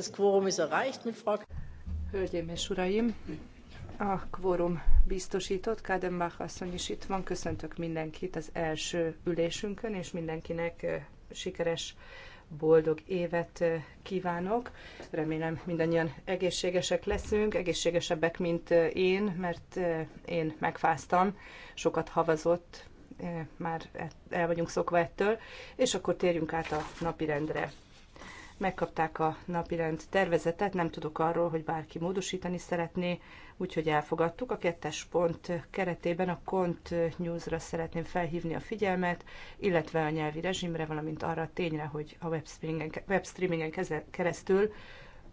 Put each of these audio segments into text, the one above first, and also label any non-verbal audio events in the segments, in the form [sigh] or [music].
Das Quorum ist erreicht mit Frau... Hölgyeim és Uraim, a kvórum biztosított, Kádenbach asszony is itt van. Köszöntök mindenkit az első ülésünkön, és mindenkinek sikeres, boldog évet kívánok. Remélem mindannyian egészségesek leszünk, egészségesebbek, mint én, mert én megfáztam, sokat havazott, már e- el vagyunk szokva ettől, és akkor térjünk át a napirendre megkapták a napirend tervezetet, nem tudok arról, hogy bárki módosítani szeretné, úgyhogy elfogadtuk. A kettes pont keretében a Kont News-ra szeretném felhívni a figyelmet, illetve a nyelvi rezsimre, valamint arra a tényre, hogy a webstreamingen, keresztül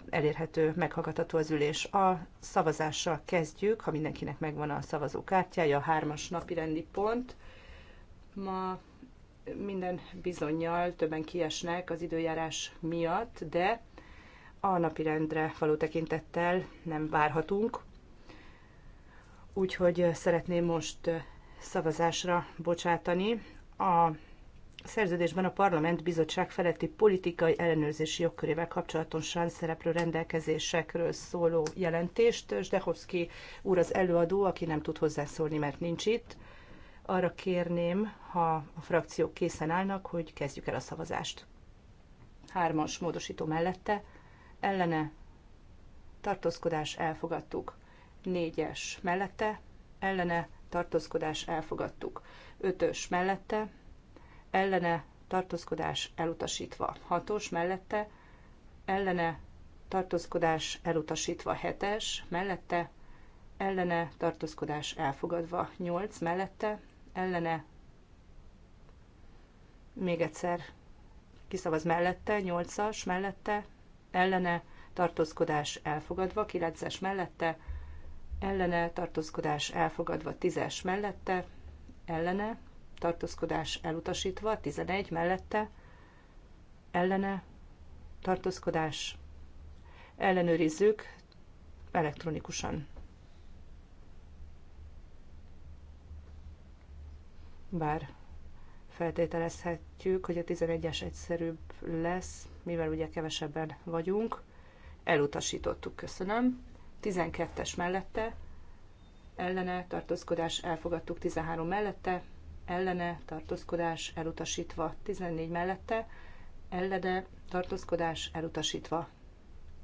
elérhető, meghallgatható az ülés. A szavazással kezdjük, ha mindenkinek megvan a szavazókártyája, a hármas napirendi pont. Ma minden bizonyal többen kiesnek az időjárás miatt, de a napirendre való tekintettel nem várhatunk. Úgyhogy szeretném most szavazásra bocsátani a szerződésben a Parlament Bizottság feletti politikai ellenőrzési jogkörével kapcsolatosan szereplő rendelkezésekről szóló jelentést. Zsdehovszki úr az előadó, aki nem tud hozzászólni, mert nincs itt arra kérném, ha a frakciók készen állnak, hogy kezdjük el a szavazást. Hármas módosító mellette, ellene, tartózkodás elfogadtuk. Négyes mellette, ellene, tartózkodás elfogadtuk. Ötös mellette, ellene, tartózkodás elutasítva. Hatos mellette, ellene, tartózkodás elutasítva. Hetes mellette, ellene tartózkodás elfogadva, nyolc mellette ellene, még egyszer kiszavaz mellette, 8-as mellette, ellene, tartózkodás elfogadva, 9-es mellette, ellene, tartózkodás elfogadva, 10-es mellette, ellene, tartózkodás elutasítva, 11 mellette, ellene, tartózkodás ellenőrizzük elektronikusan. bár feltételezhetjük, hogy a 11-es egyszerűbb lesz, mivel ugye kevesebben vagyunk. Elutasítottuk, köszönöm. 12-es mellette, ellene, tartózkodás, elfogadtuk 13 mellette, ellene, tartózkodás, elutasítva 14 mellette, ellene, tartózkodás, elutasítva.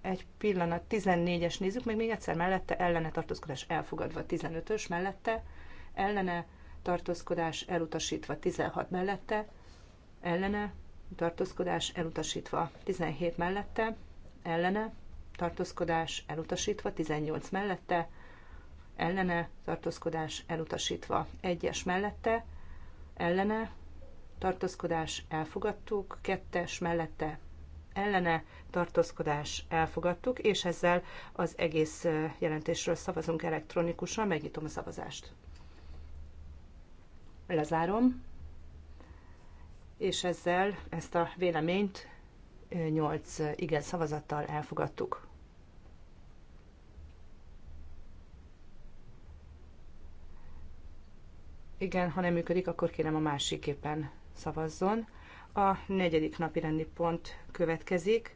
Egy pillanat, 14-es nézzük, meg még egyszer mellette, ellene, tartózkodás, elfogadva 15-ös mellette, ellene, tartózkodás elutasítva 16 mellette, ellene, tartózkodás elutasítva 17 mellette, ellene, tartózkodás elutasítva 18 mellette, ellene, tartózkodás elutasítva 1-es mellette, ellene, tartózkodás elfogadtuk, 2-es mellette, ellene, tartózkodás elfogadtuk, és ezzel az egész jelentésről szavazunk elektronikusan, megnyitom a szavazást. Lezárom, és ezzel ezt a véleményt 8 igen szavazattal elfogadtuk. Igen, ha nem működik, akkor kérem a másiképpen szavazzon. A negyedik napi rendi pont következik.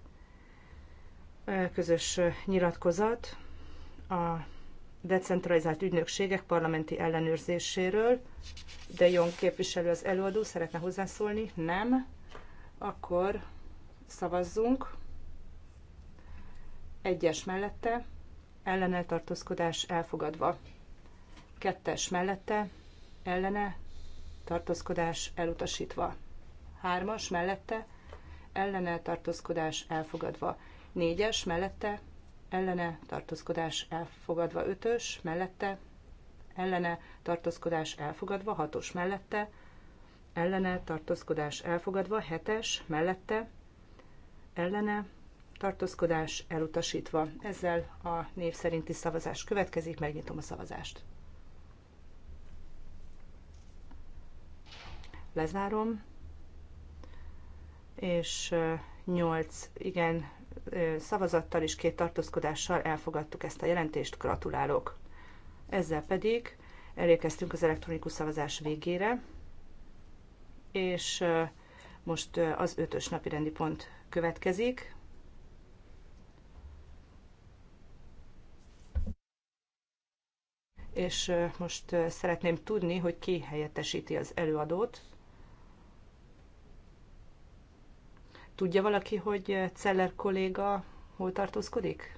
Közös nyilatkozat a decentralizált ügynökségek parlamenti ellenőrzéséről. De Jong képviselő az előadó, szeretne hozzászólni? Nem. Akkor szavazzunk. Egyes mellette, ellene tartózkodás elfogadva. Kettes mellette, ellene tartózkodás elutasítva. Hármas mellette, ellene tartózkodás elfogadva. Négyes mellette, ellene tartózkodás elfogadva 5-ös, mellette ellene tartózkodás elfogadva 6-os, mellette ellene tartózkodás elfogadva 7-es, mellette ellene tartózkodás elutasítva. Ezzel a név szerinti szavazás következik, megnyitom a szavazást. Lezárom, és 8 igen szavazattal és két tartózkodással elfogadtuk ezt a jelentést. Gratulálok! Ezzel pedig elérkeztünk az elektronikus szavazás végére, és most az ötös napi rendi pont következik. És most szeretném tudni, hogy ki helyettesíti az előadót. Tudja valaki, hogy Celler kolléga hol tartózkodik?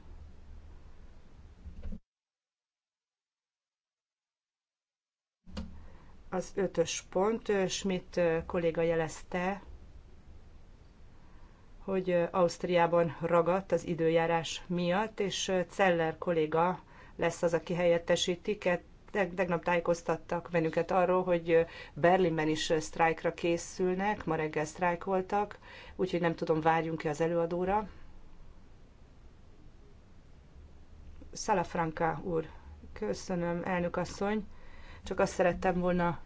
Az ötös pont, Schmidt kolléga jelezte, hogy Ausztriában ragadt az időjárás miatt, és Celler kolléga lesz az, aki helyettesíti tegnap tájékoztattak bennünket arról, hogy Berlinben is sztrájkra készülnek, ma reggel sztrájkoltak, úgyhogy nem tudom, várjunk-e az előadóra. Salafranca úr, köszönöm, elnök asszony. Csak azt szerettem volna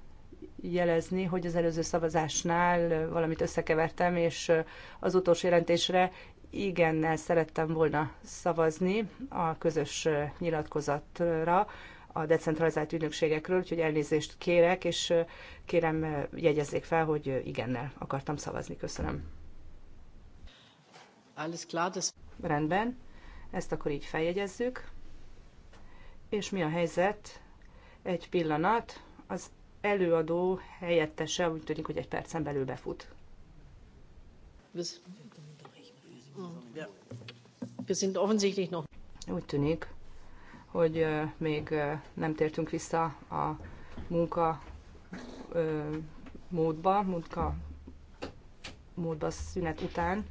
jelezni, hogy az előző szavazásnál valamit összekevertem, és az utolsó jelentésre igennel szerettem volna szavazni a közös nyilatkozatra, a decentralizált ügynökségekről, úgyhogy elnézést kérek, és kérem jegyezzék fel, hogy igennel akartam szavazni. Köszönöm. Alles klar, das... Rendben, ezt akkor így feljegyezzük. És mi a helyzet? Egy pillanat, az előadó helyettese úgy tűnik, hogy egy percen belül befut. Wir sind offensichtlich noch. Úgy tűnik, hogy még nem tértünk vissza a munka módba, munka módba szünet után,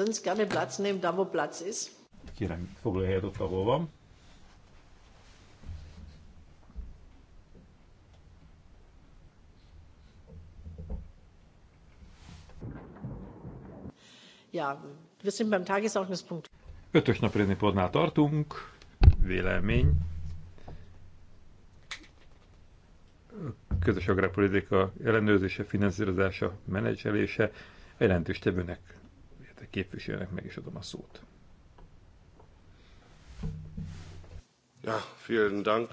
Sonst gerne Platz nehmen, da wo Platz ist. Kérem, foglalj helyet ott, ahol van. Ja, wir sind beim Tagesordnungspunkt. Ötös napirendi podnál tartunk, vélemény. Közös agrárpolitika ellenőrzése, finanszírozása, menedzselése, jelentős tevőnek képviselőnek meg is adom a szót. Ja, vielen Dank.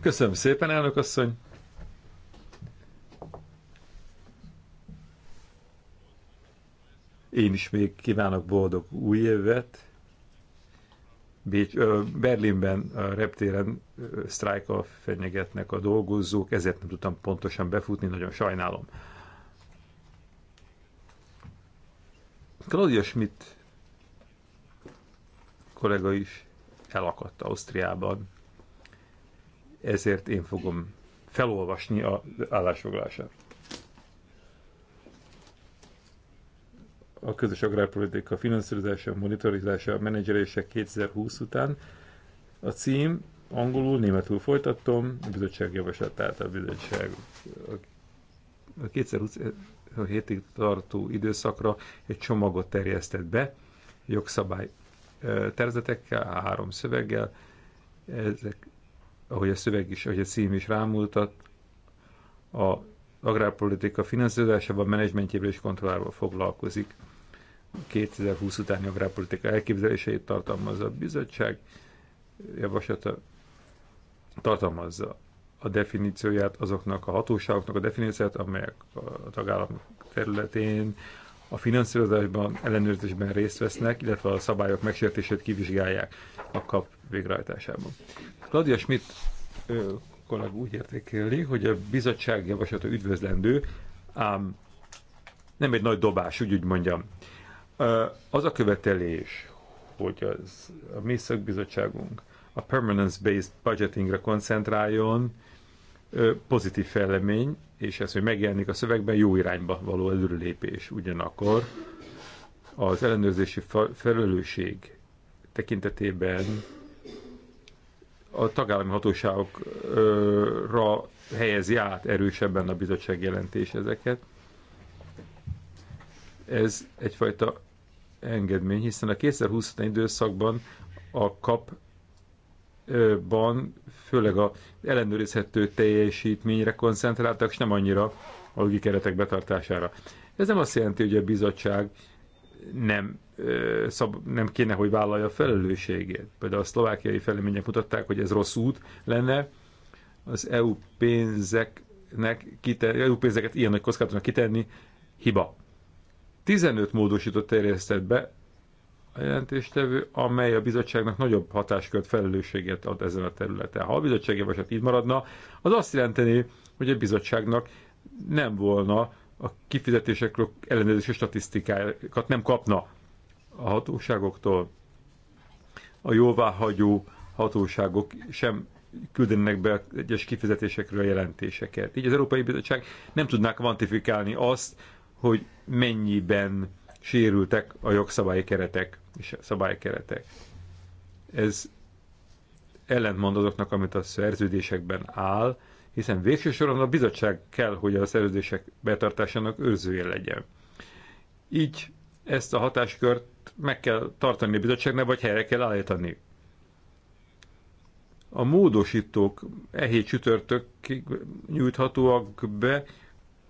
Köszönöm szépen, elnök asszony. Én is még kívánok boldog új évet. Bécs, Berlinben a reptéren sztrájkkal fenyegetnek a dolgozók, ezért nem tudtam pontosan befutni, nagyon sajnálom. Claudia Schmidt kollega is elakadt Ausztriában, ezért én fogom felolvasni a állásfoglását. A közös agrárpolitika finanszírozása, monitorizása, a menedzselése 2020 után. A cím angolul, németül folytatom, a bizottság javaslatát a bizottság a 2020 hétig tartó időszakra egy csomagot terjesztett be, jogszabály tervezetekkel, három szöveggel, ezek, ahogy a szöveg is, ahogy a cím is rámultat, a agrárpolitika finanszírozásában, menedzsmentjével és kontrollával foglalkozik. 2020 utáni agrárpolitika elképzeléseit tartalmazza a bizottság, javaslata tartalmazza a definícióját azoknak a hatóságoknak a definícióját, amelyek a tagállam területén a finanszírozásban, ellenőrzésben részt vesznek, illetve a szabályok megsértését kivizsgálják a kap végrehajtásában. Claudia Schmidt kollega úgy értékeli, hogy a bizottság javaslata üdvözlendő, ám nem egy nagy dobás, úgy, úgy mondjam. Az a követelés, hogy az, a mi szakbizottságunk a permanence-based budgetingre koncentráljon, pozitív fejlemény, és ez, hogy megjelenik a szövegben, jó irányba való előrelépés. Ugyanakkor az ellenőrzési felelősség tekintetében a tagállami hatóságokra helyezi át erősebben a bizottság jelentés ezeket. Ez egyfajta engedmény, hiszen a 2020 időszakban a kap ban főleg a ellenőrizhető teljesítményre koncentráltak, és nem annyira a jogi keretek betartására. Ez nem azt jelenti, hogy a bizottság nem, szab, nem kéne, hogy vállalja a felelősségét. Például a szlovákiai felemények mutatták, hogy ez rossz út lenne. Az EU pénzeknek kiter, EU pénzeket ilyen nagy kockázatnak kitenni hiba. 15 módosított terjesztett be, a jelentéstevő, amely a bizottságnak nagyobb hatáskört, felelősséget ad ezen a területen. Ha a bizottság javaslat így maradna, az azt jelenteni, hogy a bizottságnak nem volna a kifizetésekről ellenőrzési statisztikákat nem kapna a hatóságoktól. A jóváhagyó hatóságok sem küldenek be egyes kifizetésekről a jelentéseket. Így az Európai Bizottság nem tudná kvantifikálni azt, hogy mennyiben sérültek a jogszabályi keretek és szabálykeretek. Ez ellentmond azoknak, amit a szerződésekben áll, hiszen végső soron a bizottság kell, hogy a szerződések betartásának őrzője legyen. Így ezt a hatáskört meg kell tartani a bizottságnak, vagy helyre kell állítani. A módosítók e hét csütörtökig nyújthatóak be,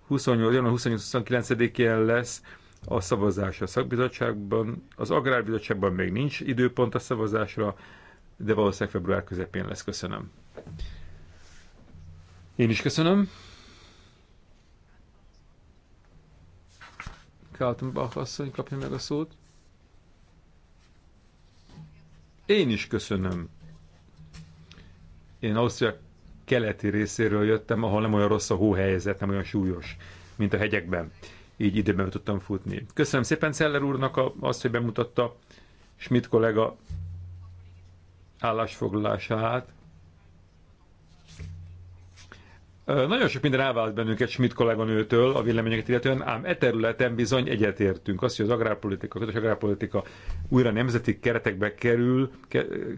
28, január 28-29-én lesz a szavazás a szakbizottságban. Az Agrárbizottságban még nincs időpont a szavazásra, de valószínűleg február közepén lesz. Köszönöm. Én is köszönöm. Kaltenbach asszony kapja meg a szót. Én is köszönöm. Én Ausztria keleti részéről jöttem, ahol nem olyan rossz a hóhelyzet, nem olyan súlyos, mint a hegyekben így időben tudtam futni. Köszönöm szépen Szeller úrnak azt, hogy bemutatta Schmidt kollega állásfoglalását. Nagyon sok minden elvált bennünket Schmidt kolléganőtől a véleményeket illetően, ám e területen bizony egyetértünk. Azt, hogy az agrárpolitika, közös agrárpolitika újra nemzeti keretekbe kerül,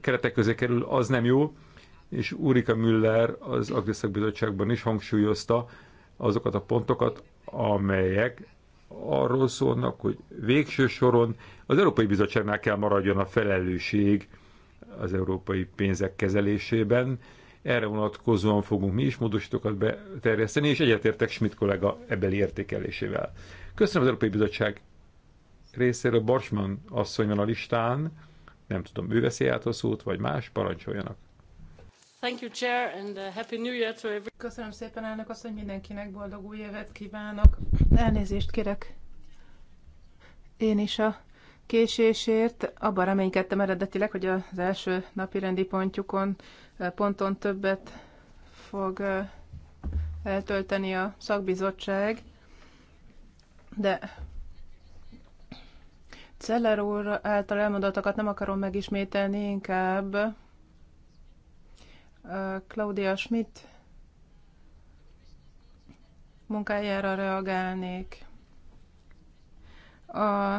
keretek közé kerül, az nem jó. És Úrika Müller az Agriszak Bizottságban is hangsúlyozta, azokat a pontokat, amelyek arról szólnak, hogy végső soron az Európai Bizottságnál kell maradjon a felelősség az európai pénzek kezelésében. Erre vonatkozóan fogunk mi is módosítókat beterjeszteni, és egyetértek Schmidt kollega ebeli értékelésével. Köszönöm az Európai Bizottság részéről Barsman asszony van a listán, nem tudom, ő veszi át a szót, vagy más, parancsoljanak. Thank you, Chair, and uh, Happy New Year to Köszönöm szépen, elnök hogy mindenkinek boldog új évet kívánok. Elnézést kérek. Én is a késésért abban reménykedtem eredetileg, hogy az első napi rendi pontjukon, eh, ponton többet fog eh, eltölteni a szakbizottság, de Celler úr által elmondottakat nem akarom megismételni, inkább Claudia Schmidt munkájára reagálnék. A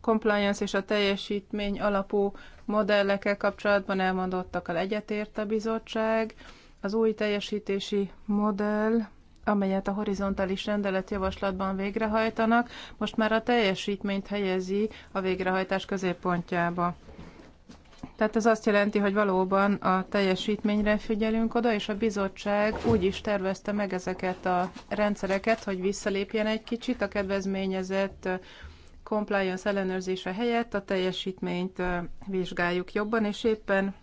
compliance és a teljesítmény alapú modellekkel kapcsolatban elmondottakkal egyetért a bizottság. Az új teljesítési modell, amelyet a horizontális rendelet javaslatban végrehajtanak, most már a teljesítményt helyezi a végrehajtás középpontjába. Tehát ez azt jelenti, hogy valóban a teljesítményre figyelünk oda, és a bizottság úgy is tervezte meg ezeket a rendszereket, hogy visszalépjen egy kicsit a kedvezményezett compliance ellenőrzése helyett a teljesítményt vizsgáljuk jobban, és éppen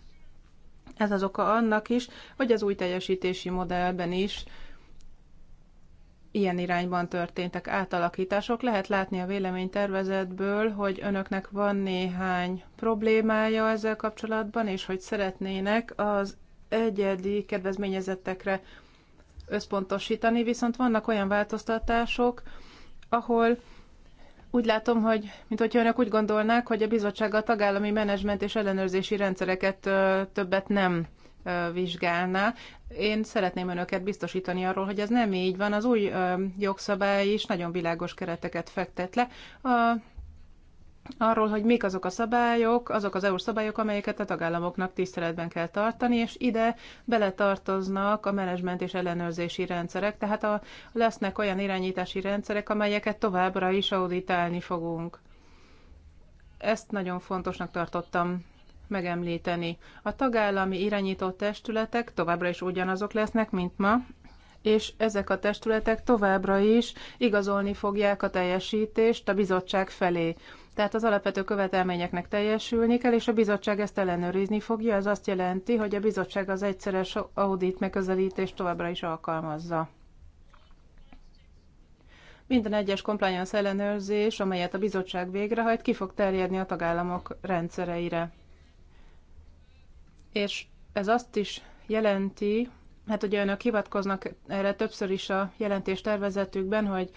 ez az oka annak is, hogy az új teljesítési modellben is ilyen irányban történtek átalakítások. Lehet látni a véleménytervezetből, hogy önöknek van néhány problémája ezzel kapcsolatban, és hogy szeretnének az egyedi kedvezményezettekre összpontosítani, viszont vannak olyan változtatások, ahol úgy látom, hogy mint hogyha önök úgy gondolnák, hogy a bizottság a tagállami menedzsment és ellenőrzési rendszereket többet nem vizsgálná. Én szeretném önöket biztosítani arról, hogy ez nem így van. Az új jogszabály is nagyon világos kereteket fektet le. A arról, hogy mik azok a szabályok, azok az EU szabályok, amelyeket a tagállamoknak tiszteletben kell tartani, és ide beletartoznak a menedzsment és ellenőrzési rendszerek, tehát a, lesznek olyan irányítási rendszerek, amelyeket továbbra is auditálni fogunk. Ezt nagyon fontosnak tartottam megemlíteni. A tagállami irányító testületek továbbra is ugyanazok lesznek, mint ma, és ezek a testületek továbbra is igazolni fogják a teljesítést a bizottság felé. Tehát az alapvető követelményeknek teljesülni kell, és a bizottság ezt ellenőrizni fogja. Ez azt jelenti, hogy a bizottság az egyszeres audit megközelítést továbbra is alkalmazza. Minden egyes compliance ellenőrzés, amelyet a bizottság végrehajt, ki fog terjedni a tagállamok rendszereire és ez azt is jelenti, hát ugye önök hivatkoznak erre többször is a jelentést tervezetükben, hogy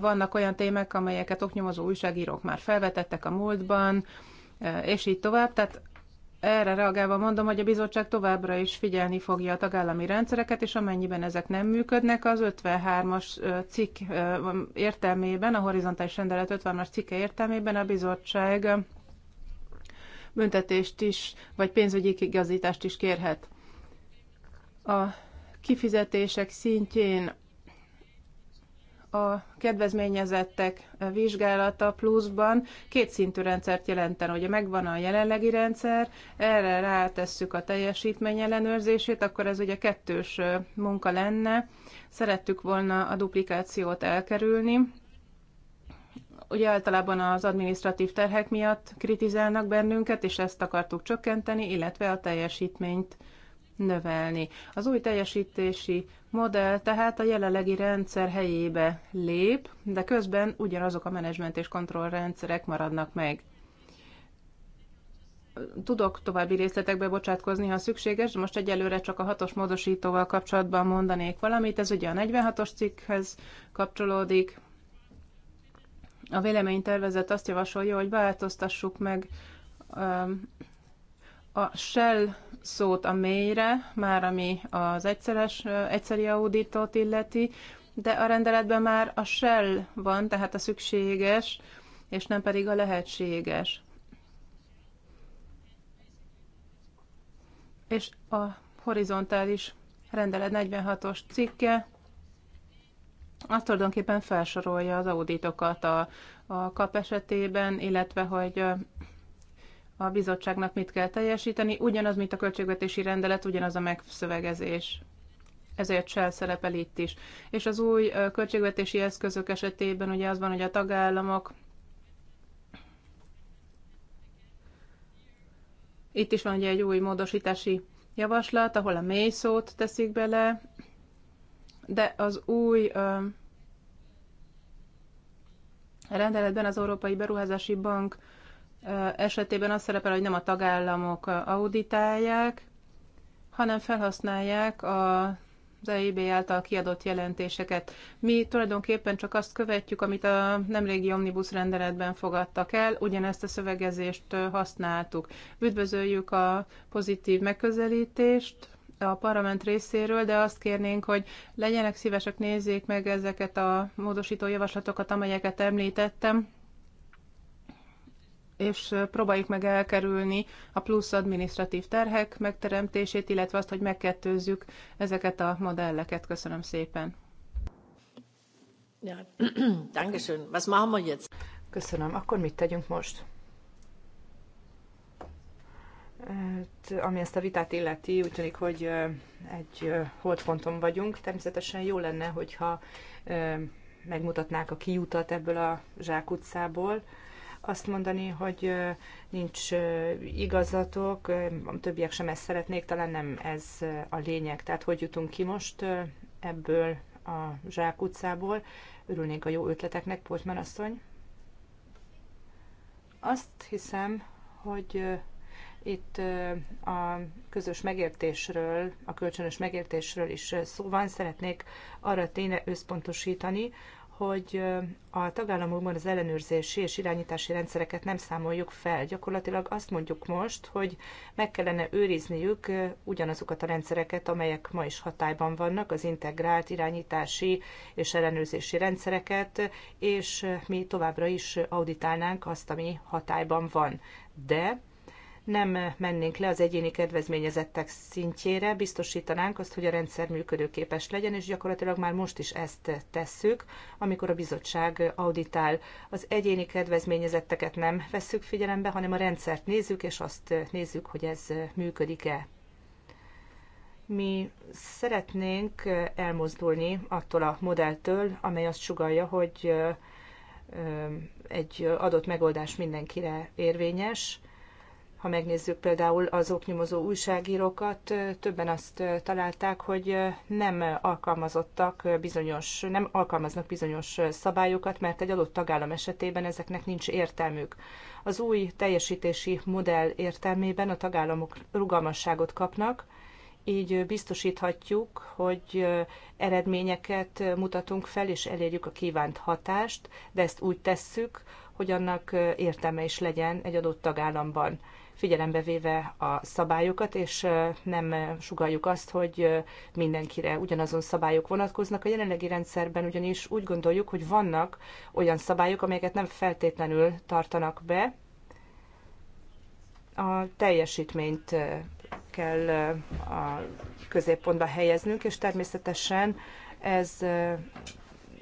vannak olyan témák, amelyeket oknyomozó újságírók már felvetettek a múltban, és így tovább. Tehát erre reagálva mondom, hogy a bizottság továbbra is figyelni fogja a tagállami rendszereket, és amennyiben ezek nem működnek, az 53-as cikk értelmében, a horizontális rendelet 53-as cikke értelmében a bizottság büntetést is, vagy pénzügyi igazítást is kérhet. A kifizetések szintjén a kedvezményezettek vizsgálata pluszban két szintű rendszert jelenten, hogy megvan a jelenlegi rendszer, erre rátesszük a teljesítmény ellenőrzését, akkor ez ugye kettős munka lenne. Szerettük volna a duplikációt elkerülni, ugye általában az administratív terhek miatt kritizálnak bennünket, és ezt akartuk csökkenteni, illetve a teljesítményt növelni. Az új teljesítési modell tehát a jelenlegi rendszer helyébe lép, de közben ugyanazok a menedzsment és kontrollrendszerek maradnak meg. Tudok további részletekbe bocsátkozni, ha szükséges, de most egyelőre csak a hatos módosítóval kapcsolatban mondanék valamit. Ez ugye a 46-os cikkhez kapcsolódik, a véleménytervezet azt javasolja, hogy változtassuk meg a shell szót a mélyre, már ami az egyszeres, egyszeri auditot illeti, de a rendeletben már a shell van, tehát a szükséges, és nem pedig a lehetséges. És a horizontális rendelet 46-os cikke az tulajdonképpen felsorolja az auditokat a, a kap esetében, illetve hogy a bizottságnak mit kell teljesíteni. Ugyanaz, mint a költségvetési rendelet, ugyanaz a megszövegezés. Ezért se szerepel itt is. És az új költségvetési eszközök esetében ugye az van, hogy a tagállamok itt is van ugye egy új módosítási javaslat, ahol a mély szót teszik bele, de az új rendeletben az Európai Beruházási Bank esetében az szerepel, hogy nem a tagállamok auditálják, hanem felhasználják a az EIB által kiadott jelentéseket. Mi tulajdonképpen csak azt követjük, amit a nemrégi omnibus rendeletben fogadtak el, ugyanezt a szövegezést használtuk. Üdvözöljük a pozitív megközelítést, a parlament részéről, de azt kérnénk, hogy legyenek szívesek, nézzék meg ezeket a módosító javaslatokat, amelyeket említettem, és próbáljuk meg elkerülni a plusz adminisztratív terhek megteremtését, illetve azt, hogy megkettőzzük ezeket a modelleket. Köszönöm szépen. Ja, [clears throat] Dankeschön. Was machen wir jetzt? Köszönöm. Akkor mit tegyünk most? Hát, ami ezt a vitát illeti, úgy tűnik, hogy egy holdponton vagyunk. Természetesen jó lenne, hogyha megmutatnák a kiutat ebből a zsákutcából. Azt mondani, hogy nincs igazatok, a többiek sem ezt szeretnék, talán nem ez a lényeg. Tehát hogy jutunk ki most ebből a zsákutcából? Örülnénk a jó ötleteknek, Portman asszony. Azt hiszem, hogy itt a közös megértésről, a kölcsönös megértésről is szó van. Szeretnék arra tényleg összpontosítani, hogy a tagállamokban az ellenőrzési és irányítási rendszereket nem számoljuk fel. Gyakorlatilag azt mondjuk most, hogy meg kellene őrizniük ugyanazokat a rendszereket, amelyek ma is hatályban vannak, az integrált irányítási és ellenőrzési rendszereket, és mi továbbra is auditálnánk azt, ami hatályban van. De nem mennénk le az egyéni kedvezményezettek szintjére, biztosítanánk azt, hogy a rendszer működőképes legyen, és gyakorlatilag már most is ezt tesszük, amikor a bizottság auditál. Az egyéni kedvezményezetteket nem vesszük figyelembe, hanem a rendszert nézzük, és azt nézzük, hogy ez működik-e. Mi szeretnénk elmozdulni attól a modelltől, amely azt sugalja, hogy egy adott megoldás mindenkire érvényes, ha megnézzük például az oknyomozó újságírókat, többen azt találták, hogy nem alkalmazottak bizonyos, nem alkalmaznak bizonyos szabályokat, mert egy adott tagállam esetében ezeknek nincs értelmük. Az új teljesítési modell értelmében a tagállamok rugalmasságot kapnak, így biztosíthatjuk, hogy eredményeket mutatunk fel, és elérjük a kívánt hatást, de ezt úgy tesszük, hogy annak értelme is legyen egy adott tagállamban figyelembe véve a szabályokat, és nem sugaljuk azt, hogy mindenkire ugyanazon szabályok vonatkoznak. A jelenlegi rendszerben ugyanis úgy gondoljuk, hogy vannak olyan szabályok, amelyeket nem feltétlenül tartanak be, a teljesítményt kell a középpontba helyeznünk, és természetesen ez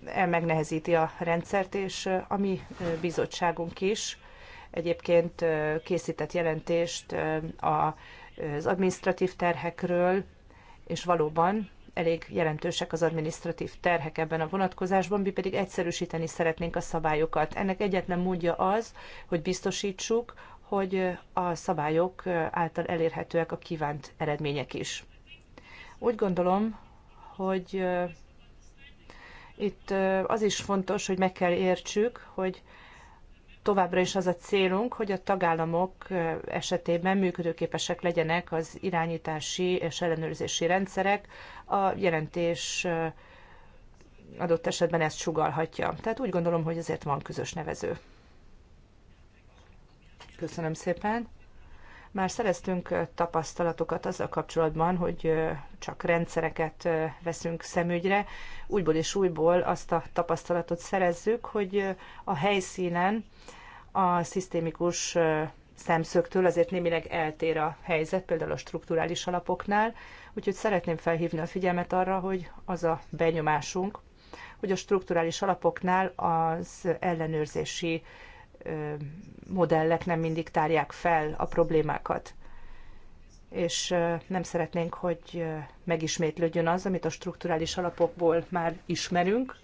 elmegnehezíti a rendszert, és a mi bizottságunk is egyébként készített jelentést az administratív terhekről, és valóban elég jelentősek az administratív terhek ebben a vonatkozásban, mi pedig egyszerűsíteni szeretnénk a szabályokat. Ennek egyetlen módja az, hogy biztosítsuk, hogy a szabályok által elérhetőek a kívánt eredmények is. Úgy gondolom, hogy itt az is fontos, hogy meg kell értsük, hogy továbbra is az a célunk, hogy a tagállamok esetében működőképesek legyenek az irányítási és ellenőrzési rendszerek. A jelentés adott esetben ezt sugalhatja. Tehát úgy gondolom, hogy ezért van közös nevező. Köszönöm szépen. Már szereztünk tapasztalatokat azzal kapcsolatban, hogy csak rendszereket veszünk szemügyre. Újból és újból azt a tapasztalatot szerezzük, hogy a helyszínen a szisztémikus szemszögtől azért némileg eltér a helyzet, például a strukturális alapoknál, úgyhogy szeretném felhívni a figyelmet arra, hogy az a benyomásunk, hogy a strukturális alapoknál az ellenőrzési modellek nem mindig tárják fel a problémákat. És nem szeretnénk, hogy megismétlődjön az, amit a strukturális alapokból már ismerünk,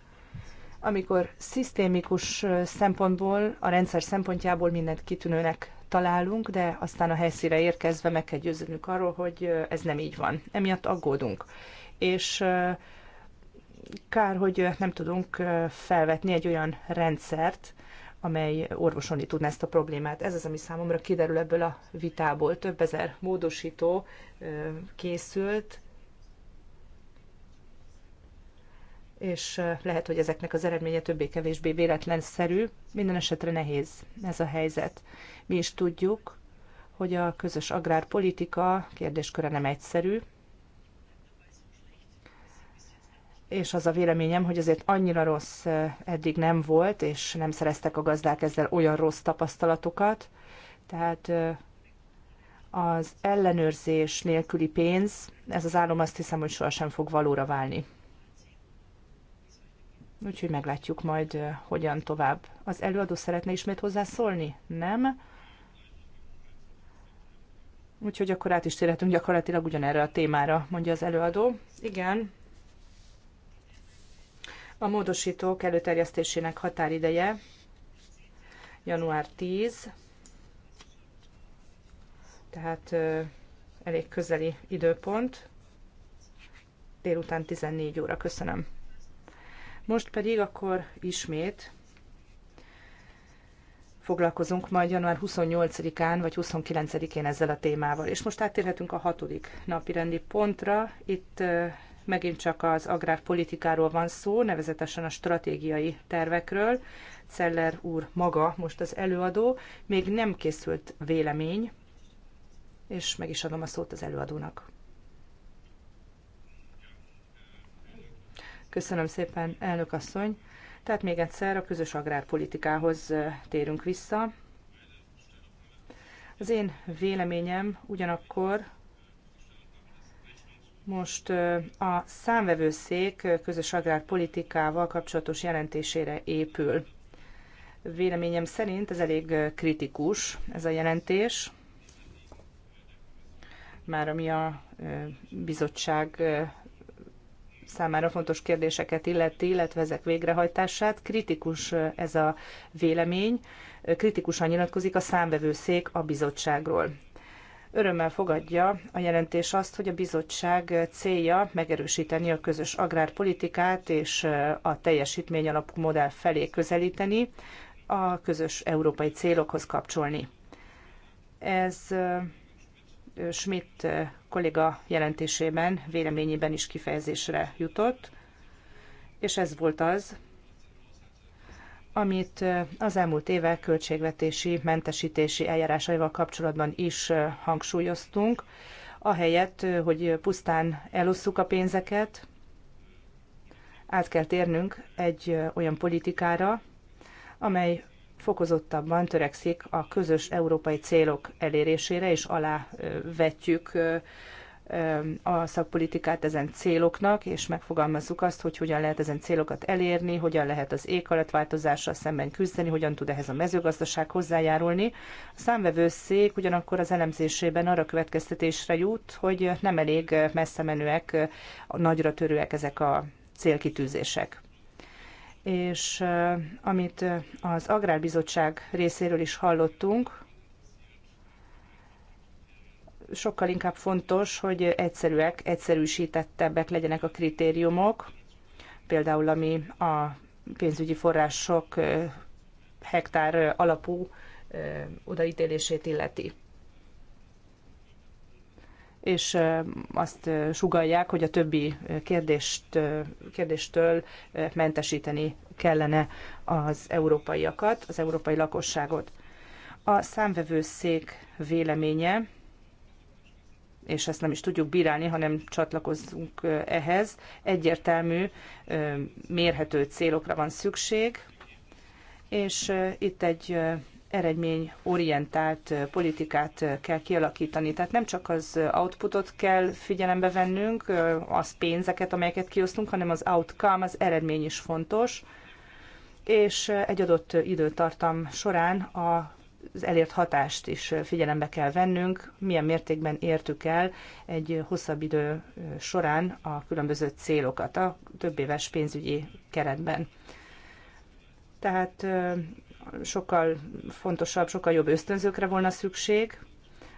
amikor szisztémikus szempontból, a rendszer szempontjából mindent kitűnőnek találunk, de aztán a helyszíre érkezve meg kell győződnünk arról, hogy ez nem így van. Emiatt aggódunk. És kár, hogy nem tudunk felvetni egy olyan rendszert, amely orvosolni tudná ezt a problémát. Ez az, ami számomra kiderül ebből a vitából. Több ezer módosító készült, és lehet, hogy ezeknek az eredménye többé-kevésbé véletlenszerű, minden esetre nehéz ez a helyzet. Mi is tudjuk, hogy a közös agrárpolitika kérdésköre nem egyszerű, és az a véleményem, hogy azért annyira rossz eddig nem volt, és nem szereztek a gazdák ezzel olyan rossz tapasztalatokat. Tehát az ellenőrzés nélküli pénz, ez az álom azt hiszem, hogy sohasem fog valóra válni. Úgyhogy meglátjuk majd, hogyan tovább. Az előadó szeretne ismét hozzászólni? Nem? Úgyhogy akkor át is térhetünk gyakorlatilag ugyanerre a témára, mondja az előadó. Igen. A módosítók előterjesztésének határideje január 10, tehát elég közeli időpont, délután 14 óra. Köszönöm. Most pedig akkor ismét foglalkozunk majd január 28-án vagy 29-én ezzel a témával. És most áttérhetünk a hatodik napi rendi pontra. Itt megint csak az agrárpolitikáról van szó, nevezetesen a stratégiai tervekről. Celler úr maga most az előadó, még nem készült vélemény, és meg is adom a szót az előadónak. Köszönöm szépen, elnök asszony. Tehát még egyszer a közös agrárpolitikához térünk vissza. Az én véleményem ugyanakkor most a számvevőszék közös agrárpolitikával kapcsolatos jelentésére épül. Véleményem szerint ez elég kritikus, ez a jelentés, már ami a bizottság számára fontos kérdéseket illeti, illetve ezek végrehajtását. Kritikus ez a vélemény, kritikusan nyilatkozik a számbevőszék a bizottságról. Örömmel fogadja a jelentés azt, hogy a bizottság célja megerősíteni a közös agrárpolitikát és a teljesítmény alapú modell felé közelíteni, a közös európai célokhoz kapcsolni. Ez Schmidt kolléga jelentésében, véleményében is kifejezésre jutott, és ez volt az, amit az elmúlt évek költségvetési mentesítési eljárásaival kapcsolatban is hangsúlyoztunk, ahelyett, hogy pusztán elosszuk a pénzeket, át kell térnünk egy olyan politikára, amely fokozottabban törekszik a közös európai célok elérésére, és alávetjük a szakpolitikát ezen céloknak, és megfogalmazzuk azt, hogy hogyan lehet ezen célokat elérni, hogyan lehet az éghajlatváltozással szemben küzdeni, hogyan tud ehhez a mezőgazdaság hozzájárulni. A számvevőszék ugyanakkor az elemzésében arra következtetésre jut, hogy nem elég messze menőek, nagyra törőek ezek a célkitűzések és amit az Agrárbizottság részéről is hallottunk, sokkal inkább fontos, hogy egyszerűek, egyszerűsítettebbek legyenek a kritériumok, például ami a pénzügyi források hektár alapú odaítélését illeti és azt sugalják, hogy a többi kérdést, kérdéstől mentesíteni kellene az európaiakat, az európai lakosságot. A számvevőszék véleménye, és ezt nem is tudjuk bírálni, hanem csatlakozunk ehhez, egyértelmű, mérhető célokra van szükség, és itt egy eredmény orientált politikát kell kialakítani. Tehát nem csak az outputot kell figyelembe vennünk, az pénzeket, amelyeket kiosztunk, hanem az outcome, az eredmény is fontos, és egy adott időtartam során az elért hatást is figyelembe kell vennünk, milyen mértékben értük el egy hosszabb idő során a különböző célokat a több éves pénzügyi keretben. Tehát sokkal fontosabb, sokkal jobb ösztönzőkre volna szükség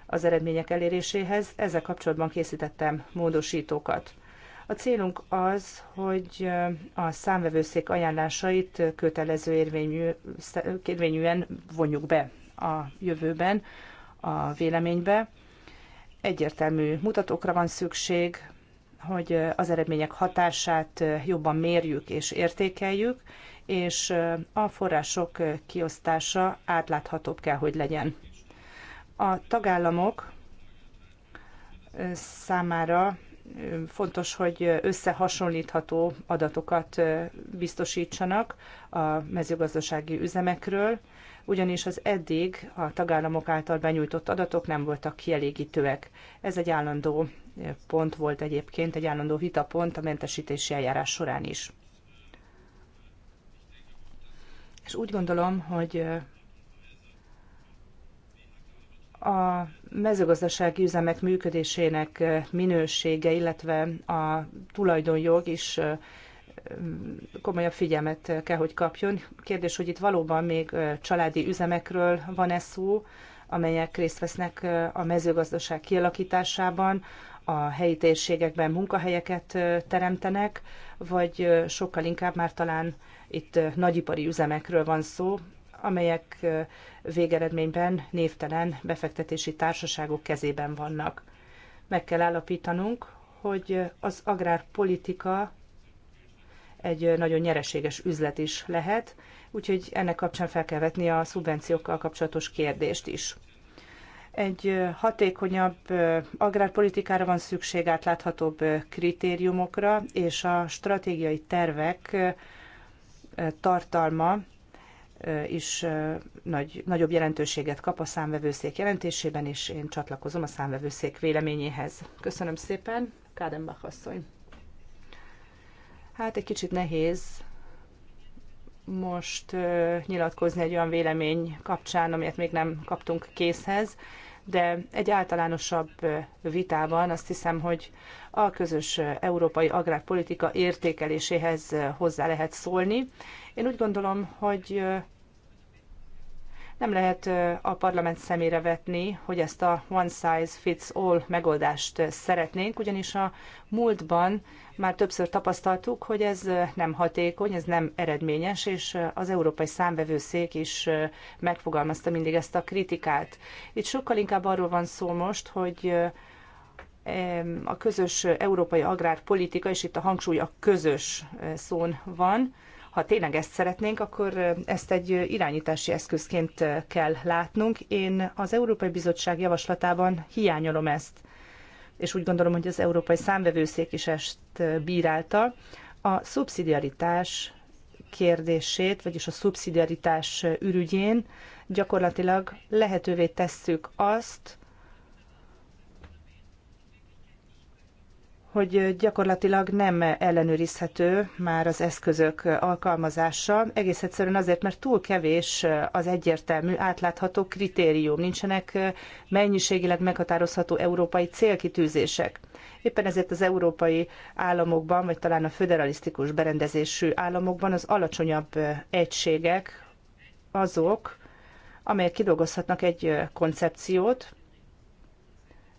az eredmények eléréséhez. Ezzel kapcsolatban készítettem módosítókat. A célunk az, hogy a számvevőszék ajánlásait kötelező érvényű, érvényűen vonjuk be a jövőben a véleménybe. Egyértelmű mutatókra van szükség, hogy az eredmények hatását jobban mérjük és értékeljük, és a források kiosztása átláthatóbb kell, hogy legyen. A tagállamok számára fontos, hogy összehasonlítható adatokat biztosítsanak a mezőgazdasági üzemekről, ugyanis az eddig a tagállamok által benyújtott adatok nem voltak kielégítőek. Ez egy állandó pont volt egyébként, egy állandó vitapont a mentesítési eljárás során is. És úgy gondolom, hogy a mezőgazdasági üzemek működésének minősége, illetve a tulajdonjog is komolyabb figyelmet kell, hogy kapjon. Kérdés, hogy itt valóban még családi üzemekről van-e szó, amelyek részt vesznek a mezőgazdaság kialakításában, a helyi térségekben munkahelyeket teremtenek, vagy sokkal inkább már talán itt nagyipari üzemekről van szó, amelyek végeredményben névtelen befektetési társaságok kezében vannak. Meg kell állapítanunk, hogy az agrárpolitika egy nagyon nyereséges üzlet is lehet, úgyhogy ennek kapcsán fel kell vetni a szubvenciókkal kapcsolatos kérdést is. Egy hatékonyabb agrárpolitikára van szükség átláthatóbb kritériumokra, és a stratégiai tervek tartalma is nagy, nagyobb jelentőséget kap a számvevőszék jelentésében, és én csatlakozom a számvevőszék véleményéhez. Köszönöm szépen, Kádenbach asszony. Hát egy kicsit nehéz most nyilatkozni egy olyan vélemény kapcsán, amit még nem kaptunk készhez de egy általánosabb vitában azt hiszem, hogy a közös európai agrárpolitika értékeléséhez hozzá lehet szólni. Én úgy gondolom, hogy nem lehet a parlament szemére vetni, hogy ezt a one size fits all megoldást szeretnénk, ugyanis a múltban már többször tapasztaltuk, hogy ez nem hatékony, ez nem eredményes, és az Európai Számvevőszék is megfogalmazta mindig ezt a kritikát. Itt sokkal inkább arról van szó most, hogy a közös európai agrárpolitika, és itt a hangsúly a közös szón van, ha tényleg ezt szeretnénk, akkor ezt egy irányítási eszközként kell látnunk. Én az Európai Bizottság javaslatában hiányolom ezt és úgy gondolom, hogy az Európai Számvevőszék is ezt bírálta, a szubszidiaritás kérdését, vagyis a szubszidiaritás ürügyén gyakorlatilag lehetővé tesszük azt, hogy gyakorlatilag nem ellenőrizhető már az eszközök alkalmazása, egész egyszerűen azért, mert túl kevés az egyértelmű, átlátható kritérium, nincsenek mennyiségileg meghatározható európai célkitűzések. Éppen ezért az európai államokban, vagy talán a föderalisztikus berendezésű államokban az alacsonyabb egységek azok, amelyek kidolgozhatnak egy koncepciót,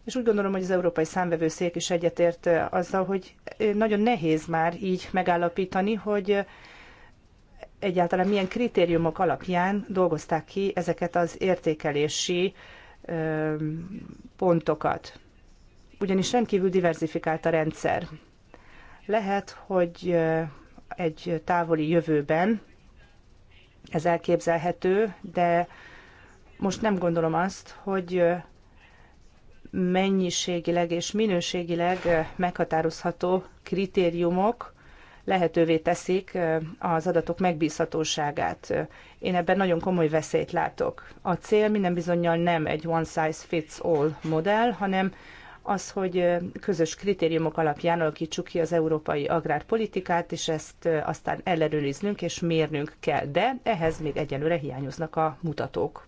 és úgy gondolom, hogy az Európai Számvevőszék is egyetért azzal, hogy nagyon nehéz már így megállapítani, hogy egyáltalán milyen kritériumok alapján dolgozták ki ezeket az értékelési pontokat. Ugyanis rendkívül diversifikált a rendszer. Lehet, hogy egy távoli jövőben ez elképzelhető, de most nem gondolom azt, hogy mennyiségileg és minőségileg meghatározható kritériumok lehetővé teszik az adatok megbízhatóságát. Én ebben nagyon komoly veszélyt látok. A cél minden bizonyal nem egy one size fits all modell, hanem az, hogy közös kritériumok alapján alakítsuk ki az európai agrárpolitikát, és ezt aztán ellenőriznünk és mérnünk kell. De ehhez még egyelőre hiányoznak a mutatók.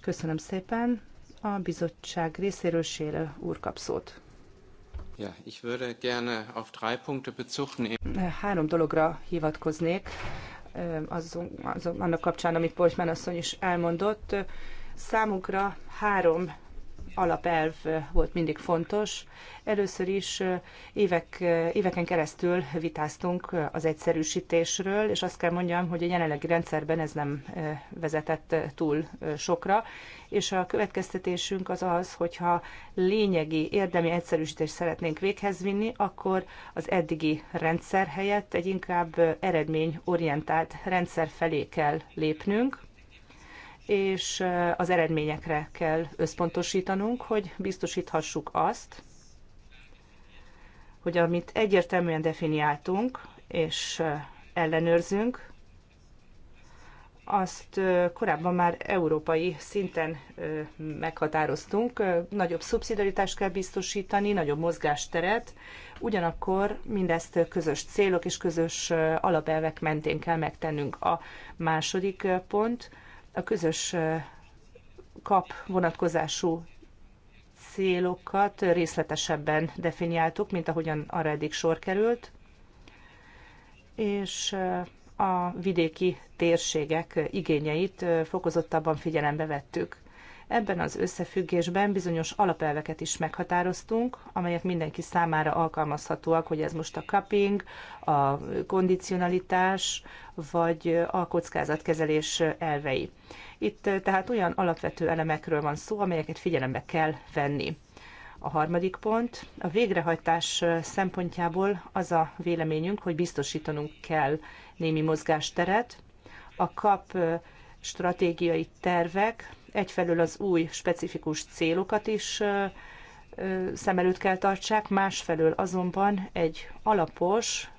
Köszönöm szépen. A bizottság részéről Séle úr kap szót. Ja, ich würde gerne auf drei Punkte Bezug nehmen. Három dologra hivatkoznék, eh, azon, azon, annak kapcsán, amit Polcsmán asszony is elmondott. Számunkra három alapelv volt mindig fontos. Először is évek, éveken keresztül vitáztunk az egyszerűsítésről, és azt kell mondjam, hogy a jelenlegi rendszerben ez nem vezetett túl sokra, és a következtetésünk az az, hogyha lényegi, érdemi egyszerűsítést szeretnénk véghez vinni, akkor az eddigi rendszer helyett egy inkább eredményorientált rendszer felé kell lépnünk, és az eredményekre kell összpontosítanunk, hogy biztosíthassuk azt, hogy amit egyértelműen definiáltunk és ellenőrzünk, azt korábban már európai szinten meghatároztunk. Nagyobb szubszidaritást kell biztosítani, nagyobb mozgásteret, ugyanakkor mindezt közös célok és közös alapelvek mentén kell megtennünk. A második pont a közös kap vonatkozású célokat részletesebben definiáltuk, mint ahogyan arra eddig sor került, és a vidéki térségek igényeit fokozottabban figyelembe vettük. Ebben az összefüggésben bizonyos alapelveket is meghatároztunk, amelyek mindenki számára alkalmazhatóak, hogy ez most a cupping, a kondicionalitás, vagy a kockázatkezelés elvei. Itt eh, tehát olyan alapvető elemekről van szó, amelyeket figyelembe kell venni. A harmadik pont, a végrehajtás eh, szempontjából az a véleményünk, hogy biztosítanunk kell némi mozgásteret. A kap eh, stratégiai tervek egyfelől az új specifikus célokat is szem előtt kell tartsák, másfelől azonban egy alapos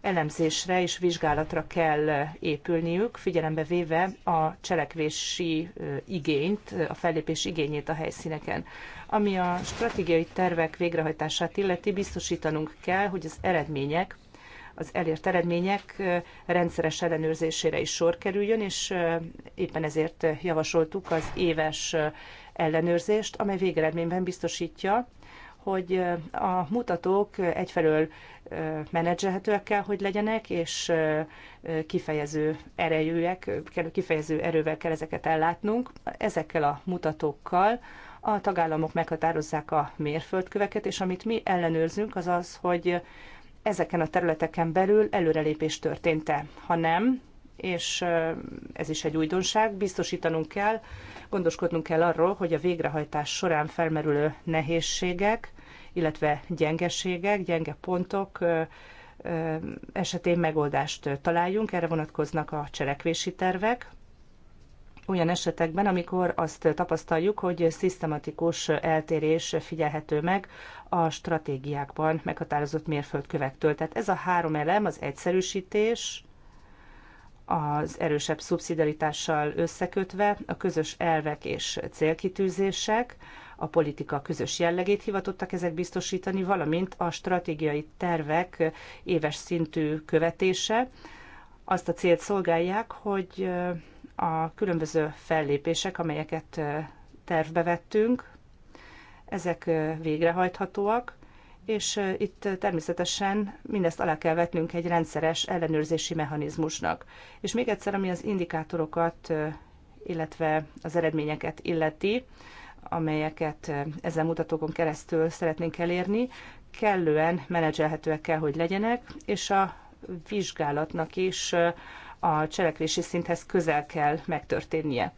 elemzésre és vizsgálatra kell épülniük, figyelembe véve a cselekvési igényt, a fellépés igényét a helyszíneken. Ami a stratégiai tervek végrehajtását illeti, biztosítanunk kell, hogy az eredmények az elért eredmények rendszeres ellenőrzésére is sor kerüljön, és éppen ezért javasoltuk az éves ellenőrzést, amely végeredményben biztosítja, hogy a mutatók egyfelől menedzselhetőek kell, hogy legyenek, és kifejező erejűek, kifejező erővel kell ezeket ellátnunk. Ezekkel a mutatókkal a tagállamok meghatározzák a mérföldköveket, és amit mi ellenőrzünk, az az, hogy ezeken a területeken belül előrelépés történt-e. Ha nem, és ez is egy újdonság, biztosítanunk kell, gondoskodnunk kell arról, hogy a végrehajtás során felmerülő nehézségek, illetve gyengeségek, gyenge pontok esetén megoldást találjunk. Erre vonatkoznak a cselekvési tervek, olyan esetekben, amikor azt tapasztaljuk, hogy szisztematikus eltérés figyelhető meg a stratégiákban meghatározott mérföldkövektől. Tehát ez a három elem, az egyszerűsítés, az erősebb szubszidaritással összekötve, a közös elvek és célkitűzések, a politika közös jellegét hivatottak ezek biztosítani, valamint a stratégiai tervek éves szintű követése azt a célt szolgálják, hogy a különböző fellépések, amelyeket tervbe vettünk, ezek végrehajthatóak, és itt természetesen mindezt alá kell vetnünk egy rendszeres ellenőrzési mechanizmusnak. És még egyszer, ami az indikátorokat, illetve az eredményeket illeti, amelyeket ezen mutatókon keresztül szeretnénk elérni, kellően menedzselhetőek kell, hogy legyenek, és a vizsgálatnak is a cselekvési szinthez közel kell megtörténnie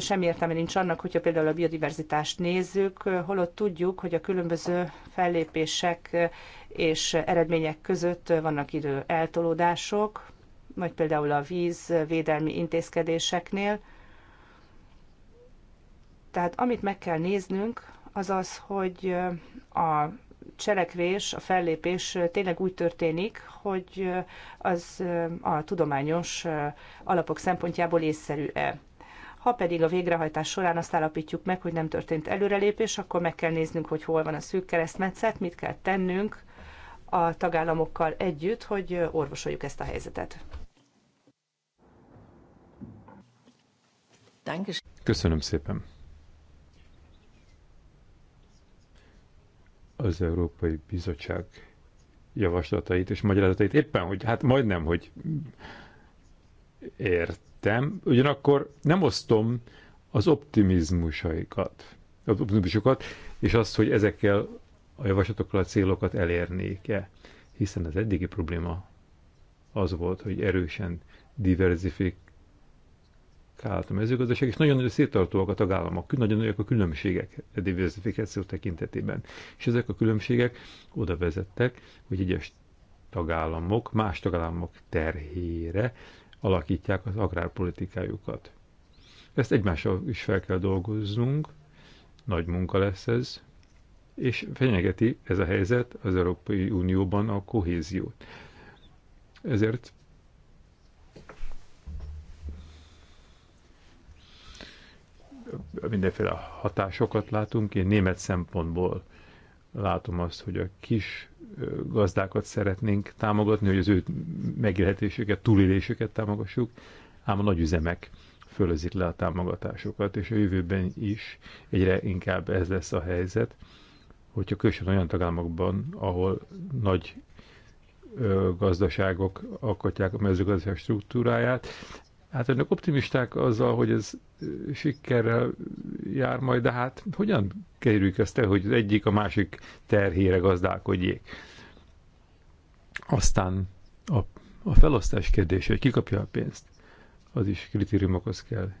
semmi értelme nincs annak, hogyha például a biodiverzitást nézzük, holott tudjuk, hogy a különböző fellépések és eredmények között vannak idő eltolódások, vagy például a víz védelmi intézkedéseknél. Tehát amit meg kell néznünk, az az, hogy a cselekvés, a fellépés tényleg úgy történik, hogy az a tudományos alapok szempontjából észszerű-e. Ha pedig a végrehajtás során azt állapítjuk meg, hogy nem történt előrelépés, akkor meg kell néznünk, hogy hol van a szűk keresztmetszet, mit kell tennünk a tagállamokkal együtt, hogy orvosoljuk ezt a helyzetet. Köszönöm szépen. az Európai Bizottság javaslatait és magyarázatait. Éppen, hogy hát majdnem, hogy értem, ugyanakkor nem osztom az optimizmusaikat, az optimizmusokat, és azt, hogy ezekkel a javaslatokkal a célokat elérnék-e. Hiszen az eddigi probléma az volt, hogy erősen diverzifik, át a mezőgazdaság, és nagyon nagy széttartóak a tagállamok, nagyon nagyok a különbségek a diversifikáció tekintetében. És ezek a különbségek oda vezettek, hogy egyes tagállamok, más tagállamok terhére alakítják az agrárpolitikájukat. Ezt egymással is fel kell dolgoznunk, nagy munka lesz ez, és fenyegeti ez a helyzet az Európai Unióban a kohéziót. Ezért mindenféle hatásokat látunk. Én német szempontból látom azt, hogy a kis gazdákat szeretnénk támogatni, hogy az ő megélhetéseket, túlélésüket támogassuk, ám a üzemek fölözik le a támogatásokat, és a jövőben is egyre inkább ez lesz a helyzet, hogyha külsően olyan tagállamokban, ahol nagy gazdaságok alkotják a mezőgazdaság struktúráját, Hát önök optimisták azzal, hogy ez sikerrel jár majd, de hát hogyan kerüljük ezt el, hogy az egyik a másik terhére gazdálkodjék? Aztán a, a felosztás kérdése, hogy ki kapja a pénzt, az is kritériumokhoz kell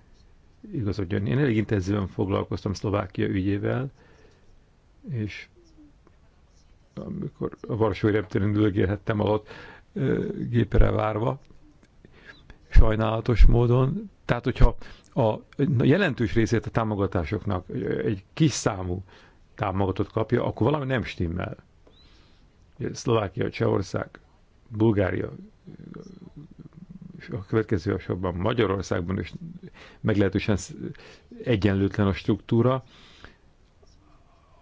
igazodjon. Én elég intenzíven foglalkoztam Szlovákia ügyével, és amikor a Varsói reptéren ülgélhettem alatt gépre várva, sajnálatos módon. Tehát, hogyha a jelentős részét a támogatásoknak egy kis számú támogatot kapja, akkor valami nem stimmel. Szlovákia, Csehország, Bulgária, és a következő sorban Magyarországban is meglehetősen egyenlőtlen a struktúra.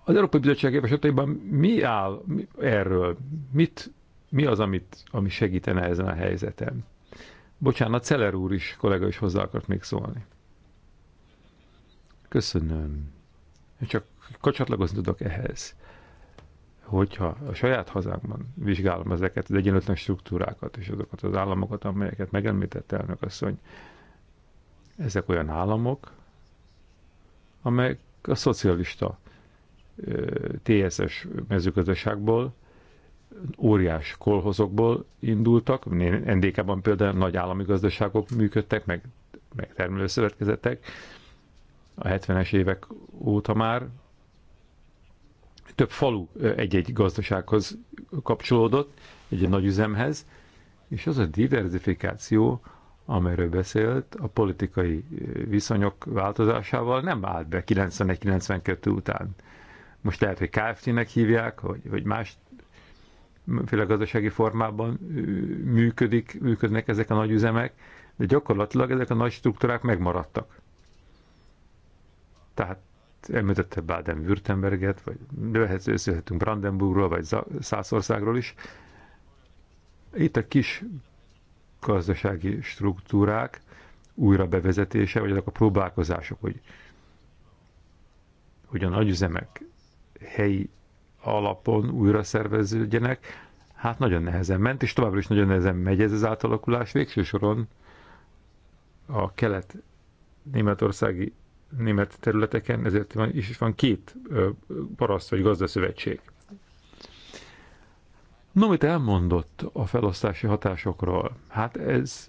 Az Európai Bizottság javaslataiban mi áll erről? Mit, mi az, amit, ami segítene ezen a helyzeten? Bocsánat, Celer úr is, kollega is hozzá akart még szólni. Köszönöm. Csak kacsatlakozni tudok ehhez, hogyha a saját hazánkban vizsgálom ezeket az egyenlőtlen struktúrákat és azokat az államokat, amelyeket megemlített elnök asszony, ezek olyan államok, amelyek a szocialista TSS mezőgazdaságból óriás kolhozokból indultak, NDK-ban például nagy állami gazdaságok működtek, meg, meg termelőszövetkezetek a 70-es évek óta már. Több falu egy-egy gazdasághoz kapcsolódott, egy nagy üzemhez, és az a diversifikáció, amiről beszélt, a politikai viszonyok változásával nem állt be 91-92 után. Most lehet, hogy Kft-nek hívják, vagy, vagy más mindenféle gazdasági formában működik, működnek ezek a nagy üzemek, de gyakorlatilag ezek a nagy struktúrák megmaradtak. Tehát említette Baden-Württemberget, vagy összehetünk Brandenburgról, vagy Szászországról is. Itt a kis gazdasági struktúrák újra bevezetése, vagy azok a próbálkozások, hogy, hogy a nagyüzemek helyi alapon újra szerveződjenek, hát nagyon nehezen ment, és továbbra is nagyon nehezen megy ez az átalakulás. Végső soron a kelet-németországi német területeken, ezért van, is van két paraszt vagy gazdaszövetség. No, mit elmondott a felosztási hatásokról? Hát ez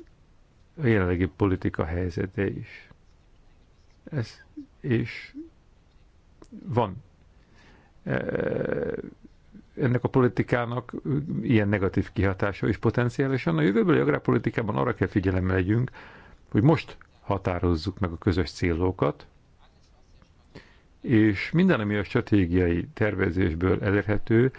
a jelenlegi politika helyzete is. Ez, és van ennek a politikának ilyen negatív kihatása is potenciálisan. A jövőbeli agrárpolitikában arra kell figyelemmel legyünk, hogy most határozzuk meg a közös célokat, és minden, ami a stratégiai tervezésből elérhető,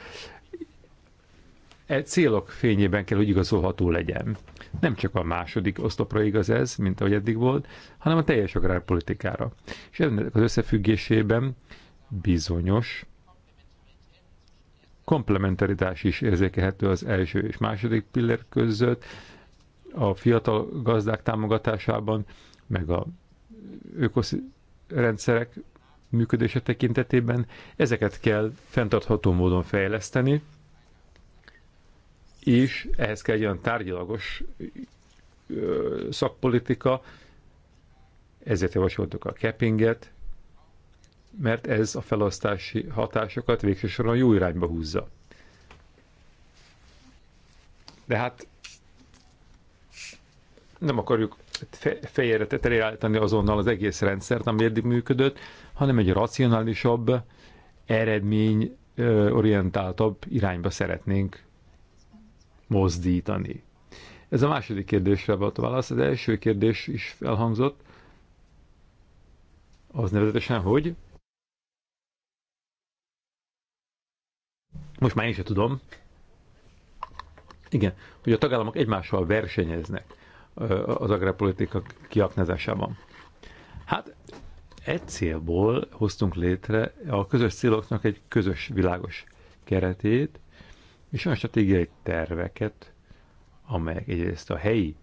e célok fényében kell, hogy igazolható legyen. Nem csak a második osztopra igaz ez, mint ahogy eddig volt, hanem a teljes agrárpolitikára. És ennek az összefüggésében bizonyos komplementaritás is érzékelhető az első és második pillér között, a fiatal gazdák támogatásában, meg a ökoszrendszerek működése tekintetében. Ezeket kell fenntartható módon fejleszteni, és ehhez kell egy olyan tárgyalagos szakpolitika, ezért javasoltuk a keppinget, mert ez a felosztási hatásokat végső soron jó irányba húzza. De hát nem akarjuk fejére tetelállítani azonnal az egész rendszert, ami eddig működött, hanem egy racionálisabb, orientáltabb irányba szeretnénk mozdítani. Ez a második kérdésre volt a válasz. Az első kérdés is elhangzott, az nevezetesen, hogy most már én sem tudom, igen, hogy a tagállamok egymással versenyeznek az agrárpolitika kiaknázásában. Hát egy célból hoztunk létre a közös céloknak egy közös világos keretét, és olyan stratégiai terveket, amelyek egyrészt a helyi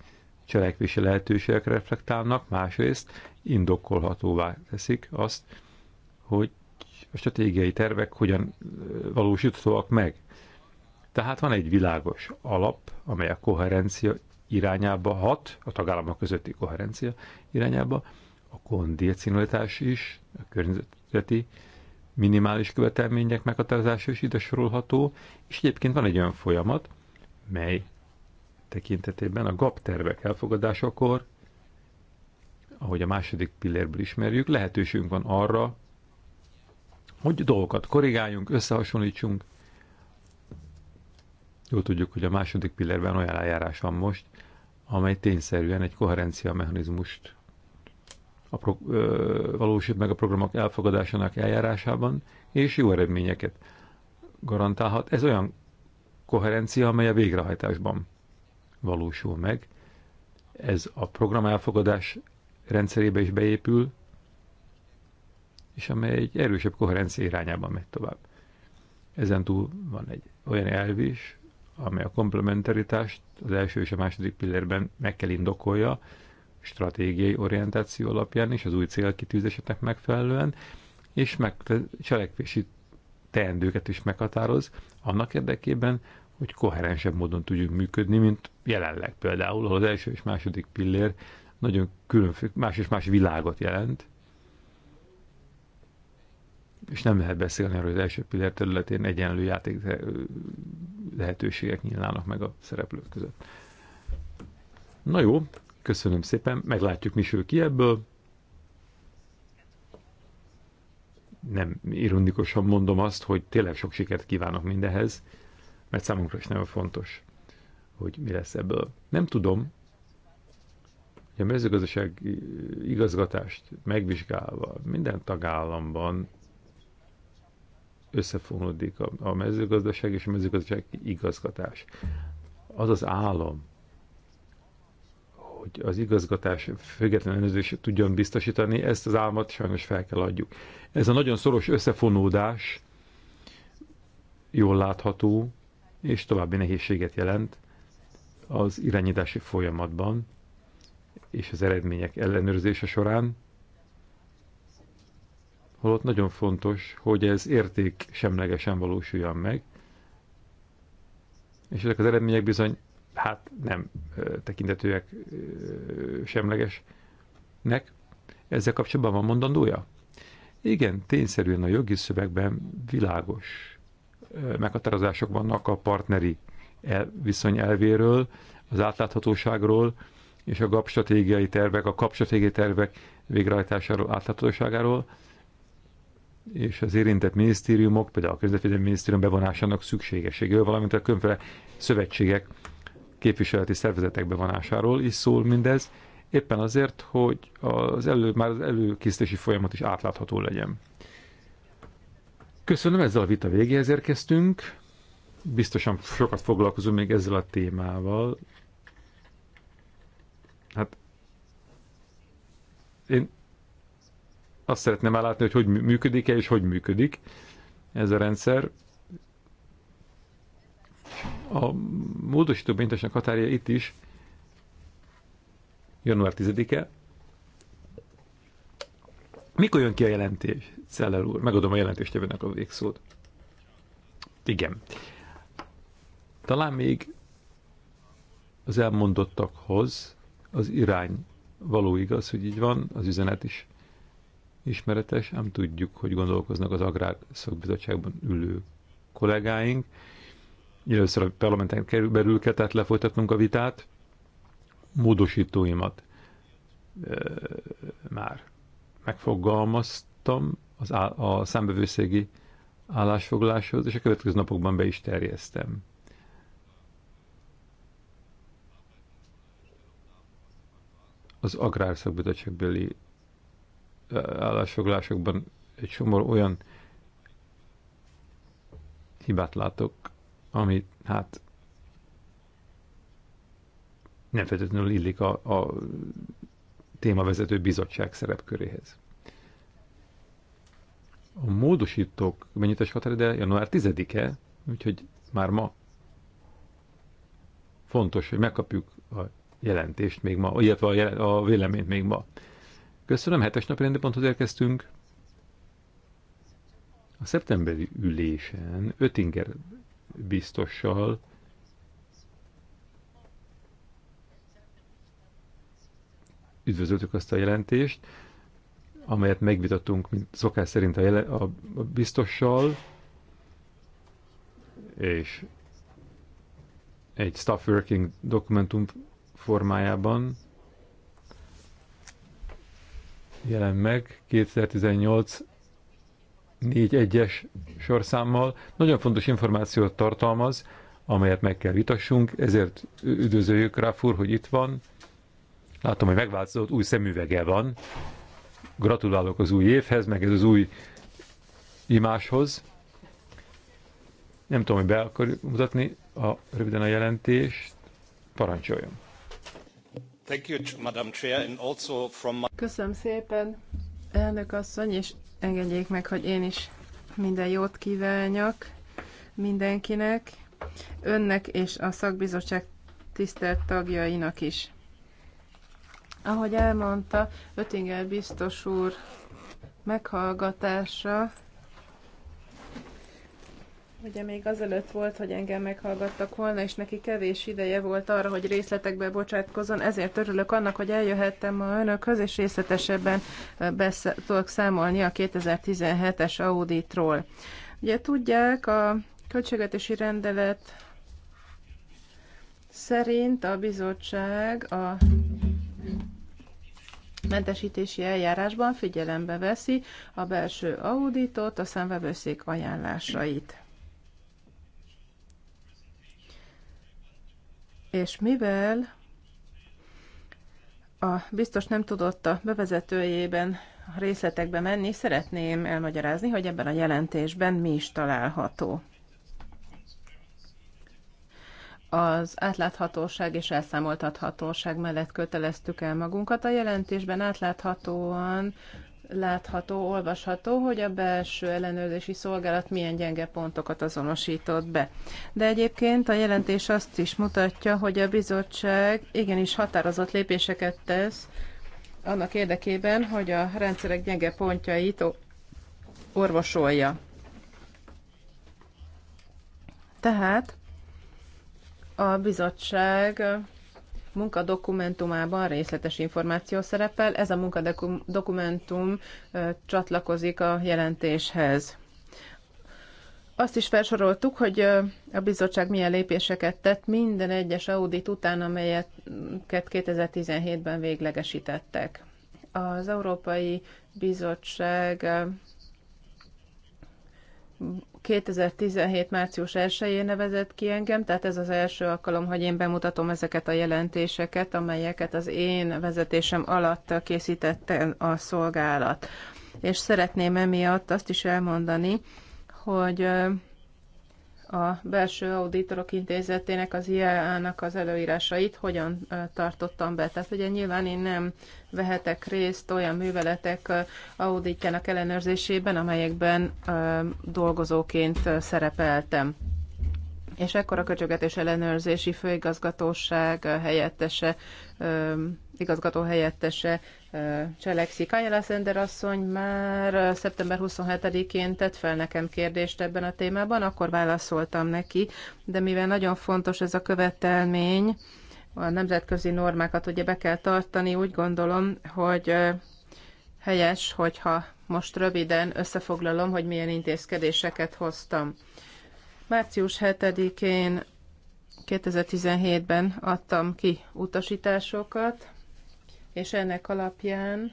cselekvési lehetőségekre reflektálnak, másrészt indokolhatóvá teszik azt, hogy a stratégiai tervek hogyan valósíthatóak meg. Tehát van egy világos alap, amely a koherencia irányába hat, a tagállamok közötti koherencia irányába, a kondicionalitás is, a környezeti minimális követelmények meghatározása is ide sorolható, és egyébként van egy olyan folyamat, mely tekintetében a GAP tervek elfogadásakor, ahogy a második pillérből ismerjük, lehetőségünk van arra, hogy dolgokat korrigáljunk, összehasonlítsunk. Jól tudjuk, hogy a második pillérben olyan eljárás van most, amely tényszerűen egy koherencia mechanizmust a pro, ö, valósít meg a programok elfogadásának eljárásában, és jó eredményeket garantálhat. Ez olyan koherencia, amely a végrehajtásban valósul meg. Ez a program elfogadás rendszerébe is beépül, és amely egy erősebb koherencia irányában megy tovább. Ezen túl van egy olyan elv is, amely a komplementaritást az első és a második pillérben meg kell indokolja, stratégiai orientáció alapján és az új célkitűzéseknek megfelelően, és meg cselekvési teendőket is meghatároz, annak érdekében, hogy koherensebb módon tudjuk működni, mint jelenleg például, ahol az első és második pillér nagyon különfő, más és más világot jelent, és nem lehet beszélni arról, hogy az első pillér területén egyenlő játék lehetőségek nyílnának meg a szereplők között. Na jó, köszönöm szépen, meglátjuk, mi sül ki ebből. Nem ironikusan mondom azt, hogy tényleg sok sikert kívánok mindehez, mert számunkra is nagyon fontos, hogy mi lesz ebből. Nem tudom, hogy a mezőgazdaság igazgatást megvizsgálva minden tagállamban összefonódik a, a mezőgazdaság és a mezőgazdaság igazgatás. Az az állam, hogy az igazgatás független ellenőrzést tudjon biztosítani, ezt az álmat sajnos fel kell adjuk. Ez a nagyon szoros összefonódás jól látható, és további nehézséget jelent az irányítási folyamatban és az eredmények ellenőrzése során, holott nagyon fontos, hogy ez érték semlegesen valósuljon meg, és ezek az eredmények bizony hát nem tekintetőek semlegesnek. Ezzel kapcsolatban van mondandója? Igen, tényszerűen a jogi szövegben világos meghatározások vannak a partneri viszony elvéről, az átláthatóságról, és a GAP stratégiai tervek, a KAP stratégiai tervek végrehajtásáról, átláthatóságáról, és az érintett minisztériumok, például a közvetvédelmi minisztérium bevonásának szükségességéről, valamint a különféle szövetségek képviseleti szervezetek bevonásáról is szól mindez, éppen azért, hogy az elő, már az előkészítési folyamat is átlátható legyen. Köszönöm, ezzel a vita végéhez érkeztünk. Biztosan sokat foglalkozunk még ezzel a témával. Hát én azt szeretném ellátni, hogy hogy működik-e és hogy működik ez a rendszer. A módosító bintesnek határja itt is január 10-e. Mikor jön ki a jelentés, Szeller úr? Megadom a jövőnek a végszót. Igen. Talán még az elmondottakhoz az irány való igaz, hogy így van, az üzenet is ismeretes, nem tudjuk, hogy gondolkoznak az Agrár Szakbizottságban ülő kollégáink. Először a parlamenten belül kell tehát lefolytatnunk a vitát. Módosítóimat e, már megfogalmaztam az á, a számbevőszégi állásfoglaláshoz, és a következő napokban be is terjesztem. Az Agrárszakbizottságbeli állásfoglásokban egy csomó olyan hibát látok, ami hát nem feltétlenül illik a, a témavezető bizottság szerepköréhez. A módosítók mennyitás határideje január 10-e, úgyhogy már ma fontos, hogy megkapjuk a jelentést még ma, illetve a, jel- a véleményt még ma. Köszönöm, hetes napi rendeponthoz érkeztünk. A szeptemberi ülésen Ötinger biztossal üdvözöltük azt a jelentést, amelyet megvitattunk, mint szokás szerint a, jele, a, a biztossal, és egy staff working dokumentum formájában Jelen meg 2018 4.1-es sorszámmal. Nagyon fontos információt tartalmaz, amelyet meg kell vitassunk, ezért üdvözöljük ráfúr, hogy itt van. Látom, hogy megváltozott, új szemüvege van. Gratulálok az új évhez, meg ez az új imáshoz. Nem tudom, hogy be akarjuk mutatni a, röviden a jelentést. Parancsoljon! Köszönöm szépen, elnök asszony, és engedjék meg, hogy én is minden jót kívánjak mindenkinek, önnek és a szakbizottság tisztelt tagjainak is. Ahogy elmondta, Ötinger biztos úr meghallgatása Ugye még azelőtt volt, hogy engem meghallgattak volna, és neki kevés ideje volt arra, hogy részletekbe bocsátkozon. ezért örülök annak, hogy eljöhettem ma önökhöz, és részletesebben besz- tudok számolni a 2017-es auditról. Ugye tudják, a költségvetési rendelet szerint a bizottság a mentesítési eljárásban figyelembe veszi a belső auditot, a számvevőszék ajánlásait. És mivel a biztos nem tudott a bevezetőjében a részletekbe menni, szeretném elmagyarázni, hogy ebben a jelentésben mi is található. Az átláthatóság és elszámoltathatóság mellett köteleztük el magunkat. A jelentésben átláthatóan látható, olvasható, hogy a belső ellenőrzési szolgálat milyen gyenge pontokat azonosított be. De egyébként a jelentés azt is mutatja, hogy a bizottság igenis határozott lépéseket tesz annak érdekében, hogy a rendszerek gyenge pontjait orvosolja. Tehát a bizottság munkadokumentumában részletes információ szerepel. Ez a munkadokumentum csatlakozik a jelentéshez. Azt is felsoroltuk, hogy a bizottság milyen lépéseket tett minden egyes audit után, amelyet 2017-ben véglegesítettek. Az Európai Bizottság 2017. március 1-én nevezett ki engem, tehát ez az első alkalom, hogy én bemutatom ezeket a jelentéseket, amelyeket az én vezetésem alatt készítette a szolgálat. És szeretném emiatt azt is elmondani, hogy a belső auditorok intézetének, az iea nak az előírásait hogyan tartottam be. Tehát ugye nyilván én nem vehetek részt olyan műveletek auditjának ellenőrzésében, amelyekben dolgozóként szerepeltem és ekkor a Köcsögetés Ellenőrzési Főigazgatóság helyettese, igazgató helyettese cselekszik. Ajala Szender asszony már szeptember 27-én tett fel nekem kérdést ebben a témában, akkor válaszoltam neki, de mivel nagyon fontos ez a követelmény, a nemzetközi normákat ugye be kell tartani, úgy gondolom, hogy helyes, hogyha most röviden összefoglalom, hogy milyen intézkedéseket hoztam. Március 7-én 2017-ben adtam ki utasításokat, és ennek alapján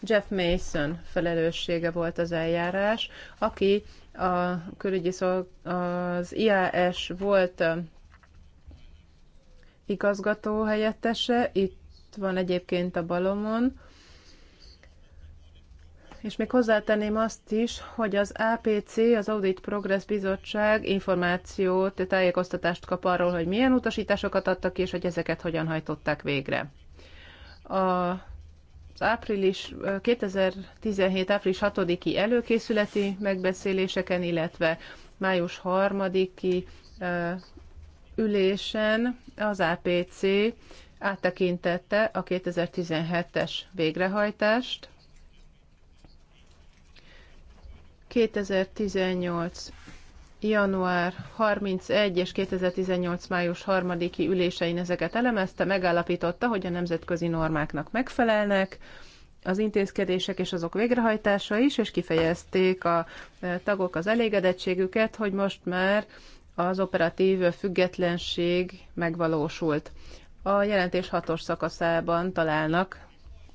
Jeff Mason felelőssége volt az eljárás, aki a külügyi szolg, az IAS volt igazgató helyettese, itt van egyébként a balomon, és még hozzátenném azt is, hogy az APC, az Audit Progress Bizottság információt, tájékoztatást kap arról, hogy milyen utasításokat adtak ki, és hogy ezeket hogyan hajtották végre a az április 2017. április 6-i előkészületi megbeszéléseken, illetve május 3-i ülésen az APC áttekintette a 2017-es végrehajtást. 2018 január 31 és 2018 május 3-i ülésein ezeket elemezte, megállapította, hogy a nemzetközi normáknak megfelelnek, az intézkedések és azok végrehajtása is, és kifejezték a e, tagok az elégedettségüket, hogy most már az operatív függetlenség megvalósult. A jelentés hatos szakaszában találnak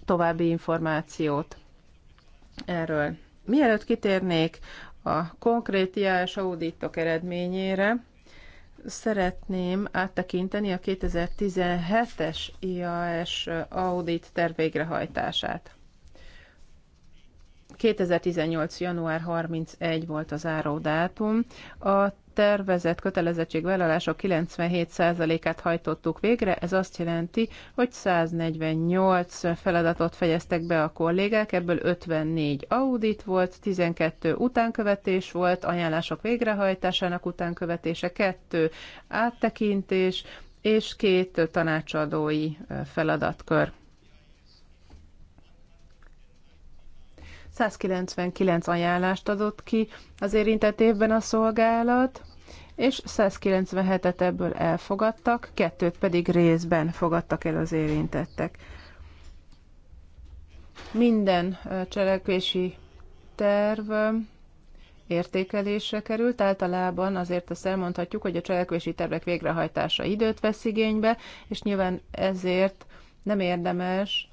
további információt erről. Mielőtt kitérnék a konkrét IAS auditok eredményére. Szeretném áttekinteni a 2017-es IAS audit terv végrehajtását. 2018. január 31 volt az dátum. A tervezett kötelezettségvállalások 97%-át hajtottuk végre, ez azt jelenti, hogy 148 feladatot fejeztek be a kollégák, ebből 54 audit volt, 12 utánkövetés volt, ajánlások végrehajtásának utánkövetése, 2 áttekintés, és két tanácsadói feladatkör. 199 ajánlást adott ki az érintett évben a szolgálat, és 197-et ebből elfogadtak, kettőt pedig részben fogadtak el az érintettek. Minden cselekvési terv értékelésre került. Általában azért azt elmondhatjuk, hogy a cselekvési tervek végrehajtása időt vesz igénybe, és nyilván ezért nem érdemes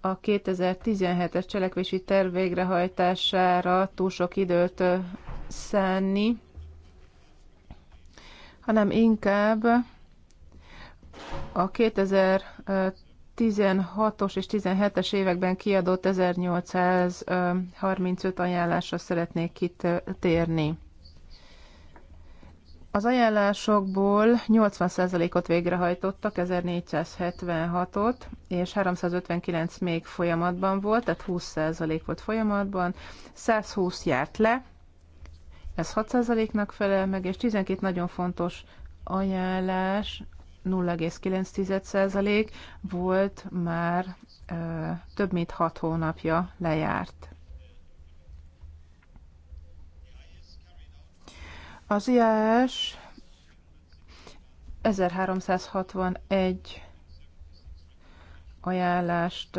a 2017-es cselekvési terv végrehajtására túl sok időt szánni, hanem inkább a 2016-os és 17-es években kiadott 1835 ajánlásra szeretnék kitérni. Az ajánlásokból 80%-ot végrehajtottak, 1476-ot, és 359 még folyamatban volt, tehát 20% volt folyamatban, 120 járt le, ez 6%-nak felel meg, és 12 nagyon fontos ajánlás, 0,9% volt már ö, több mint 6 hónapja lejárt. Az IAS 1361 ajánlást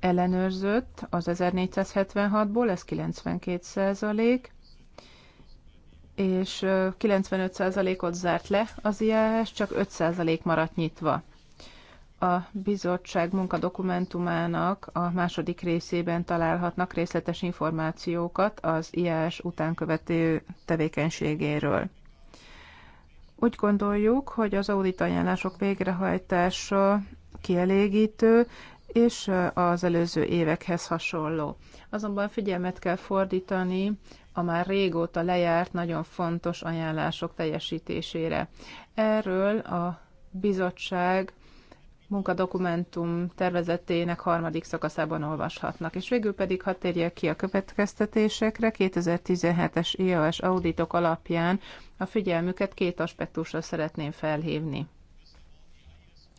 ellenőrzött az 1476-ból, ez 92 százalék, és 95 százalékot zárt le az IAS, csak 5 százalék maradt nyitva a bizottság munkadokumentumának a második részében találhatnak részletes információkat az IAS utánkövető tevékenységéről. Úgy gondoljuk, hogy az audit ajánlások végrehajtása kielégítő, és az előző évekhez hasonló. Azonban figyelmet kell fordítani a már régóta lejárt nagyon fontos ajánlások teljesítésére. Erről a bizottság munkadokumentum tervezetének harmadik szakaszában olvashatnak. És végül pedig hadd térjek ki a következtetésekre. 2017-es IAS auditok alapján a figyelmüket két aspektusra szeretném felhívni.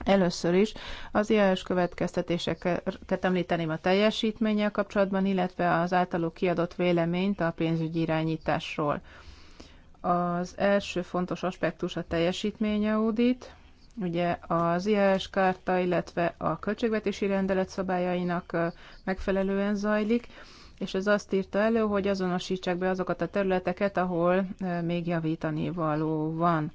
Először is az IAS következtetéseket említeném a teljesítménnyel kapcsolatban, illetve az általuk kiadott véleményt a pénzügyi irányításról. Az első fontos aspektus a teljesítmény audit, Ugye az IAS kárta, illetve a költségvetési rendelet szabályainak megfelelően zajlik, és ez azt írta elő, hogy azonosítsák be azokat a területeket, ahol még javítani való van.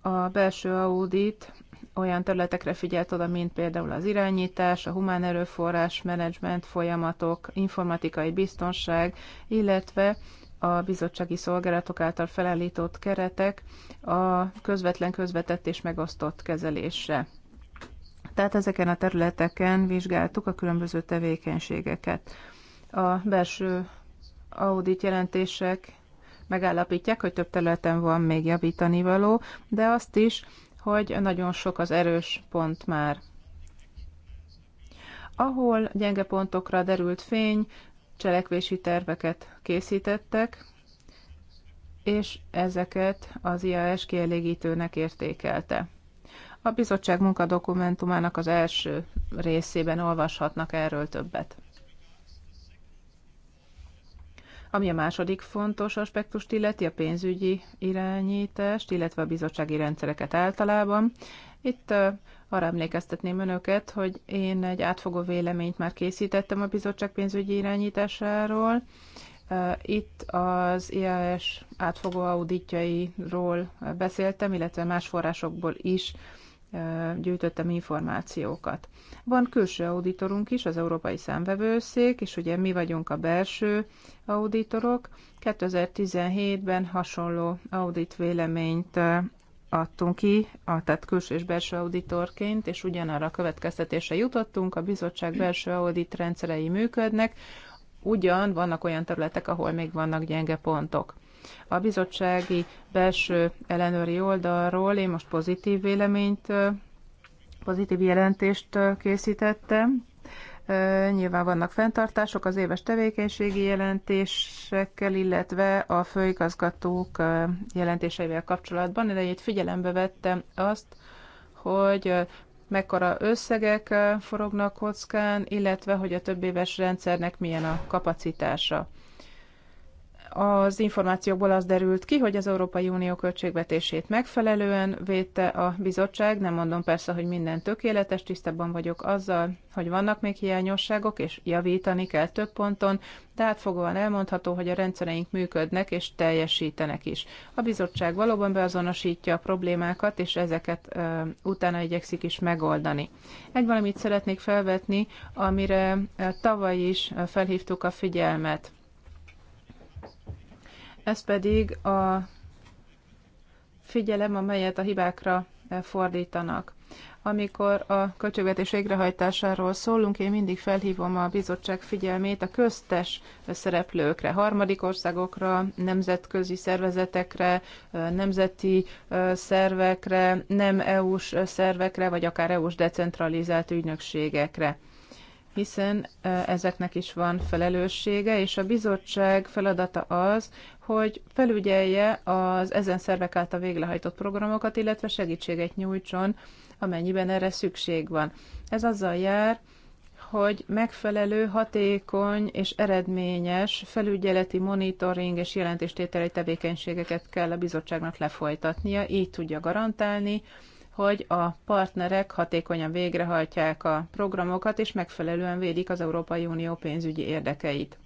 A belső audit olyan területekre figyelt oda, mint például az irányítás, a humán erőforrás, menedzsment folyamatok, informatikai biztonság, illetve a bizottsági szolgálatok által felállított keretek a közvetlen, közvetett és megosztott kezelésre. Tehát ezeken a területeken vizsgáltuk a különböző tevékenységeket. A belső audit jelentések megállapítják, hogy több területen van még javítani való, de azt is, hogy nagyon sok az erős pont már. Ahol gyenge pontokra derült fény, cselekvési terveket készítettek, és ezeket az IAS kielégítőnek értékelte. A bizottság munkadokumentumának az első részében olvashatnak erről többet. Ami a második fontos aspektust illeti, a pénzügyi irányítást, illetve a bizottsági rendszereket általában, itt arra emlékeztetném önöket, hogy én egy átfogó véleményt már készítettem a bizottság pénzügyi irányításáról. Itt az IAS átfogó auditjairól beszéltem, illetve más forrásokból is gyűjtöttem információkat. Van külső auditorunk is, az Európai Számvevőszék, és ugye mi vagyunk a belső auditorok. 2017-ben hasonló audit véleményt adtunk ki, a, tehát külső és belső auditorként, és ugyanarra a következtetése jutottunk, a bizottság belső audit rendszerei működnek, ugyan vannak olyan területek, ahol még vannak gyenge pontok. A bizottsági belső ellenőri oldalról én most pozitív véleményt, pozitív jelentést készítettem, Nyilván vannak fenntartások az éves tevékenységi jelentésekkel, illetve a főigazgatók jelentéseivel kapcsolatban. De egy figyelembe vettem azt, hogy mekkora összegek forognak kockán, illetve hogy a többéves rendszernek milyen a kapacitása az információkból az derült ki, hogy az Európai Unió költségvetését megfelelően védte a bizottság. Nem mondom persze, hogy minden tökéletes, tisztában vagyok azzal, hogy vannak még hiányosságok, és javítani kell több ponton, de átfogóan elmondható, hogy a rendszereink működnek és teljesítenek is. A bizottság valóban beazonosítja a problémákat, és ezeket ö, utána igyekszik is megoldani. Egy valamit szeretnék felvetni, amire tavaly is felhívtuk a figyelmet ez pedig a figyelem, amelyet a hibákra fordítanak. Amikor a költségvetés végrehajtásáról szólunk, én mindig felhívom a bizottság figyelmét a köztes szereplőkre, harmadik országokra, nemzetközi szervezetekre, nemzeti szervekre, nem EU-s szervekre, vagy akár EU-s decentralizált ügynökségekre hiszen ezeknek is van felelőssége, és a bizottság feladata az, hogy felügyelje az ezen szervek által végrehajtott programokat, illetve segítséget nyújtson, amennyiben erre szükség van. Ez azzal jár, hogy megfelelő, hatékony és eredményes felügyeleti monitoring és jelentéstételi tevékenységeket kell a bizottságnak lefolytatnia, így tudja garantálni, hogy a partnerek hatékonyan végrehajtják a programokat és megfelelően védik az Európai Unió pénzügyi érdekeit.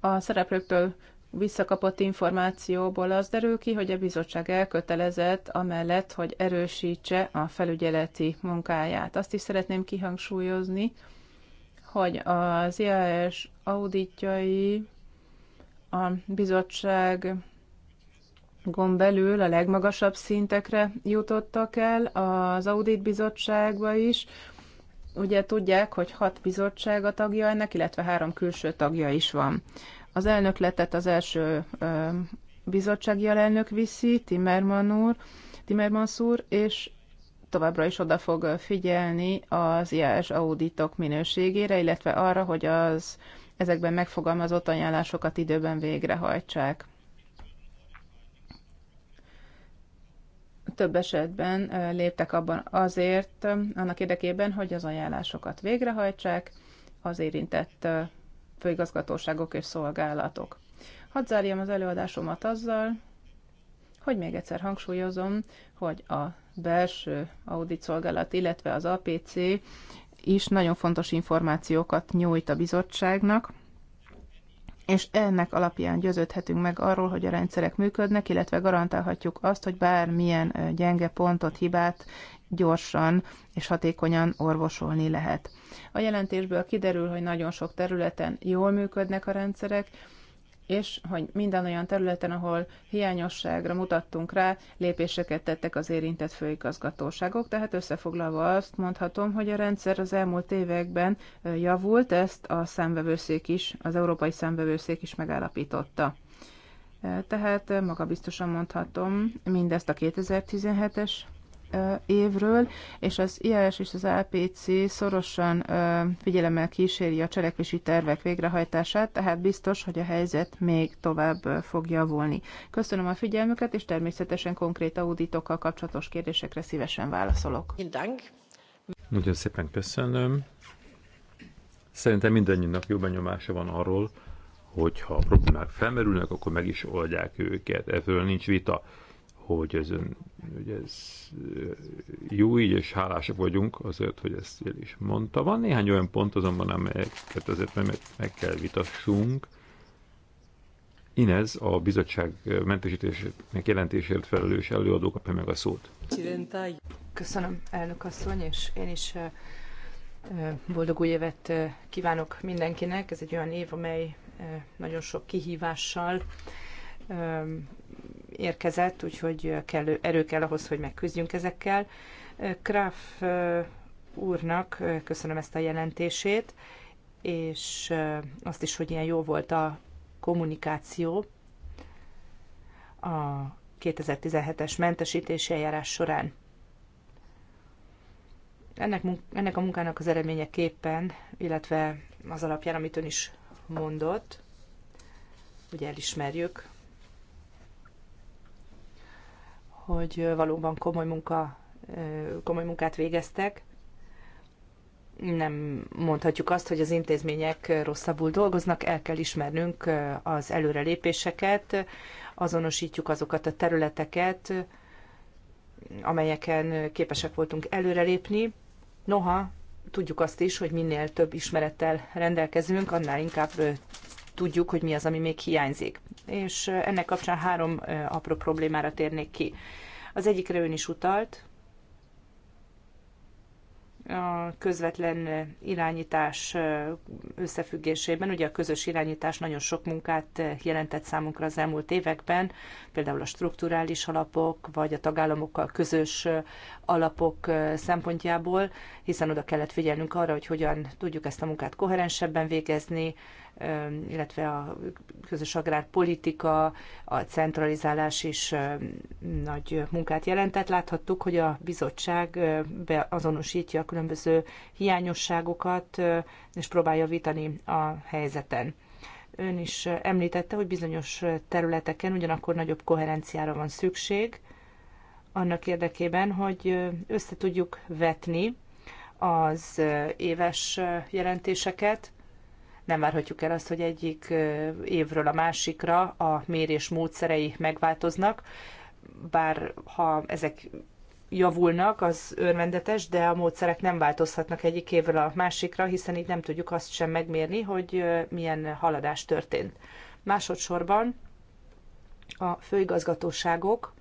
A szereplőktől visszakapott információból az derül ki, hogy a bizottság elkötelezett amellett, hogy erősítse a felügyeleti munkáját. Azt is szeretném kihangsúlyozni, hogy az IAS auditjai a bizottság gomb belül a legmagasabb szintekre jutottak el az audit bizottságba is, Ugye tudják, hogy hat bizottság a tagja ennek, illetve három külső tagja is van. Az elnökletet az első ö, bizottsági alelnök viszi, Timmerman úr, Timmermans úr, és továbbra is oda fog figyelni az IAS auditok minőségére, illetve arra, hogy az ezekben megfogalmazott ajánlásokat időben végrehajtsák. legtöbb esetben léptek abban azért, annak érdekében, hogy az ajánlásokat végrehajtsák az érintett főigazgatóságok és szolgálatok. Hadd zárjam az előadásomat azzal, hogy még egyszer hangsúlyozom, hogy a belső audit szolgálat, illetve az APC is nagyon fontos információkat nyújt a bizottságnak, és ennek alapján győződhetünk meg arról, hogy a rendszerek működnek, illetve garantálhatjuk azt, hogy bármilyen gyenge pontot, hibát gyorsan és hatékonyan orvosolni lehet. A jelentésből kiderül, hogy nagyon sok területen jól működnek a rendszerek, és hogy minden olyan területen, ahol hiányosságra mutattunk rá, lépéseket tettek az érintett főigazgatóságok, tehát összefoglalva azt mondhatom, hogy a rendszer az elmúlt években javult, ezt a számvevőszék is, az Európai Számvevőszék is megállapította. Tehát magabiztosan mondhatom mindezt a 2017-es évről, és az IAS és az APC szorosan figyelemmel kíséri a cselekvési tervek végrehajtását, tehát biztos, hogy a helyzet még tovább fog javulni. Köszönöm a figyelmüket, és természetesen konkrét auditokkal kapcsolatos kérdésekre szívesen válaszolok. Nagyon szépen köszönöm. Szerintem mindannyiunknak jó benyomása van arról, hogyha a problémák felmerülnek, akkor meg is oldják őket. Erről nincs vita hogy ez, ön, hogy ez jó így, és hálásak vagyunk azért, hogy ezt el is mondta. Van néhány olyan pont azonban, amelyeket azért meg, meg kell vitassunk. Inez, a bizottság mentesítésének jelentésért felelős előadó kapja meg a szót. Köszönöm, elnök asszony, és én is boldog új évet kívánok mindenkinek. Ez egy olyan év, amely nagyon sok kihívással érkezett, úgyhogy kell, erő kell ahhoz, hogy megküzdjünk ezekkel. Kraf úrnak köszönöm ezt a jelentését, és azt is, hogy ilyen jó volt a kommunikáció a 2017-es mentesítési eljárás során. Ennek, ennek a munkának az eredményeképpen, illetve az alapján, amit ön is mondott, ugye elismerjük, hogy valóban komoly, munka, komoly munkát végeztek. Nem mondhatjuk azt, hogy az intézmények rosszabbul dolgoznak, el kell ismernünk az előrelépéseket, azonosítjuk azokat a területeket, amelyeken képesek voltunk előrelépni. Noha tudjuk azt is, hogy minél több ismerettel rendelkezünk, annál inkább tudjuk, hogy mi az, ami még hiányzik. És ennek kapcsán három apró problémára térnék ki. Az egyikre ön is utalt, a közvetlen irányítás összefüggésében. Ugye a közös irányítás nagyon sok munkát jelentett számunkra az elmúlt években, például a strukturális alapok, vagy a tagállamokkal közös alapok szempontjából, hiszen oda kellett figyelnünk arra, hogy hogyan tudjuk ezt a munkát koherensebben végezni, illetve a közös agrárpolitika, a centralizálás is nagy munkát jelentett. Láthattuk, hogy a bizottság beazonosítja a különböző hiányosságokat, és próbálja vitani a helyzeten. Ön is említette, hogy bizonyos területeken ugyanakkor nagyobb koherenciára van szükség, annak érdekében, hogy össze tudjuk vetni az éves jelentéseket, nem várhatjuk el azt, hogy egyik évről a másikra a mérés módszerei megváltoznak, bár ha ezek javulnak, az örvendetes, de a módszerek nem változhatnak egyik évről a másikra, hiszen így nem tudjuk azt sem megmérni, hogy milyen haladás történt. Másodszorban a főigazgatóságok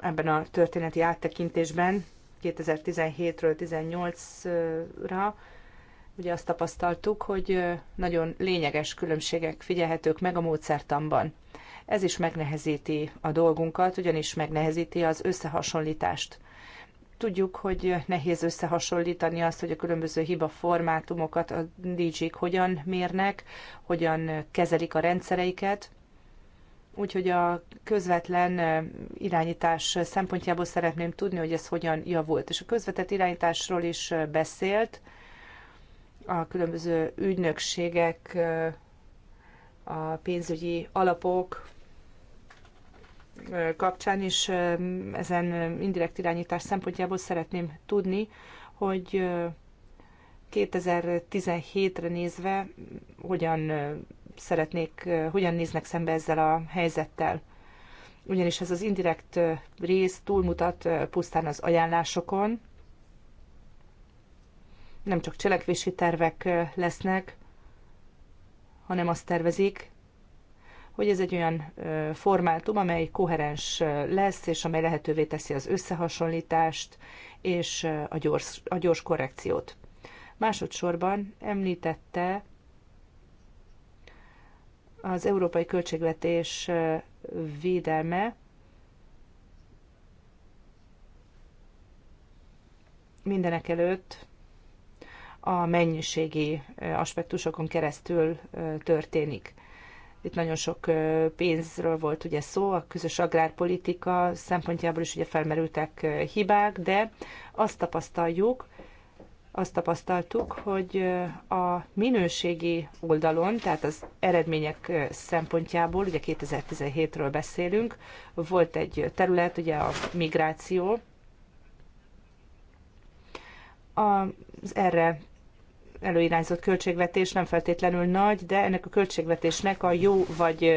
ebben a történeti áttekintésben 2017-ről 18-ra ugye azt tapasztaltuk, hogy nagyon lényeges különbségek figyelhetők meg a módszertamban. Ez is megnehezíti a dolgunkat, ugyanis megnehezíti az összehasonlítást. Tudjuk, hogy nehéz összehasonlítani azt, hogy a különböző hiba formátumokat a dj k hogyan mérnek, hogyan kezelik a rendszereiket, Úgyhogy a közvetlen irányítás szempontjából szeretném tudni, hogy ez hogyan javult. És a közvetett irányításról is beszélt, a különböző ügynökségek, a pénzügyi alapok kapcsán is ezen indirekt irányítás szempontjából szeretném tudni, hogy 2017-re nézve hogyan szeretnék, hogyan néznek szembe ezzel a helyzettel. Ugyanis ez az indirekt rész túlmutat pusztán az ajánlásokon, nem csak cselekvési tervek lesznek, hanem azt tervezik, hogy ez egy olyan formátum, amely koherens lesz, és amely lehetővé teszi az összehasonlítást és a gyors, a gyors korrekciót. Másodszorban említette az európai költségvetés védelme, mindenek előtt a mennyiségi aspektusokon keresztül történik. Itt nagyon sok pénzről volt ugye szó, a közös agrárpolitika szempontjából is ugye felmerültek hibák, de azt tapasztaljuk, azt tapasztaltuk, hogy a minőségi oldalon, tehát az eredmények szempontjából, ugye 2017-ről beszélünk, volt egy terület, ugye a migráció, az erre előirányzott költségvetés nem feltétlenül nagy, de ennek a költségvetésnek a jó vagy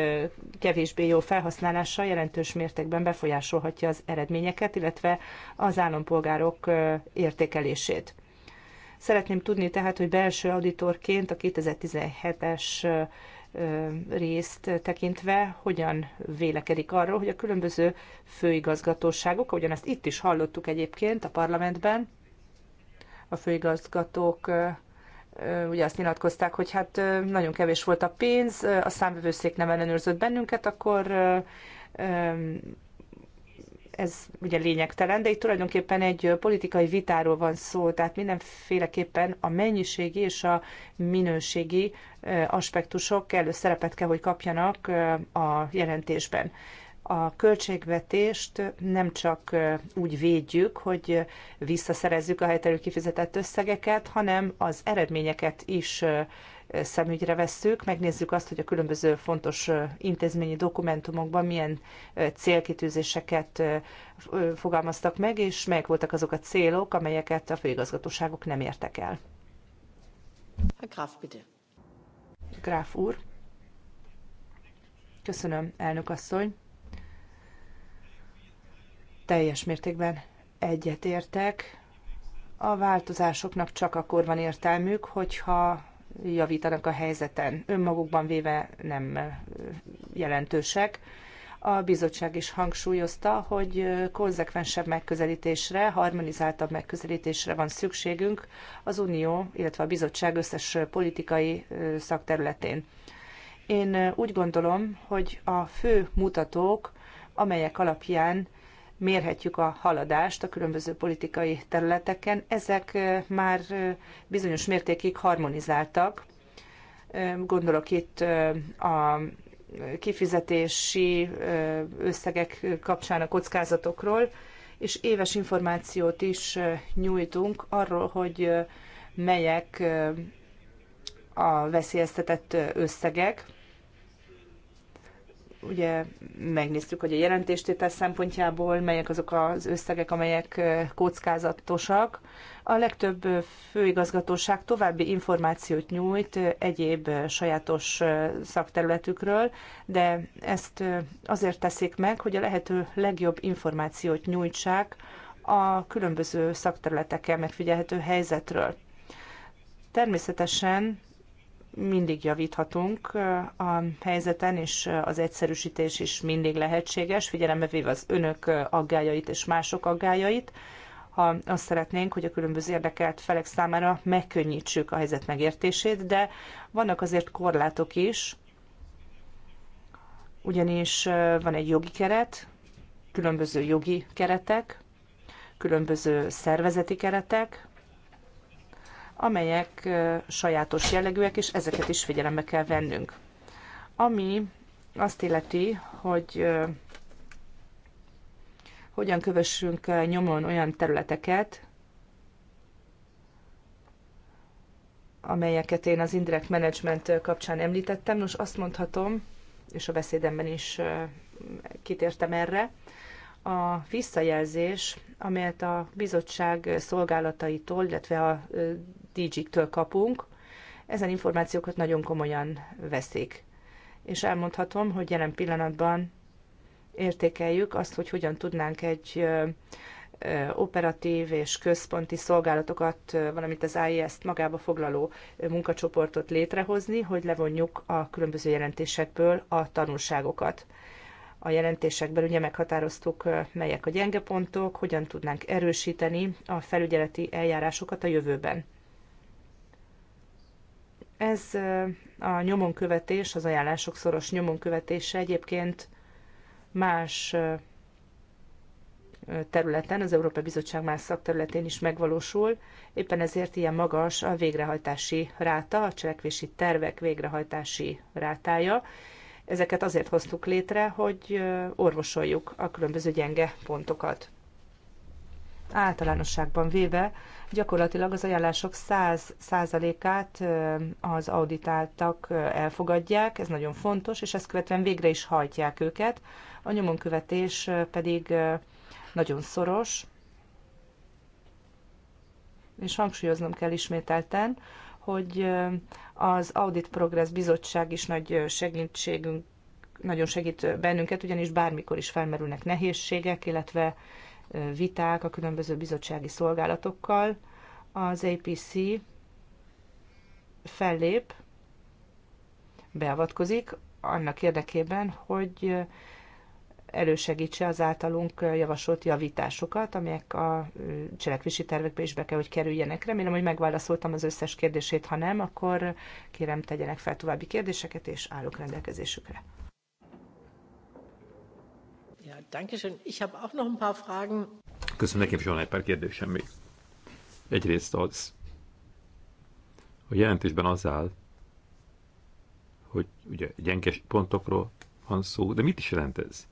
kevésbé jó felhasználása jelentős mértékben befolyásolhatja az eredményeket, illetve az állampolgárok értékelését. Szeretném tudni tehát, hogy belső auditorként a 2017-es részt tekintve hogyan vélekedik arról, hogy a különböző főigazgatóságok, ahogyan ezt itt is hallottuk egyébként a parlamentben, a főigazgatók ugye azt nyilatkozták, hogy hát nagyon kevés volt a pénz, a számvevőszék nem ellenőrzött bennünket, akkor ez ugye lényegtelen, de itt tulajdonképpen egy politikai vitáról van szó, tehát mindenféleképpen a mennyiségi és a minőségi aspektusok előszerepet szerepet kell, hogy kapjanak a jelentésben a költségvetést nem csak úgy védjük, hogy visszaszerezzük a helytelő kifizetett összegeket, hanem az eredményeket is szemügyre vesszük, megnézzük azt, hogy a különböző fontos intézményi dokumentumokban milyen célkitűzéseket fogalmaztak meg, és melyek voltak azok a célok, amelyeket a főigazgatóságok nem értek el. A Graf, bitte. Graf úr. Köszönöm, elnök asszony. Teljes mértékben egyetértek. A változásoknak csak akkor van értelmük, hogyha javítanak a helyzeten. Önmagukban véve nem jelentősek. A bizottság is hangsúlyozta, hogy konzekvensebb megközelítésre, harmonizáltabb megközelítésre van szükségünk az Unió, illetve a bizottság összes politikai szakterületén. Én úgy gondolom, hogy a fő mutatók, amelyek alapján mérhetjük a haladást a különböző politikai területeken. Ezek már bizonyos mértékig harmonizáltak. Gondolok itt a kifizetési összegek kapcsán a kockázatokról, és éves információt is nyújtunk arról, hogy melyek a veszélyeztetett összegek, ugye megnéztük, hogy a jelentéstétel szempontjából melyek azok az összegek, amelyek kockázatosak. A legtöbb főigazgatóság további információt nyújt egyéb sajátos szakterületükről, de ezt azért teszik meg, hogy a lehető legjobb információt nyújtsák a különböző szakterületekkel megfigyelhető helyzetről. Természetesen mindig javíthatunk a helyzeten, és az egyszerűsítés is mindig lehetséges, figyelembe véve az önök aggájait és mások aggájait. Ha azt szeretnénk, hogy a különböző érdekelt felek számára megkönnyítsük a helyzet megértését, de vannak azért korlátok is, ugyanis van egy jogi keret, különböző jogi keretek, különböző szervezeti keretek, amelyek sajátos jellegűek, és ezeket is figyelembe kell vennünk. Ami azt illeti, hogy hogyan kövessünk nyomon olyan területeket, amelyeket én az indirect management kapcsán említettem. Nos, azt mondhatom, és a beszédemben is kitértem erre, a visszajelzés, amelyet a bizottság szolgálataitól, illetve a DG-től kapunk, ezen információkat nagyon komolyan veszik. És elmondhatom, hogy jelen pillanatban értékeljük azt, hogy hogyan tudnánk egy operatív és központi szolgálatokat, valamint az IES-t magába foglaló munkacsoportot létrehozni, hogy levonjuk a különböző jelentésekből a tanulságokat. A jelentésekben ugye meghatároztuk, melyek a gyenge pontok, hogyan tudnánk erősíteni a felügyeleti eljárásokat a jövőben. Ez a nyomon követés, az ajánlások szoros nyomon követése egyébként más területen, az Európai Bizottság más szakterületén is megvalósul. Éppen ezért ilyen magas a végrehajtási ráta, a cselekvési tervek végrehajtási rátája. Ezeket azért hoztuk létre, hogy orvosoljuk a különböző gyenge pontokat. Általánosságban véve gyakorlatilag az ajánlások 100%-át az auditáltak elfogadják, ez nagyon fontos, és ezt követően végre is hajtják őket. A nyomonkövetés pedig nagyon szoros, és hangsúlyoznom kell ismételten, hogy az Audit Progress Bizottság is nagy segítségünk, nagyon segít bennünket, ugyanis bármikor is felmerülnek nehézségek, illetve viták a különböző bizottsági szolgálatokkal. Az APC fellép, beavatkozik annak érdekében, hogy elősegítse az általunk javasolt javításokat, amelyek a cselekvési tervekbe is be kell, hogy kerüljenek. Remélem, hogy megválaszoltam az összes kérdését, ha nem, akkor kérem tegyenek fel további kérdéseket, és állok rendelkezésükre. Köszönöm, nekem is van egy pár kérdésem még. Egyrészt az, hogy jelentésben az áll, hogy ugye gyenges pontokról van szó, de mit is jelent ez?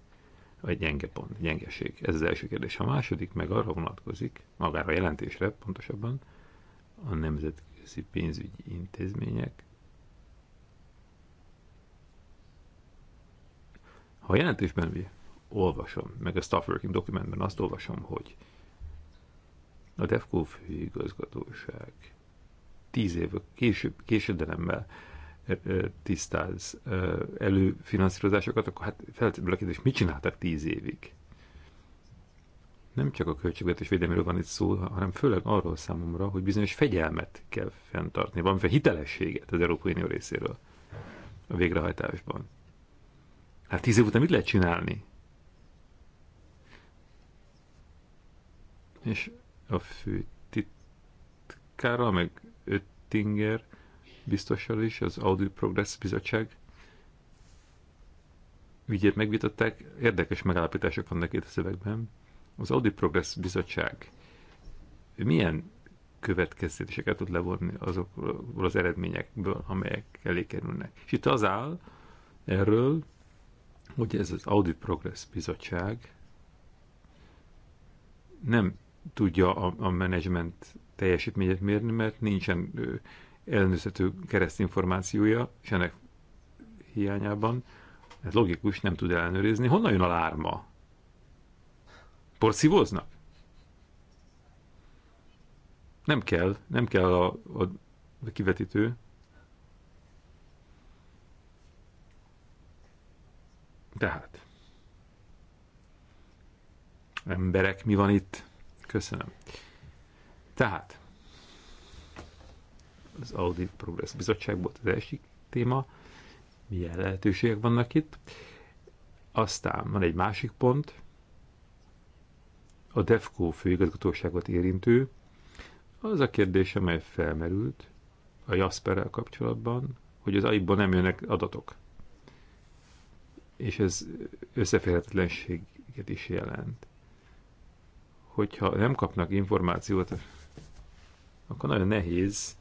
A gyenge pont, gyengeség. Ez az első kérdés. A második meg arra vonatkozik, magára a jelentésre pontosabban, a nemzetközi pénzügyi intézmények. Ha a jelentésben olvasom, meg a staff working dokumentben azt olvasom, hogy a DEFCO főigazgatóság tíz év később, késődelemmel eh, eh, tisztáz eh, előfinanszírozásokat, akkor hát feltétlenül a kérdés, mit csináltak tíz évig? Nem csak a költségvetés védelméről van itt szó, hanem főleg arról számomra, hogy bizonyos fegyelmet kell fenntartni, fel hitelességet az Európai Unió részéről a végrehajtásban. Hát tíz év után mit lehet csinálni? és a fő titkára, meg Öttinger biztossal is, az Audi Progress Bizottság ügyét megvitatták, érdekes megállapítások vannak itt a szövegben. Az Audi Progress Bizottság milyen következtetéseket tud levonni azokból az eredményekből, amelyek elé kerülnek. És itt az áll erről, hogy ez az Audi Progress Bizottság nem tudja a, a menedzsment teljesítményét mérni, mert nincsen ellenőrzhető keresztinformációja, és ennek hiányában, ez logikus, nem tud ellenőrizni. Honnan jön a lárma? Porszívóznak? Nem kell, nem kell a, a kivetítő. Tehát. Emberek, mi van itt? Köszönöm. Tehát, az Audi Progress Bizottság volt az első téma, milyen lehetőségek vannak itt. Aztán van egy másik pont, a DEFCO főigazgatóságot érintő, az a kérdés, amely felmerült a Jasperrel kapcsolatban, hogy az AIB-ban nem jönnek adatok. És ez összeférhetetlenséget is jelent hogyha nem kapnak információt, akkor nagyon nehéz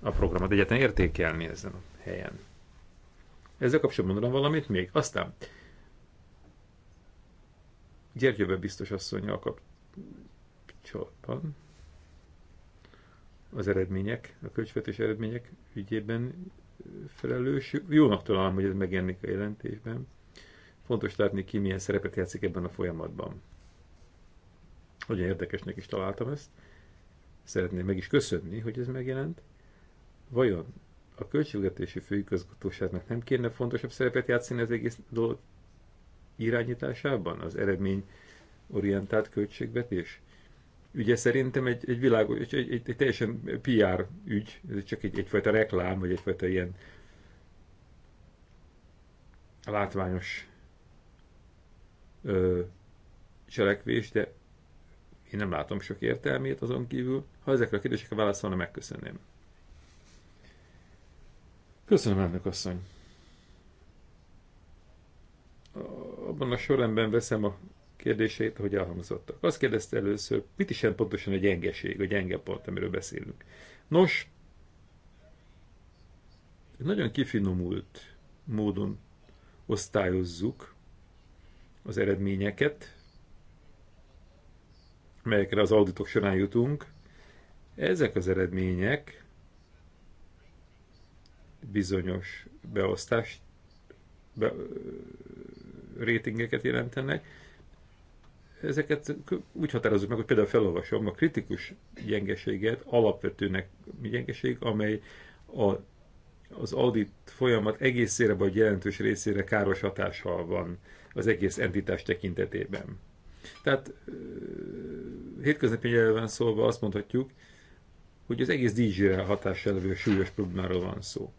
a programot egyáltalán értékelni ezen a helyen. Ezzel kapcsolatban mondanom valamit még? Aztán Gyergyőbe biztos a kapcsolatban az eredmények, a költségvetés eredmények ügyében felelős. Jónak találom, hogy ez megjelenik a jelentésben. Fontos látni, ki milyen szerepet játszik ebben a folyamatban. Nagyon érdekesnek is találtam ezt. Szeretném meg is köszönni, hogy ez megjelent. Vajon a költségvetési főigazgatóságnak nem kéne fontosabb szerepet játszani az egész dolog irányításában? Az eredmény orientált költségvetés? Ugye szerintem egy, egy világos, egy, egy, egy teljesen PR ügy, ez csak egy, egyfajta reklám, vagy egyfajta ilyen látványos ö, cselekvés, de én nem látom sok értelmét azon kívül. Ha ezekre a kérdésekre válaszolna, megköszönném. Köszönöm, elnök asszony. Abban a sorrendben veszem a kérdéseit, hogy elhangzottak. Azt kérdezte először, mit is jelent pontosan a gyengeség, a gyenge pont, amiről beszélünk. Nos, nagyon kifinomult módon osztályozzuk az eredményeket, melyekre az auditok során jutunk, ezek az eredmények bizonyos beosztás be, rétingeket jelentenek. Ezeket úgy határozunk meg, hogy például felolvasom a kritikus gyengeséget, alapvetőnek gyengeség, amely a, az audit folyamat egészére vagy jelentős részére káros hatással van az egész entitás tekintetében. Tehát hétköznapi nyelven szólva azt mondhatjuk, hogy az egész DJ hatással levő súlyos problémáról van szó.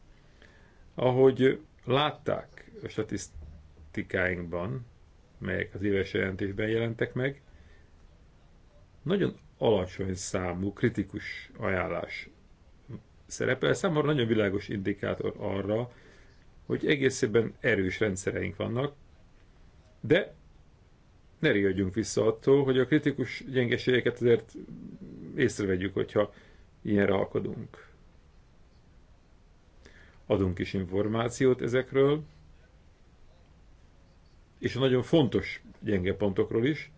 Ahogy látták a statisztikáinkban, melyek az éves jelentésben jelentek meg, nagyon alacsony számú kritikus ajánlás szerepel. Számomra nagyon világos indikátor arra, hogy egészében erős rendszereink vannak, de ne riadjunk vissza attól, hogy a kritikus gyengeségeket azért észrevegyük, hogyha ilyenre alkodunk. Adunk is információt ezekről, és a nagyon fontos gyenge pontokról is,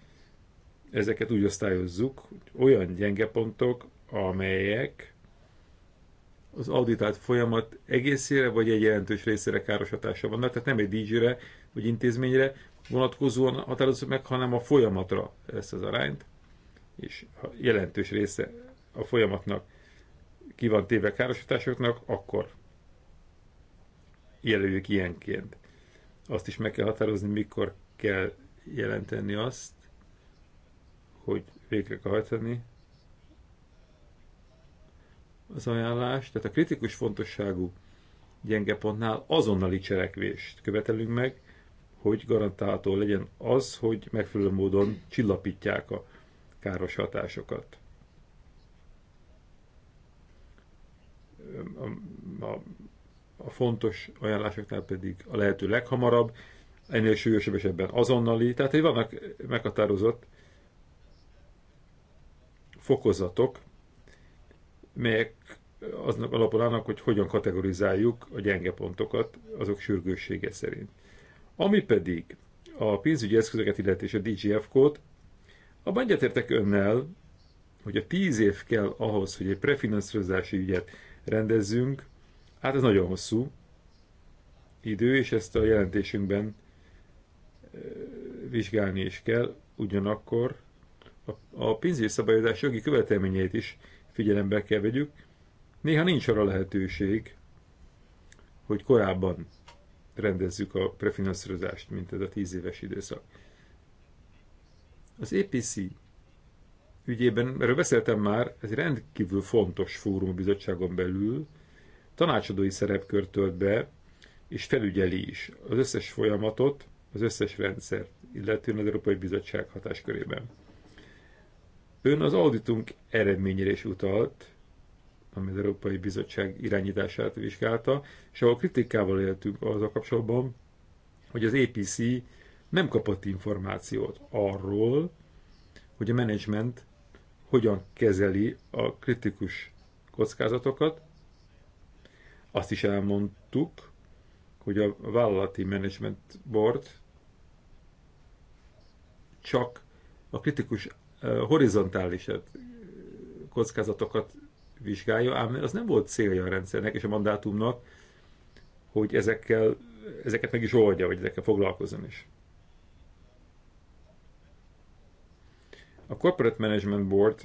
ezeket úgy osztályozzuk, hogy olyan gyenge pontok, amelyek az auditált folyamat egészére, vagy egy jelentős részére káros hatása vannak, tehát nem egy DJ-re, vagy intézményre, vonatkozóan határozza meg, hanem a folyamatra ezt az arányt, és ha jelentős része a folyamatnak ki van téve károsításoknak, akkor jelöljük ilyenként. Azt is meg kell határozni, mikor kell jelenteni azt, hogy végre kell hajtani az ajánlást. Tehát a kritikus fontosságú gyenge pontnál azonnali cselekvést követelünk meg, hogy garantálható legyen az, hogy megfelelő módon csillapítják a káros hatásokat. A, a, a fontos ajánlásoknál pedig a lehető leghamarabb, ennél súlyosabb esetben azonnali, tehát hogy vannak meghatározott fokozatok, melyek aznak alapon állnak, hogy hogyan kategorizáljuk a gyenge pontokat azok sürgőssége szerint. Ami pedig a pénzügyi eszközöket illeti és a DGF-kót, abban egyetértek önnel, hogy a tíz év kell ahhoz, hogy egy prefinanszírozási ügyet rendezzünk, hát ez nagyon hosszú idő, és ezt a jelentésünkben vizsgálni is kell, ugyanakkor a pénzügyi szabályozás jogi követelményeit is figyelembe kell vegyük. Néha nincs arra lehetőség, hogy korábban rendezzük a prefinanszírozást, mint ez a tíz éves időszak. Az APC ügyében, erről beszéltem már, ez rendkívül fontos fórum a bizottságon belül, tanácsadói szerepkört tölt be, és felügyeli is az összes folyamatot, az összes rendszert, illetően az Európai Bizottság hatáskörében. Ön az auditunk eredményére is utalt, ami az Európai Bizottság irányítását vizsgálta, és ahol kritikával éltünk a kapcsolatban, hogy az APC nem kapott információt arról, hogy a menedzsment hogyan kezeli a kritikus kockázatokat. Azt is elmondtuk, hogy a vállalati management board csak a kritikus eh, horizontális eh, kockázatokat vizsgálja, ám az nem volt célja a rendszernek és a mandátumnak, hogy ezekkel, ezeket meg is oldja, vagy ezekkel foglalkozom is. A Corporate Management Board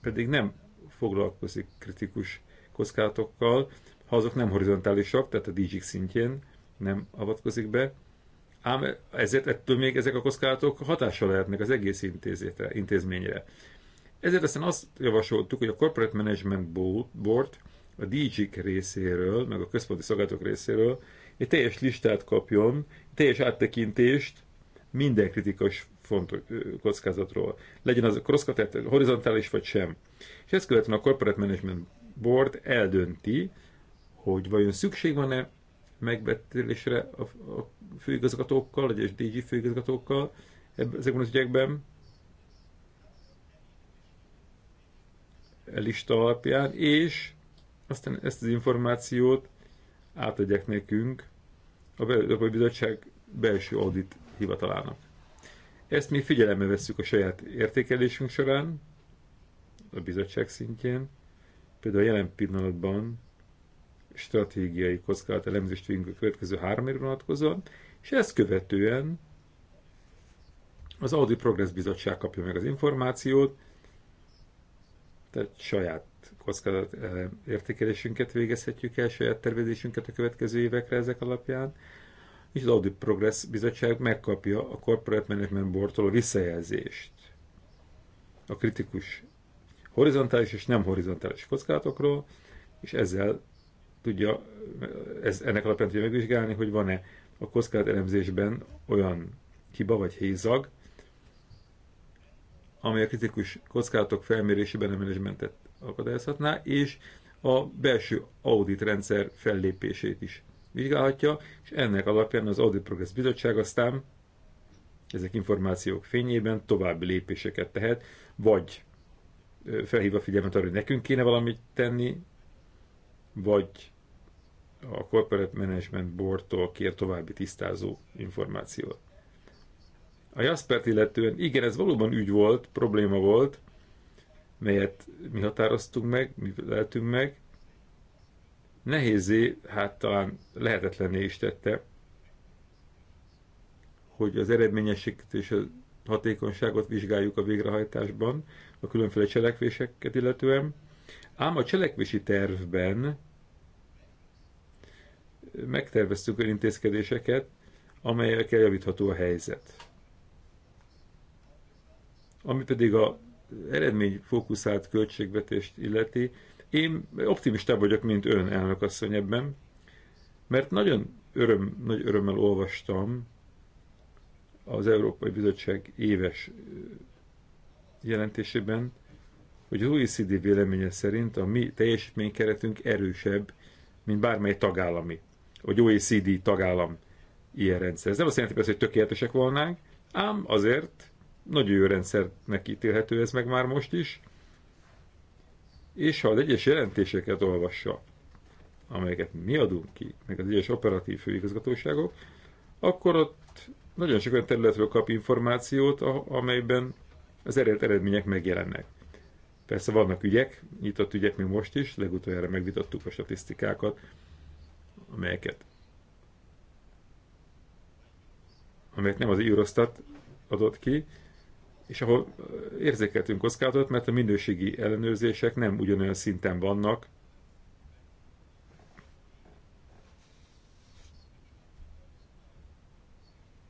pedig nem foglalkozik kritikus kockázatokkal, ha azok nem horizontálisak, tehát a DG szintjén nem avatkozik be, ám ezért ettől még ezek a kockázatok hatással lehetnek az egész intézményre. Ezért aztán azt javasoltuk, hogy a Corporate Management Board a dg részéről, meg a központi szolgálatok részéről egy teljes listát kapjon, teljes áttekintést minden kritikus fontos kockázatról. Legyen az cross horizontális vagy sem. És ezt követően a Corporate Management Board eldönti, hogy vajon szükség van-e megbetélésre a, főigazgatókkal, vagy a DG főigazgatókkal ezekben az ügyekben, E lista alapján, és aztán ezt az információt átadják nekünk a Európai Bizottság belső audit hivatalának. Ezt mi figyelembe vesszük a saját értékelésünk során, a bizottság szintjén. Például a jelen pillanatban stratégiai kockázat elemzést végünk a következő három évre vonatkozóan, és ezt követően az Audi Progress Bizottság kapja meg az információt, tehát saját kockázat eh, értékelésünket végezhetjük el, saját tervezésünket a következő évekre ezek alapján, és az Audit Progress Bizottság megkapja a Corporate Management Boardtól a visszajelzést a kritikus horizontális és nem horizontális kockázatokról, és ezzel tudja, ez, ennek alapján tudja megvizsgálni, hogy van-e a kockázat elemzésben olyan hiba vagy hézag, amely a kritikus kockázatok felmérésében a menedzsmentet akadályozhatná, és a belső audit rendszer fellépését is vizsgálhatja, és ennek alapján az Audit Progress Bizottság aztán ezek információk fényében további lépéseket tehet, vagy felhív a figyelmet arra, hogy nekünk kéne valamit tenni, vagy a Corporate Management Boardtól kér további tisztázó információt. A Jaspert illetően, igen, ez valóban ügy volt, probléma volt, melyet mi határoztunk meg, mi lehetünk meg. Nehézé, hát talán lehetetlené is tette, hogy az eredményességet és a hatékonyságot vizsgáljuk a végrehajtásban, a különféle cselekvéseket illetően. Ám a cselekvési tervben megterveztük olyan intézkedéseket, amelyekkel javítható a helyzet. Ami pedig a eredmény fókuszált költségvetést illeti, én optimistább vagyok, mint ön, elnök asszony ebben, mert nagyon öröm, nagy örömmel olvastam az Európai Bizottság éves jelentésében, hogy az OECD véleménye szerint a mi teljesítménykeretünk erősebb, mint bármely tagállami, vagy OECD tagállam ilyen rendszer. Ez nem azt jelenti persze, hogy tökéletesek volnánk, ám azért nagyon jó rendszernek ítélhető ez meg már most is, és ha az egyes jelentéseket olvassa, amelyeket mi adunk ki, meg az egyes operatív főigazgatóságok, akkor ott nagyon sok olyan területről kap információt, amelyben az eredet eredmények megjelennek. Persze vannak ügyek, nyitott ügyek még most is, legutoljára megvitattuk a statisztikákat, amelyeket amelyet nem az Eurostat adott ki, és ahol érzékeltünk kockázatot, mert a minőségi ellenőrzések nem ugyanolyan szinten vannak,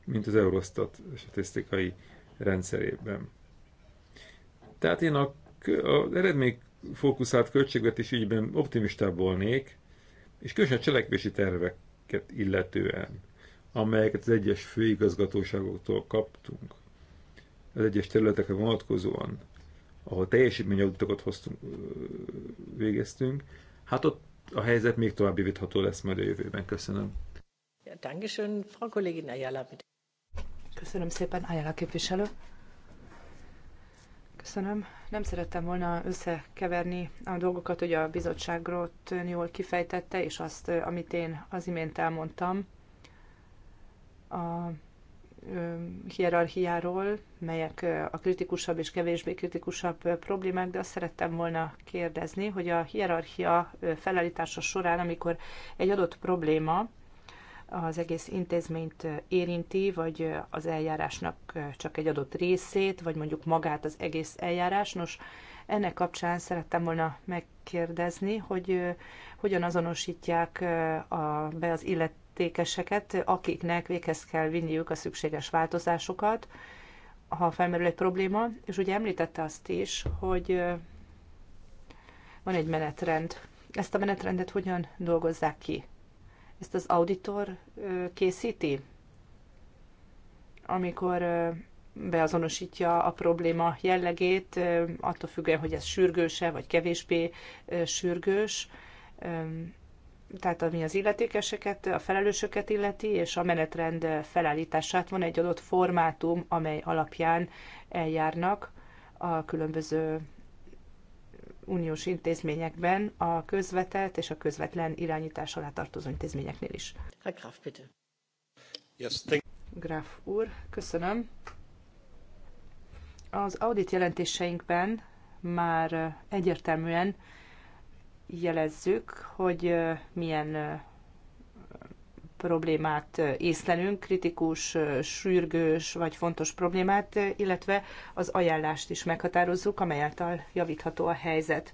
mint az Eurostat statisztikai rendszerében. Tehát én a, az eredmény fókuszált költségvetés ügyben optimistább volnék, és különösen a cselekvési terveket illetően, amelyeket az egyes főigazgatóságoktól kaptunk az egyes területekre vonatkozóan, ahol teljesítményauditokat hoztunk, végeztünk, hát ott a helyzet még tovább javítható lesz majd a jövőben. Köszönöm. Ja, Dankeschön, Frau Kollegin Ayala. Köszönöm szépen, Ayala képviselő. Köszönöm. Nem szerettem volna összekeverni a dolgokat, hogy a bizottságról jól kifejtette, és azt, amit én az imént elmondtam. A hierarchiáról, melyek a kritikusabb és kevésbé kritikusabb problémák, de azt szerettem volna kérdezni, hogy a hierarchia felállítása során, amikor egy adott probléma az egész intézményt érinti, vagy az eljárásnak csak egy adott részét, vagy mondjuk magát az egész eljárás, nos, ennek kapcsán szerettem volna megkérdezni, hogy hogyan azonosítják a, be az illet, illetékeseket, akiknek véghez kell vinniük a szükséges változásokat, ha felmerül egy probléma, és ugye említette azt is, hogy van egy menetrend. Ezt a menetrendet hogyan dolgozzák ki? Ezt az auditor készíti, amikor beazonosítja a probléma jellegét, attól függően, hogy ez sürgőse vagy kevésbé sürgős tehát ami az illetékeseket, a felelősöket illeti, és a menetrend felállítását van egy adott formátum, amely alapján eljárnak a különböző uniós intézményekben, a közvetett és a közvetlen irányítás alá tartozó intézményeknél is. Graf, bitte. Yes, thank Graf úr, köszönöm. Az audit jelentéseinkben már egyértelműen jelezzük, hogy milyen problémát észlelünk, kritikus, sürgős vagy fontos problémát, illetve az ajánlást is meghatározzuk, amely által javítható a helyzet.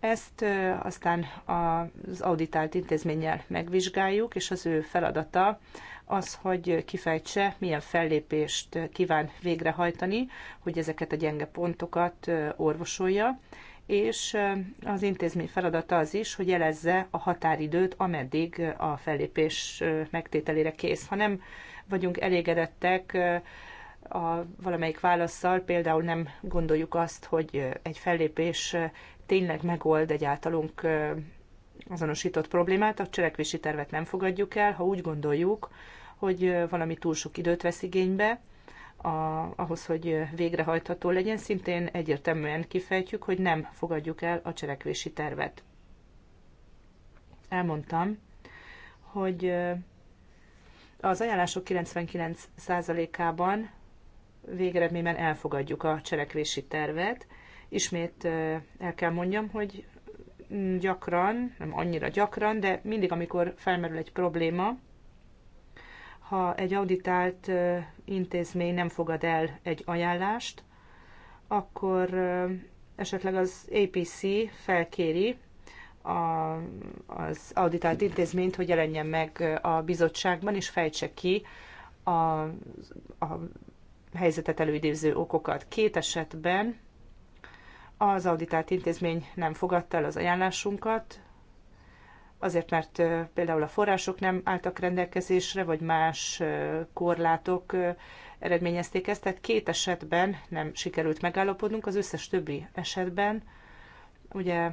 Ezt aztán az auditált intézménnyel megvizsgáljuk, és az ő feladata az, hogy kifejtse, milyen fellépést kíván végrehajtani, hogy ezeket a gyenge pontokat orvosolja, és az intézmény feladata az is, hogy jelezze a határidőt, ameddig a fellépés megtételére kész. Ha nem vagyunk elégedettek a valamelyik válaszsal, például nem gondoljuk azt, hogy egy fellépés tényleg megold egy általunk azonosított problémát, a cselekvési tervet nem fogadjuk el, ha úgy gondoljuk, hogy valami túl sok időt vesz igénybe, a, ahhoz, hogy végrehajtható legyen, szintén egyértelműen kifejtjük, hogy nem fogadjuk el a cselekvési tervet. Elmondtam, hogy az ajánlások 99%-ában végeredményben elfogadjuk a cselekvési tervet. Ismét el kell mondjam, hogy gyakran, nem annyira gyakran, de mindig, amikor felmerül egy probléma, ha egy auditált intézmény nem fogad el egy ajánlást, akkor esetleg az APC felkéri a, az auditált intézményt, hogy jelenjen meg a bizottságban, és fejtse ki a, a helyzetet előidéző okokat. Két esetben az auditált intézmény nem fogadta el az ajánlásunkat, azért, mert például a források nem álltak rendelkezésre, vagy más korlátok eredményezték ezt, tehát két esetben nem sikerült megállapodnunk, az összes többi esetben ugye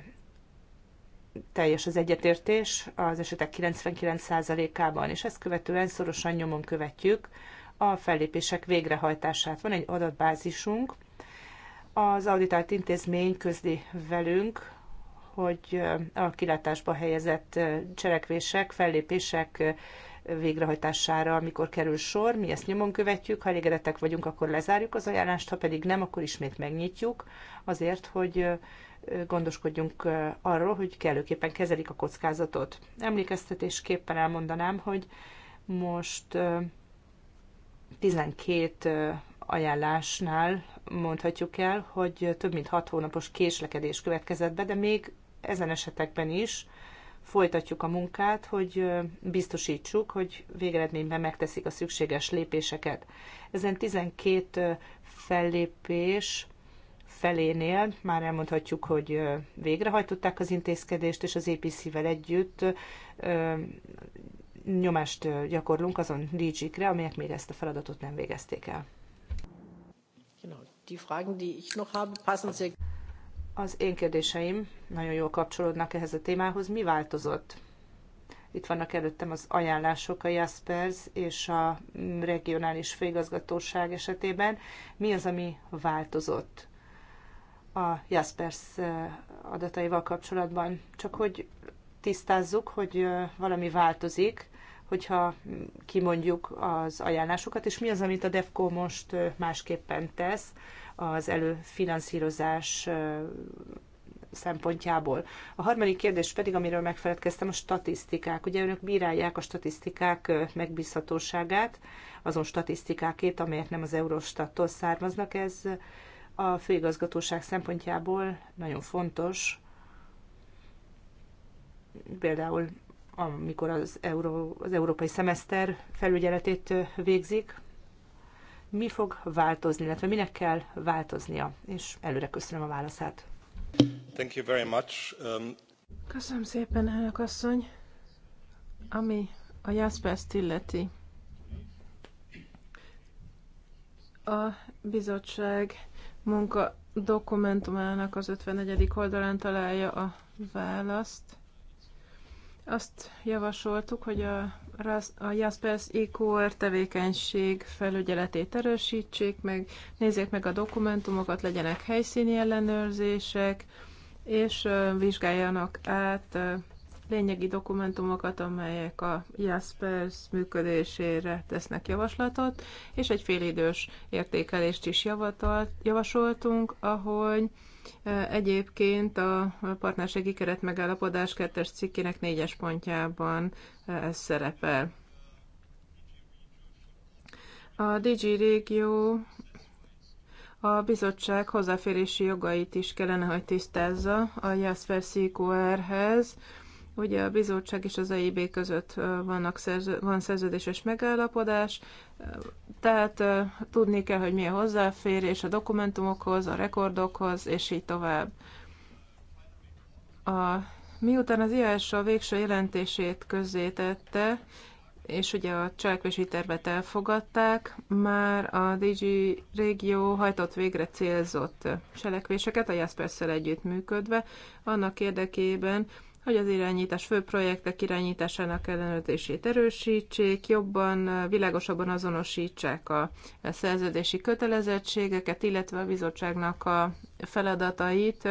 teljes az egyetértés az esetek 99%-ában, és ezt követően szorosan nyomon követjük a fellépések végrehajtását. Van egy adatbázisunk, az auditált intézmény közli velünk hogy a kilátásba helyezett cselekvések, fellépések végrehajtására, amikor kerül sor, mi ezt nyomon követjük, ha elégedettek vagyunk, akkor lezárjuk az ajánlást, ha pedig nem, akkor ismét megnyitjuk, azért, hogy gondoskodjunk arról, hogy kellőképpen kezelik a kockázatot. Emlékeztetésképpen elmondanám, hogy most 12 ajánlásnál mondhatjuk el, hogy több mint 6 hónapos késlekedés következett be, de még ezen esetekben is folytatjuk a munkát, hogy biztosítsuk, hogy végeredményben megteszik a szükséges lépéseket. Ezen 12 fellépés felénél már elmondhatjuk, hogy végrehajtották az intézkedést, és az APC-vel együtt nyomást gyakorlunk azon DG-kre, amelyek még ezt a feladatot nem végezték el. Az én kérdéseim nagyon jól kapcsolódnak ehhez a témához. Mi változott? Itt vannak előttem az ajánlások a Jaspers és a regionális főigazgatóság esetében. Mi az, ami változott a Jaspers adataival kapcsolatban? Csak hogy tisztázzuk, hogy valami változik, hogyha kimondjuk az ajánlásokat, és mi az, amit a DEFCO most másképpen tesz, az előfinanszírozás szempontjából. A harmadik kérdés pedig, amiről megfeledkeztem, a statisztikák. Ugye önök bírálják a statisztikák megbízhatóságát, azon statisztikákét, amelyek nem az Eurostattól származnak. Ez a főigazgatóság szempontjából nagyon fontos, például amikor az, Euró, az európai szemeszter felügyeletét végzik, mi fog változni, illetve minek kell változnia. És előre köszönöm a válaszát. Thank you very much. Um... Köszönöm szépen, elnök asszony. Ami a jaspers illeti, a bizottság munka dokumentumának az 54. oldalán találja a választ. Azt javasoltuk, hogy a a Jaspers IQR tevékenység felügyeletét erősítsék meg, nézzék meg a dokumentumokat, legyenek helyszíni ellenőrzések, és vizsgáljanak át lényegi dokumentumokat, amelyek a Jaspers működésére tesznek javaslatot, és egy félidős értékelést is javasoltunk, ahol Egyébként a partnerségi keret megállapodás 2 cikkének négyes pontjában ez szerepel. A DG régió a bizottság hozzáférési jogait is kellene, hogy tisztázza a Jasper CQR-hez, Ugye a bizottság és az EIB között vannak szerző, van szerződéses megállapodás, tehát tudni kell, hogy mi a hozzáférés a dokumentumokhoz, a rekordokhoz, és így tovább. A, miután az IAS a végső jelentését közzétette, és ugye a cselekvési tervet elfogadták, már a DG régió hajtott végre célzott cselekvéseket, a Jasperszel együttműködve, annak érdekében, hogy az irányítás fő projektek irányításának ellenőrzését erősítsék, jobban, világosabban azonosítsák a szerződési kötelezettségeket, illetve a bizottságnak a feladatait,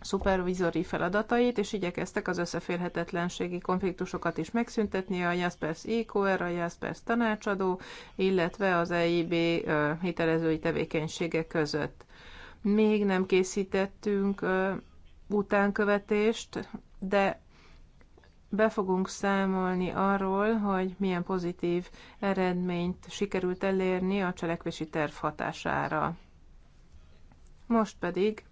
szupervizori feladatait, és igyekeztek az összeférhetetlenségi konfliktusokat is megszüntetni a Jaspers IQR, a Jaspers tanácsadó, illetve az EIB hitelezői tevékenysége között. Még nem készítettünk utánkövetést, de be fogunk számolni arról, hogy milyen pozitív eredményt sikerült elérni a cselekvési terv hatására. Most pedig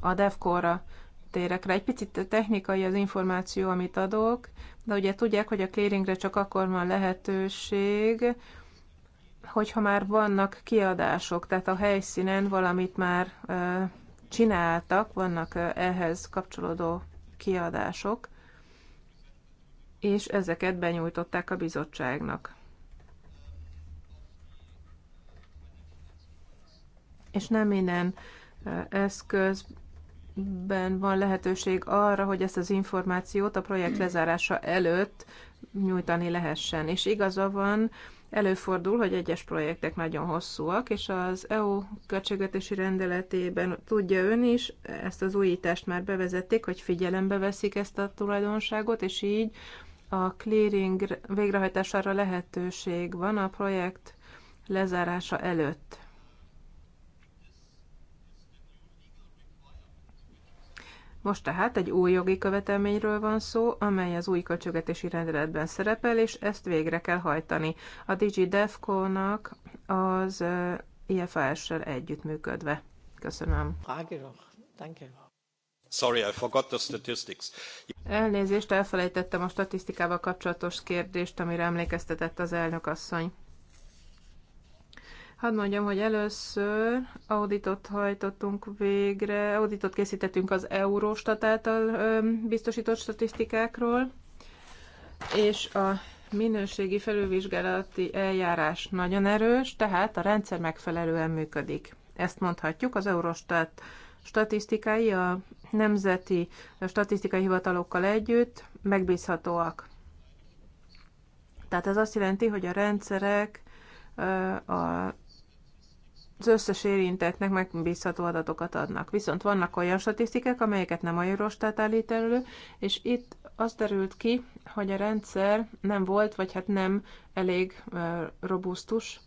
a DevCore-ra térek rá. Egy picit technikai az információ, amit adok, de ugye tudják, hogy a clearingre csak akkor van lehetőség, hogyha már vannak kiadások, tehát a helyszínen valamit már csináltak, vannak ehhez kapcsolódó kiadások, és ezeket benyújtották a bizottságnak. És nem minden eszközben van lehetőség arra, hogy ezt az információt a projekt lezárása előtt nyújtani lehessen. És igaza van, Előfordul, hogy egyes projektek nagyon hosszúak, és az EU költségvetési rendeletében tudja ön is, ezt az újítást már bevezették, hogy figyelembe veszik ezt a tulajdonságot, és így a clearing végrehajtására lehetőség van a projekt lezárása előtt. Most tehát egy új jogi követelményről van szó, amely az új költségvetési rendeletben szerepel, és ezt végre kell hajtani. A Digi Defco-nak az IFAS-sel együttműködve. Köszönöm. Sorry, I forgot the statistics. Elnézést, elfelejtettem a statisztikával kapcsolatos kérdést, amire emlékeztetett az elnök asszony. Hadd mondjam, hogy először auditot hajtottunk végre, auditot készítettünk az Eurostat által biztosított statisztikákról, és a minőségi felülvizsgálati eljárás nagyon erős, tehát a rendszer megfelelően működik. Ezt mondhatjuk, az Eurostat statisztikái a nemzeti statisztikai hivatalokkal együtt megbízhatóak. Tehát ez azt jelenti, hogy a rendszerek a az összes érintettnek megbízható adatokat adnak. Viszont vannak olyan statisztikák, amelyeket nem a Eurostat állít elő, és itt az derült ki, hogy a rendszer nem volt, vagy hát nem elég robusztus,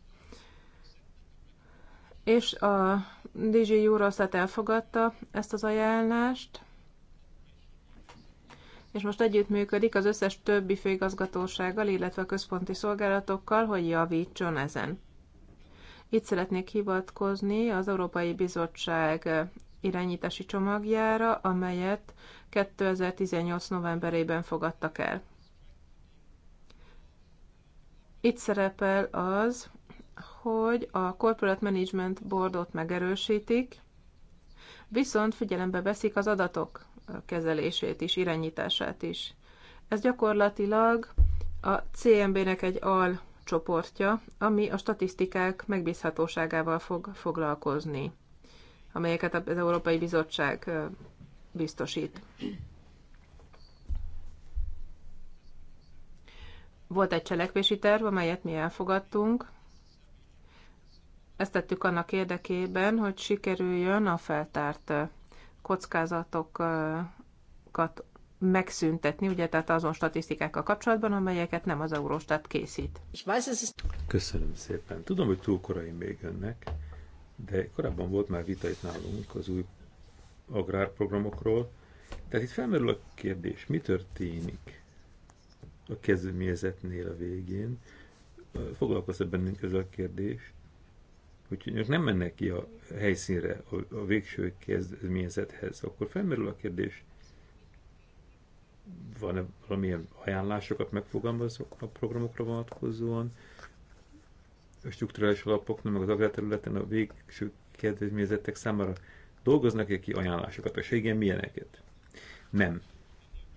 és a DG Eurostat elfogadta ezt az ajánlást, és most együttműködik az összes többi főigazgatósággal, illetve a központi szolgálatokkal, hogy javítson ezen. Itt szeretnék hivatkozni az Európai Bizottság irányítási csomagjára, amelyet 2018. novemberében fogadtak el. Itt szerepel az, hogy a Corporate Management Boardot megerősítik, viszont figyelembe veszik az adatok kezelését is, irányítását is. Ez gyakorlatilag a CMB-nek egy al csoportja, ami a statisztikák megbízhatóságával fog foglalkozni, amelyeket az Európai Bizottság biztosít. Volt egy cselekvési terv, amelyet mi elfogadtunk. Ezt tettük annak érdekében, hogy sikerüljön a feltárt kockázatokat megszüntetni, ugye, tehát azon statisztikákkal kapcsolatban, amelyeket nem az Eurostat készít. Köszönöm szépen. Tudom, hogy túl korai még önnek, de korábban volt már vita itt nálunk az új agrárprogramokról. Tehát itt felmerül a kérdés, mi történik a kezdeményezetnél a végén? Foglalkoztat bennünk ez a kérdés, úgyhogy ők nem mennek ki a helyszínre, a, a végső kezdeményezethez. Akkor felmerül a kérdés, van-e valamilyen ajánlásokat megfogalmazok a programokra vonatkozóan, a strukturális alapoknak, meg az agrárterületen a végső kedvezményezettek számára dolgoznak-e ki ajánlásokat, és igen, milyeneket? Nem.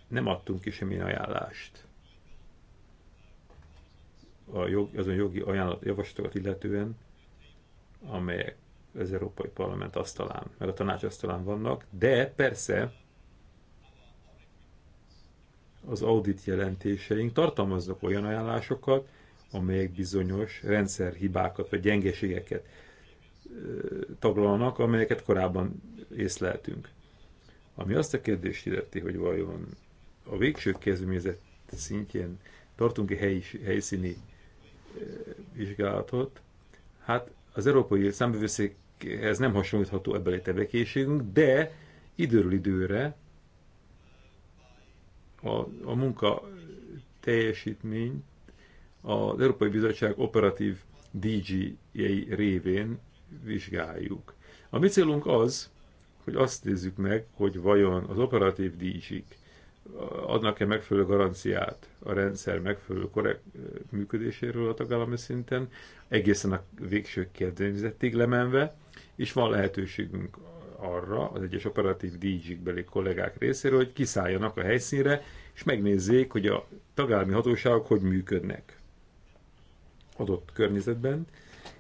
Nem adtunk ki semmilyen ajánlást. A jog, azon jogi ajánlat, javaslatokat illetően, amelyek az Európai Parlament asztalán, meg a tanács asztalán vannak, de persze az audit jelentéseink tartalmaznak olyan ajánlásokat, amelyek bizonyos rendszerhibákat vagy gyengeségeket taglalnak, amelyeket korábban észleltünk. Ami azt a kérdést illeti, hogy vajon a végső kezdeményezet szintjén tartunk-e helyi, helyszíni vizsgálatot, hát az európai számbevőszékhez nem hasonlítható a tevékenységünk, de időről időre a, a munka teljesítményt az Európai Bizottság operatív DG-jei révén vizsgáljuk. A mi célunk az, hogy azt nézzük meg, hogy vajon az operatív DG-k adnak-e megfelelő garanciát a rendszer megfelelő korrekt működéséről a tagállami szinten, egészen a végső kedvezettig lemenve, és van lehetőségünk arra az egyes operatív dj kollégák részéről, hogy kiszálljanak a helyszínre, és megnézzék, hogy a tagállami hatóságok hogy működnek adott környezetben,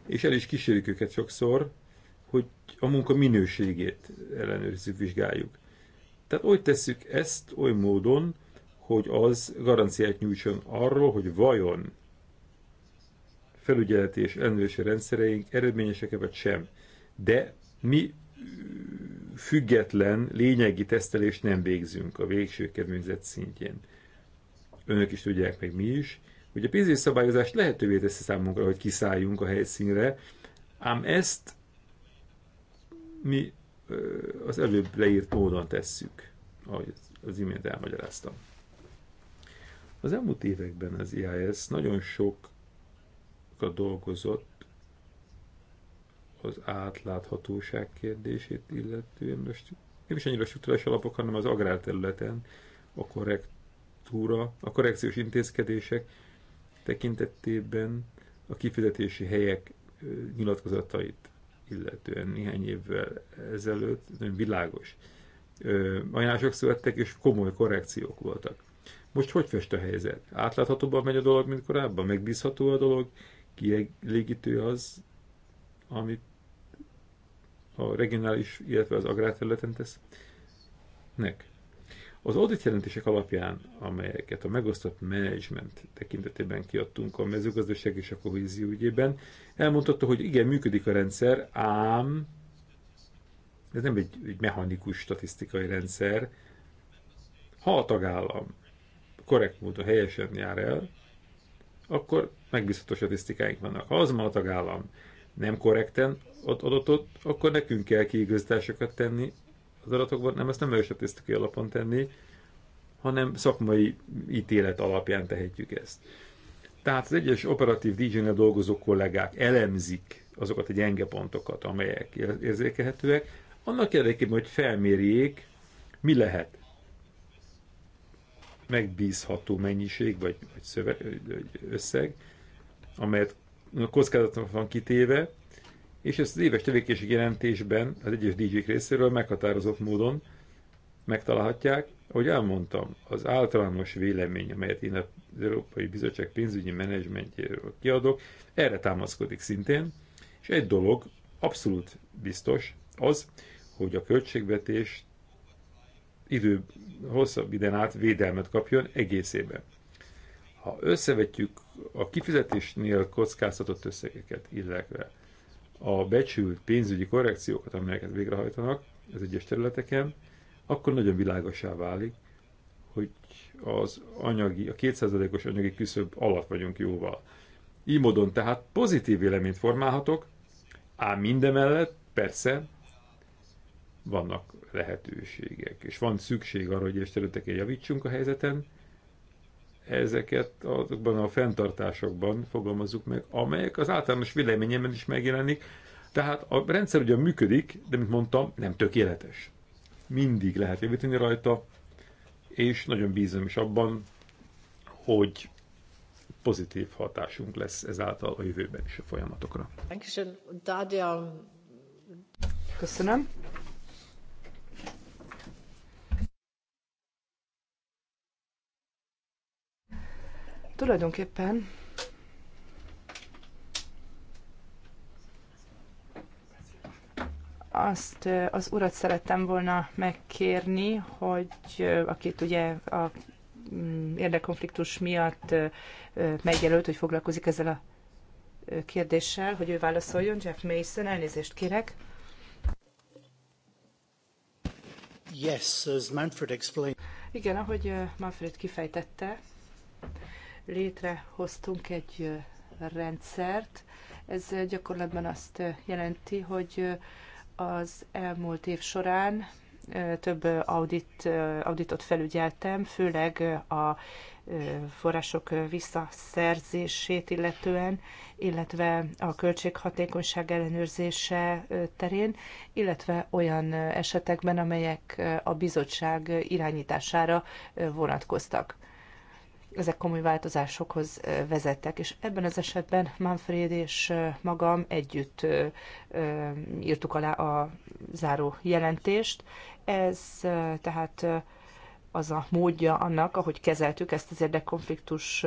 és el is kísérjük őket sokszor, hogy a munka minőségét ellenőrizzük, vizsgáljuk. Tehát úgy tesszük ezt oly módon, hogy az garanciát nyújtson arról, hogy vajon felügyeleti és ellenőrzési rendszereink eredményesek-e vagy sem. De mi független, lényegi tesztelést nem végzünk a végső kedvezet szintjén. Önök is tudják, meg mi is, hogy a pénzügyi szabályozást lehetővé teszi számunkra, hogy kiszálljunk a helyszínre, ám ezt mi az előbb leírt módon tesszük, ahogy az imént elmagyaráztam. Az elmúlt években az IAS nagyon sokat dolgozott az átláthatóság kérdését illetően. Most nem is annyira struktúrás alapok, hanem az agrárterületen a korrektúra, a korrekciós intézkedések tekintetében a kifizetési helyek nyilatkozatait illetően néhány évvel ezelőtt nagyon világos ajánlások születtek, és komoly korrekciók voltak. Most hogy fest a helyzet? Átláthatóban megy a dolog, mint korábban? Megbízható a dolog? Kielégítő az, amit a regionális, illetve az agrárterületen tesznek. Az audit jelentések alapján, amelyeket a megosztott menedzsment tekintetében kiadtunk a mezőgazdaság és a kohézió ügyében, elmondhatta, hogy igen, működik a rendszer, ám ez nem egy, egy mechanikus statisztikai rendszer. Ha a tagállam korrekt módon helyesen jár el, akkor megbízható statisztikáink vannak. Ha azonban a tagállam nem korrekten ott adatot, akkor nekünk kell kiigazításokat tenni az adatokban, nem ezt nem statisztikai alapon tenni, hanem szakmai ítélet alapján tehetjük ezt. Tehát az egyes operatív dj dolgozó kollégák elemzik azokat a gyenge pontokat, amelyek érzékelhetőek, annak érdekében, hogy felmérjék, mi lehet megbízható mennyiség vagy, vagy szöveg, vagy összeg, amelyet kockázatok van kitéve, és ezt az éves tevékenység jelentésben az egyes DJ-k részéről meghatározott módon megtalálhatják, ahogy elmondtam, az általános vélemény, amelyet én az Európai Bizottság pénzügyi menedzsmentjéről kiadok, erre támaszkodik szintén, és egy dolog abszolút biztos, az, hogy a költségvetés idő hosszabb időn át védelmet kapjon egészében. Ha összevetjük a kifizetésnél kockáztatott összegeket, illetve a becsült pénzügyi korrekciókat, amelyeket végrehajtanak az egyes területeken, akkor nagyon világosá válik, hogy az anyagi, a 2 anyagi küszöb alatt vagyunk jóval. Így módon tehát pozitív véleményt formálhatok, ám mindemellett persze vannak lehetőségek, és van szükség arra, hogy egyes területeken javítsunk a helyzeten, ezeket azokban a fenntartásokban fogalmazzuk meg, amelyek az általános véleményemben is megjelenik. Tehát a rendszer ugye működik, de mint mondtam, nem tökéletes. Mindig lehet javítani rajta, és nagyon bízom is abban, hogy pozitív hatásunk lesz ezáltal a jövőben is a folyamatokra. Köszönöm. Tulajdonképpen azt az urat szerettem volna megkérni, hogy akit ugye a mm, érdekkonfliktus miatt megjelölt, hogy foglalkozik ezzel a kérdéssel, hogy ő válaszoljon. Jeff Mason, elnézést kérek. Yes, as Manfred explained. Igen, ahogy Manfred kifejtette, létrehoztunk egy rendszert. Ez gyakorlatban azt jelenti, hogy az elmúlt év során több audit, auditot felügyeltem, főleg a források visszaszerzését illetően, illetve a költséghatékonyság ellenőrzése terén, illetve olyan esetekben, amelyek a bizottság irányítására vonatkoztak ezek komoly változásokhoz vezettek, és ebben az esetben Manfred és magam együtt írtuk alá a záró jelentést. Ez tehát az a módja annak, ahogy kezeltük ezt az érdekkonfliktus,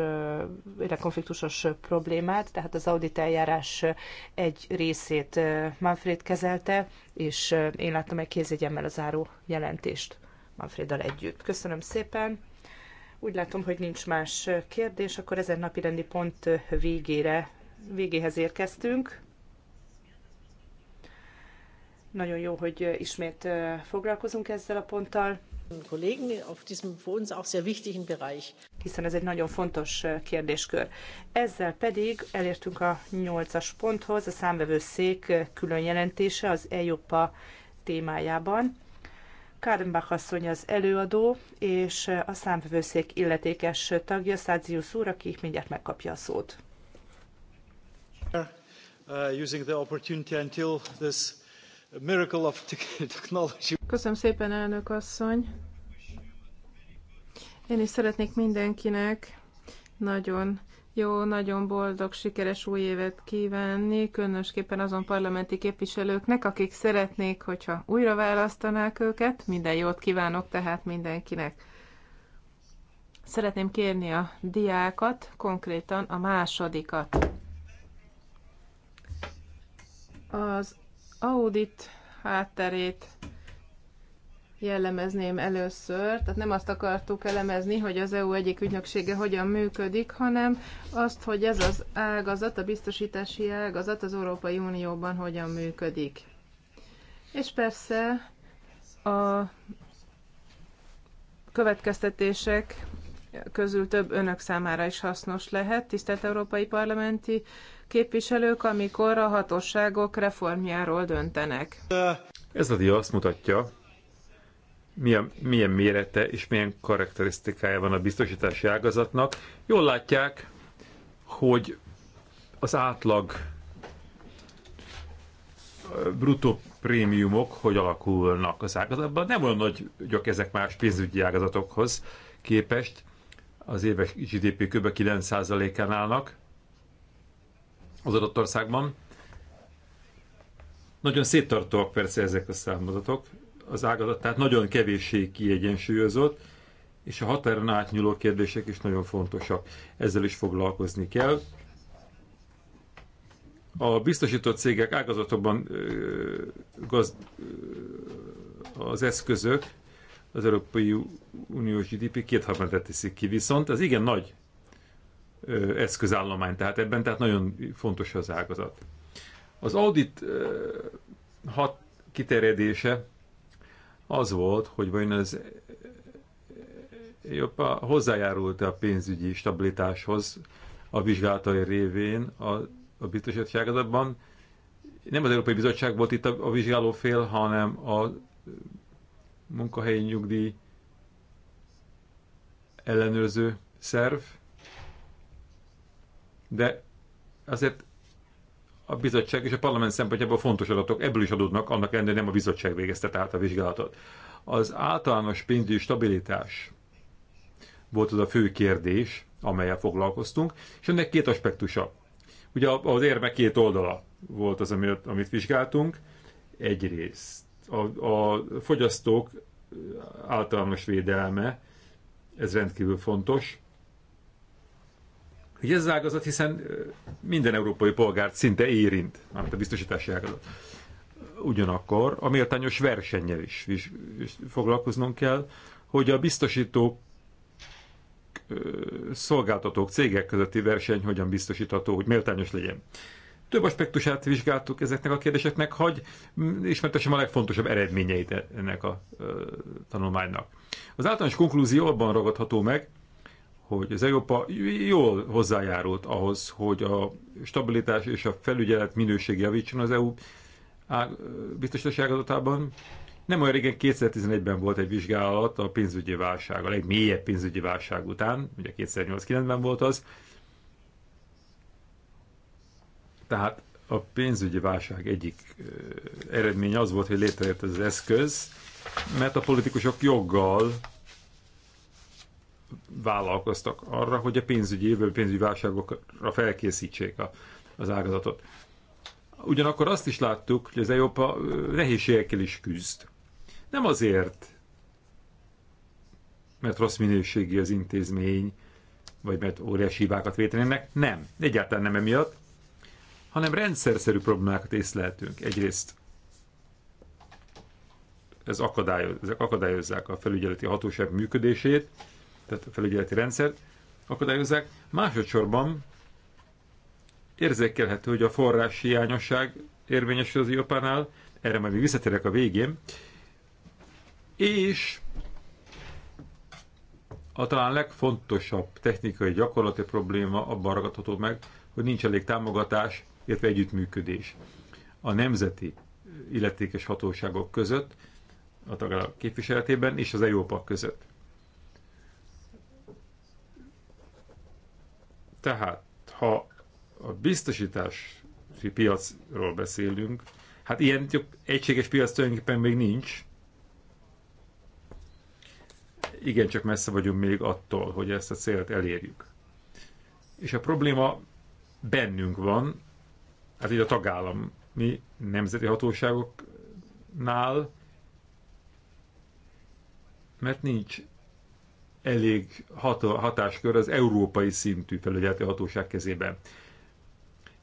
érdekkonfliktusos problémát, tehát az audit eljárás egy részét Manfred kezelte, és én láttam egy kézjegyemmel a záró jelentést Manfreddal együtt. Köszönöm szépen! Úgy látom, hogy nincs más kérdés, akkor ezen napi rendi pont végére, végéhez érkeztünk. Nagyon jó, hogy ismét foglalkozunk ezzel a ponttal. Hiszen ez egy nagyon fontos kérdéskör. Ezzel pedig elértünk a nyolcas ponthoz, a számvevőszék külön jelentése az EUPA témájában. Kádenbach asszony az előadó, és a számvevőszék illetékes tagja, Szádziusz úr, aki mindjárt megkapja a szót. Uh, [laughs] Köszönöm szépen, elnök asszony. Én is szeretnék mindenkinek nagyon jó, nagyon boldog, sikeres új évet kívánni, különösképpen azon parlamenti képviselőknek, akik szeretnék, hogyha újra választanák őket. Minden jót kívánok tehát mindenkinek. Szeretném kérni a diákat, konkrétan a másodikat. Az audit hátterét jellemezném először. Tehát nem azt akartuk elemezni, hogy az EU egyik ügynöksége hogyan működik, hanem azt, hogy ez az ágazat, a biztosítási ágazat az Európai Unióban hogyan működik. És persze a következtetések közül több önök számára is hasznos lehet, tisztelt európai parlamenti képviselők, amikor a hatóságok reformjáról döntenek. Ez a dia azt mutatja, milyen, milyen mérete és milyen karakterisztikája van a biztosítási ágazatnak. Jól látják, hogy az átlag bruttó prémiumok hogy alakulnak az ágazatban. Nem olyan nagyok ezek más pénzügyi ágazatokhoz képest. Az éves GDP kb. 9%-án állnak az adott országban. Nagyon széttartóak persze ezek a számadatok, az ágazat, tehát nagyon kevéssé kiegyensúlyozott, és a határon átnyúló kérdések is nagyon fontosak. Ezzel is foglalkozni kell. A biztosított cégek ágazatokban az eszközök az Európai Uniós GDP kétharmadát teszik ki, viszont az igen nagy eszközállomány, tehát ebben tehát nagyon fontos az ágazat. Az audit hat kiterjedése az volt, hogy vajon az jobb hozzájárult -e a pénzügyi stabilitáshoz a vizsgálatai révén a, a biztosítottságadatban. Nem az Európai Bizottság volt itt a, a vizsgálófél, hanem a munkahelyi nyugdíj ellenőrző szerv, de azért a bizottság és a parlament szempontjából fontos adatok, ebből is adódnak, annak ellenére nem a bizottság végezte át a vizsgálatot. Az általános pénzügyi stabilitás volt az a fő kérdés, amelyel foglalkoztunk, és ennek két aspektusa. Ugye az érme két oldala volt az, amit, amit vizsgáltunk. Egyrészt a, a fogyasztók általános védelme, ez rendkívül fontos, hogy ez az ágazat, hiszen minden európai polgárt szinte érint, amit a biztosítási ágazat. Ugyanakkor a méltányos versennyel is, is, is foglalkoznunk kell, hogy a biztosítók szolgáltatók, cégek közötti verseny hogyan biztosítható, hogy méltányos legyen. Több aspektusát vizsgáltuk ezeknek a kérdéseknek, hogy ismertesem a legfontosabb eredményeit e-, ennek a tanulmánynak. Az általános konklúzió abban ragadható meg, hogy az Európa jól hozzájárult ahhoz, hogy a stabilitás és a felügyelet minőség javítson az EU biztosítási Nem olyan régen 2011-ben volt egy vizsgálat a pénzügyi válság, a legmélyebb pénzügyi válság után, ugye 2008-9-ben volt az. Tehát a pénzügyi válság egyik eredménye az volt, hogy létrejött az eszköz, mert a politikusok joggal vállalkoztak arra, hogy a pénzügyi jövő pénzügyi válságokra felkészítsék a, az ágazatot. Ugyanakkor azt is láttuk, hogy az Európa nehézségekkel is küzd. Nem azért, mert rossz minőségi az intézmény, vagy mert óriási hibákat vétenének, nem, egyáltalán nem emiatt, hanem rendszerszerű problémákat észlehetünk. Egyrészt ez akadályoz, ezek akadályozzák a felügyeleti hatóság működését, tehát a felügyeleti rendszert akadályozzák. Másodszorban érzékelhető, hogy a forrás hiányosság érvényes az IOPA-nál, erre majd még visszatérek a végén, és a talán legfontosabb technikai gyakorlati probléma abban ragadható meg, hogy nincs elég támogatás, illetve együttműködés a nemzeti illetékes hatóságok között, a tagállam képviseletében és az EUPA között. Tehát, ha a biztosítási piacról beszélünk, hát ilyen egységes piac tulajdonképpen még nincs. Igen, csak messze vagyunk még attól, hogy ezt a célt elérjük. És a probléma bennünk van, hát így a tagállami nemzeti hatóságoknál, mert nincs elég hat hatáskör az európai szintű felügyeleti hatóság kezében.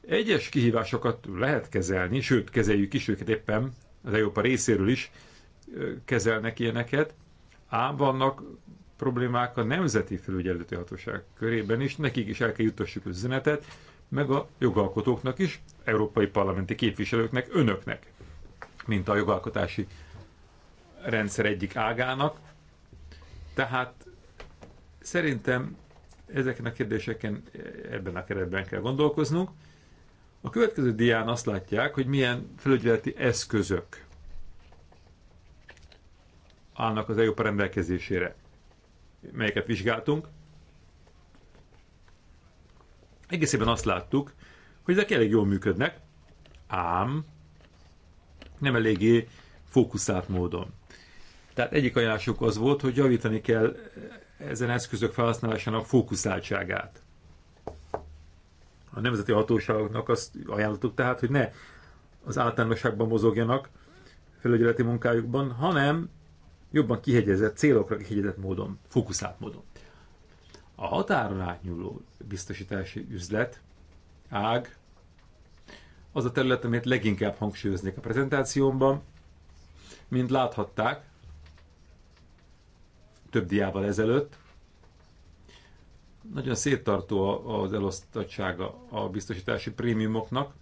Egyes kihívásokat lehet kezelni, sőt, kezeljük is őket éppen, az Európa részéről is kezelnek ilyeneket, ám vannak problémák a nemzeti felügyeleti hatóság körében is, nekik is el kell juttassuk üzenetet, meg a jogalkotóknak is, európai parlamenti képviselőknek, önöknek, mint a jogalkotási rendszer egyik ágának. Tehát Szerintem ezeken a kérdéseken ebben a keretben kell gondolkoznunk. A következő dián azt látják, hogy milyen felügyeleti eszközök állnak az EUPA rendelkezésére, melyeket vizsgáltunk. Egészében azt láttuk, hogy ezek elég jól működnek, ám nem eléggé fókuszált módon. Tehát egyik ajánlásuk az volt, hogy javítani kell ezen eszközök felhasználásának fókuszáltságát. A nemzeti hatóságoknak azt ajánlottuk tehát, hogy ne az általánosságban mozogjanak felügyeleti munkájukban, hanem jobban kihegyezett, célokra kihegyezett módon, fókuszált módon. A határon átnyúló biztosítási üzlet, ág, az a terület, amit leginkább hangsúlyoznék a prezentációmban, mint láthatták, több diával ezelőtt. Nagyon széttartó az elosztottsága a biztosítási prémiumoknak.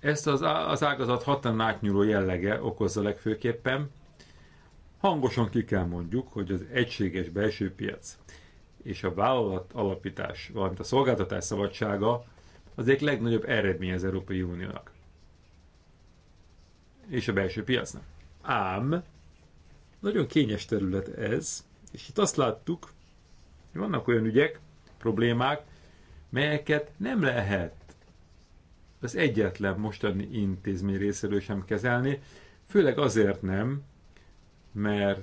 Ezt az, az ágazat hatan átnyúló jellege okozza legfőképpen. Hangosan ki kell mondjuk, hogy az egységes belső piac és a vállalat alapítás, valamint a szolgáltatás szabadsága az egyik legnagyobb eredmény az Európai Uniónak és a belső piacnak. Ám nagyon kényes terület ez, és itt azt láttuk, hogy vannak olyan ügyek, problémák, melyeket nem lehet az egyetlen mostani intézmény részéről sem kezelni, főleg azért nem, mert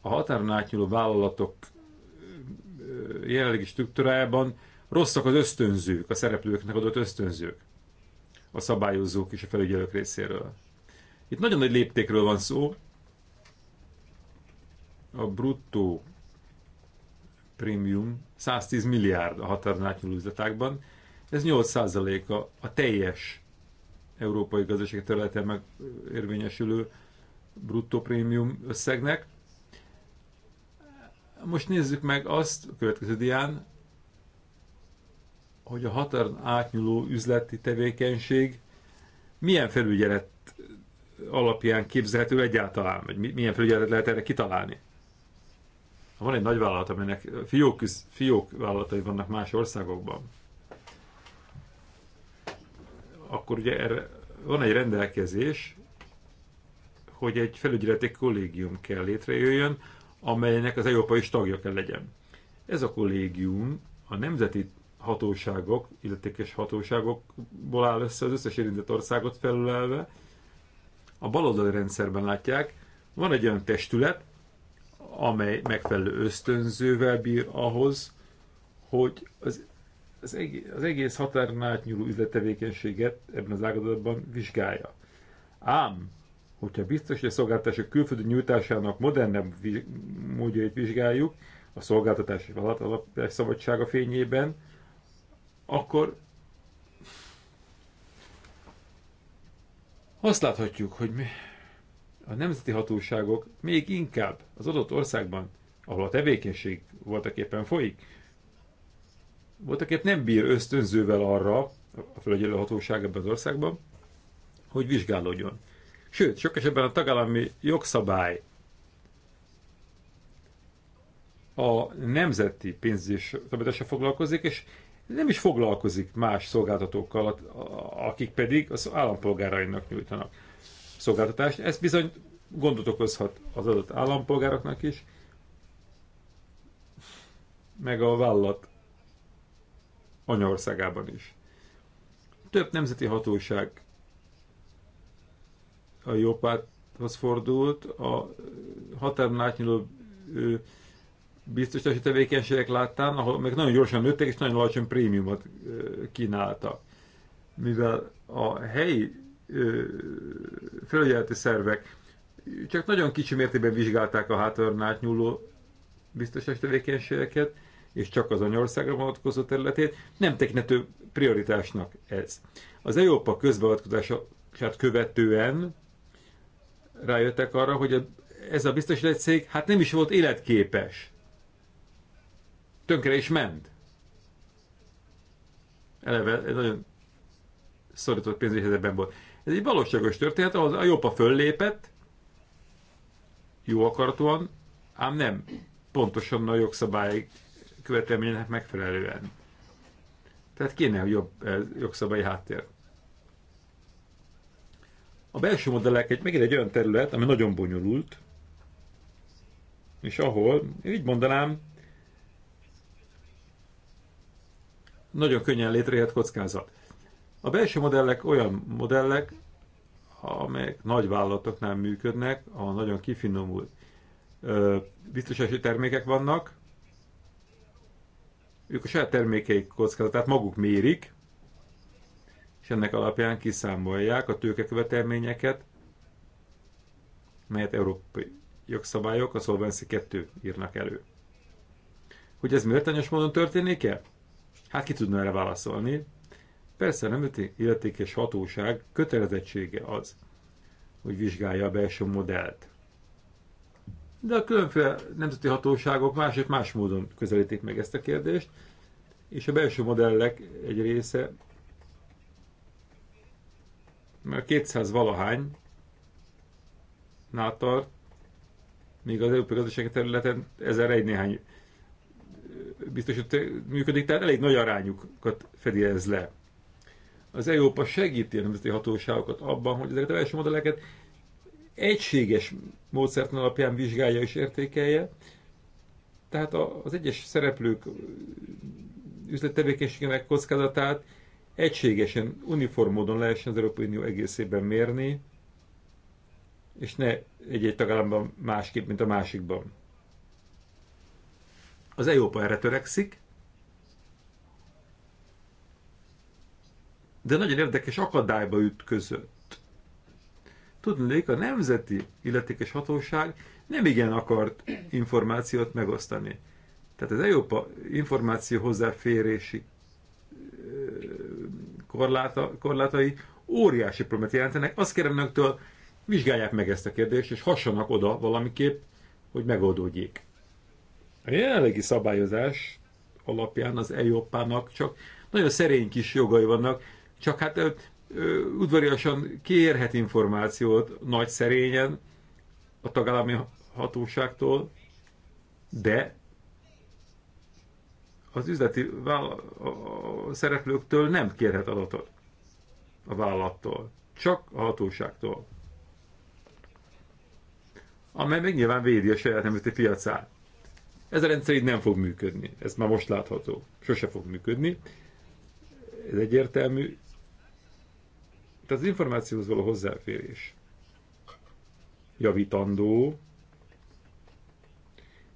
a határon átnyúló vállalatok jelenlegi struktúrájában rosszak az ösztönzők, a szereplőknek adott ösztönzők, a szabályozók és a felügyelők részéről. Itt nagyon nagy léptékről van szó. A bruttó premium 110 milliárd a határon átnyúló üzletákban. Ez 8%-a a teljes európai gazdaság területen megérvényesülő érvényesülő bruttó prémium összegnek. Most nézzük meg azt a következő dián, hogy a határon átnyúló üzleti tevékenység milyen felügyelet alapján képzelhető egyáltalán, hogy milyen felügyelet lehet erre kitalálni. Ha van egy nagy vállalat, aminek fiók, fiók vállalatai vannak más országokban, akkor ugye erre van egy rendelkezés, hogy egy felügyeleti kollégium kell létrejöjjön, amelynek az Európa is tagja kell legyen. Ez a kollégium a nemzeti hatóságok, illetékes hatóságokból áll össze az összes érintett országot felülelve, a baloldali rendszerben látják, van egy olyan testület, amely megfelelő ösztönzővel bír ahhoz, hogy az, az, egész, az egész határon átnyúló üzletevékenységet ebben az ágazatban vizsgálja. Ám, hogyha biztos, hogy a szolgáltatások külföldi nyújtásának modernebb módjait vizsgáljuk, a szolgáltatás alapjás szabadsága fényében, akkor Azt láthatjuk, hogy a nemzeti hatóságok még inkább az adott országban, ahol a tevékenység voltak éppen folyik, voltak épp nem bír ösztönzővel arra a fölögyelő hatóság ebben az országban, hogy vizsgálódjon. Sőt, sok esetben a tagállami jogszabály a nemzeti pénzügyi szabadásra foglalkozik, és nem is foglalkozik más szolgáltatókkal, akik pedig az állampolgárainak nyújtanak szolgáltatást. Ez bizony gondot okozhat az adott állampolgároknak is, meg a vállalat anyaországában is. Több nemzeti hatóság a jobbáthoz fordult, a határon átnyúló biztosítási tevékenységek láttán, ahol meg nagyon gyorsan nőttek és nagyon alacsony prémiumot kínáltak. Mivel a helyi felügyeleti szervek csak nagyon kicsi mértékben vizsgálták a hátornál átnyúló biztosítási tevékenységeket, és csak az anyországra vonatkozó területét, nem tekintető prioritásnak ez. Az Európa közbeavatkozását követően rájöttek arra, hogy ez a biztosítási cég hát nem is volt életképes tönkre is ment. Eleve egy nagyon szorított pénzügyi helyzetben volt. Ez egy valóságos történet, ahol a Jópa föllépett, jó akaratúan, ám nem pontosan a jogszabály követelményének megfelelően. Tehát kéne a jobb eh, jogszabályi háttér. A belső modellek egy, megint egy olyan terület, ami nagyon bonyolult, és ahol, így mondanám, nagyon könnyen létrejött kockázat. A belső modellek olyan modellek, amelyek nagy vállalatoknál működnek, a nagyon kifinomult biztosási termékek vannak, ők a saját termékeik kockázatát maguk mérik, és ennek alapján kiszámolják a tőkekövetelményeket, melyet európai jogszabályok, a Solvency 2 írnak elő. Hogy ez méltányos módon történik-e? Hát ki tudna erre válaszolni? Persze nem illetékes hatóság kötelezettsége az, hogy vizsgálja a belső modellt. De a különféle nemzeti hatóságok másik, más módon közelítik meg ezt a kérdést, és a belső modellek egy része, mert 200 valahány nál tart, az európai gazdasági területen 1001 néhány hogy működik, tehát elég nagy arányukat fedi ez le. Az Európa segíti a nemzeti hatóságokat abban, hogy ezeket a modelleket egységes módszert alapján vizsgálja és értékelje, tehát az egyes szereplők üzlettevékenységének kockázatát egységesen, uniform módon lehessen az Európai Unió egészében mérni, és ne egy-egy tagállamban másképp, mint a másikban. Az Európa erre törekszik, de nagyon érdekes akadályba ütközött. Tudnék, a nemzeti illetékes hatóság nem igen akart információt megosztani. Tehát az Európa információ hozzáférési korláta, korlátai óriási problémát jelentenek. Azt kérem önöktől, vizsgálják meg ezt a kérdést, és hassanak oda valamiképp, hogy megoldódjék. A jelenlegi szabályozás alapján az EIOPA-nak csak nagyon szerény kis jogai vannak, csak hát ö, ö, udvariasan kérhet információt nagy szerényen a tagállami hatóságtól, de az üzleti vála- a szereplőktől nem kérhet adatot a vállattól, csak a hatóságtól, amely meg nyilván védi a saját nemzeti piacát. Ez a rendszer így nem fog működni. Ez már most látható. Sose fog működni. Ez egyértelmű. Tehát az információhoz való hozzáférés javítandó,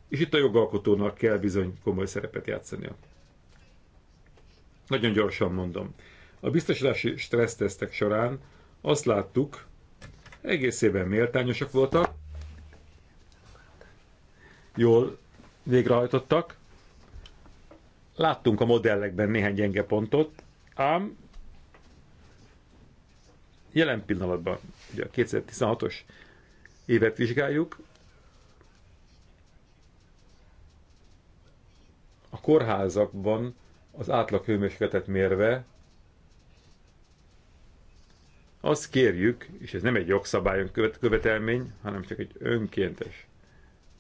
és itt a jogalkotónak kell bizony komoly szerepet játszania. Nagyon gyorsan mondom. A biztosítási stressztesztek során azt láttuk, egészében méltányosak voltak, jól végrehajtottak. Láttunk a modellekben néhány gyenge pontot, ám jelen pillanatban, ugye a 2016-os évet vizsgáljuk, a kórházakban az átlag hőmérsékletet mérve azt kérjük, és ez nem egy jogszabályon követelmény, hanem csak egy önkéntes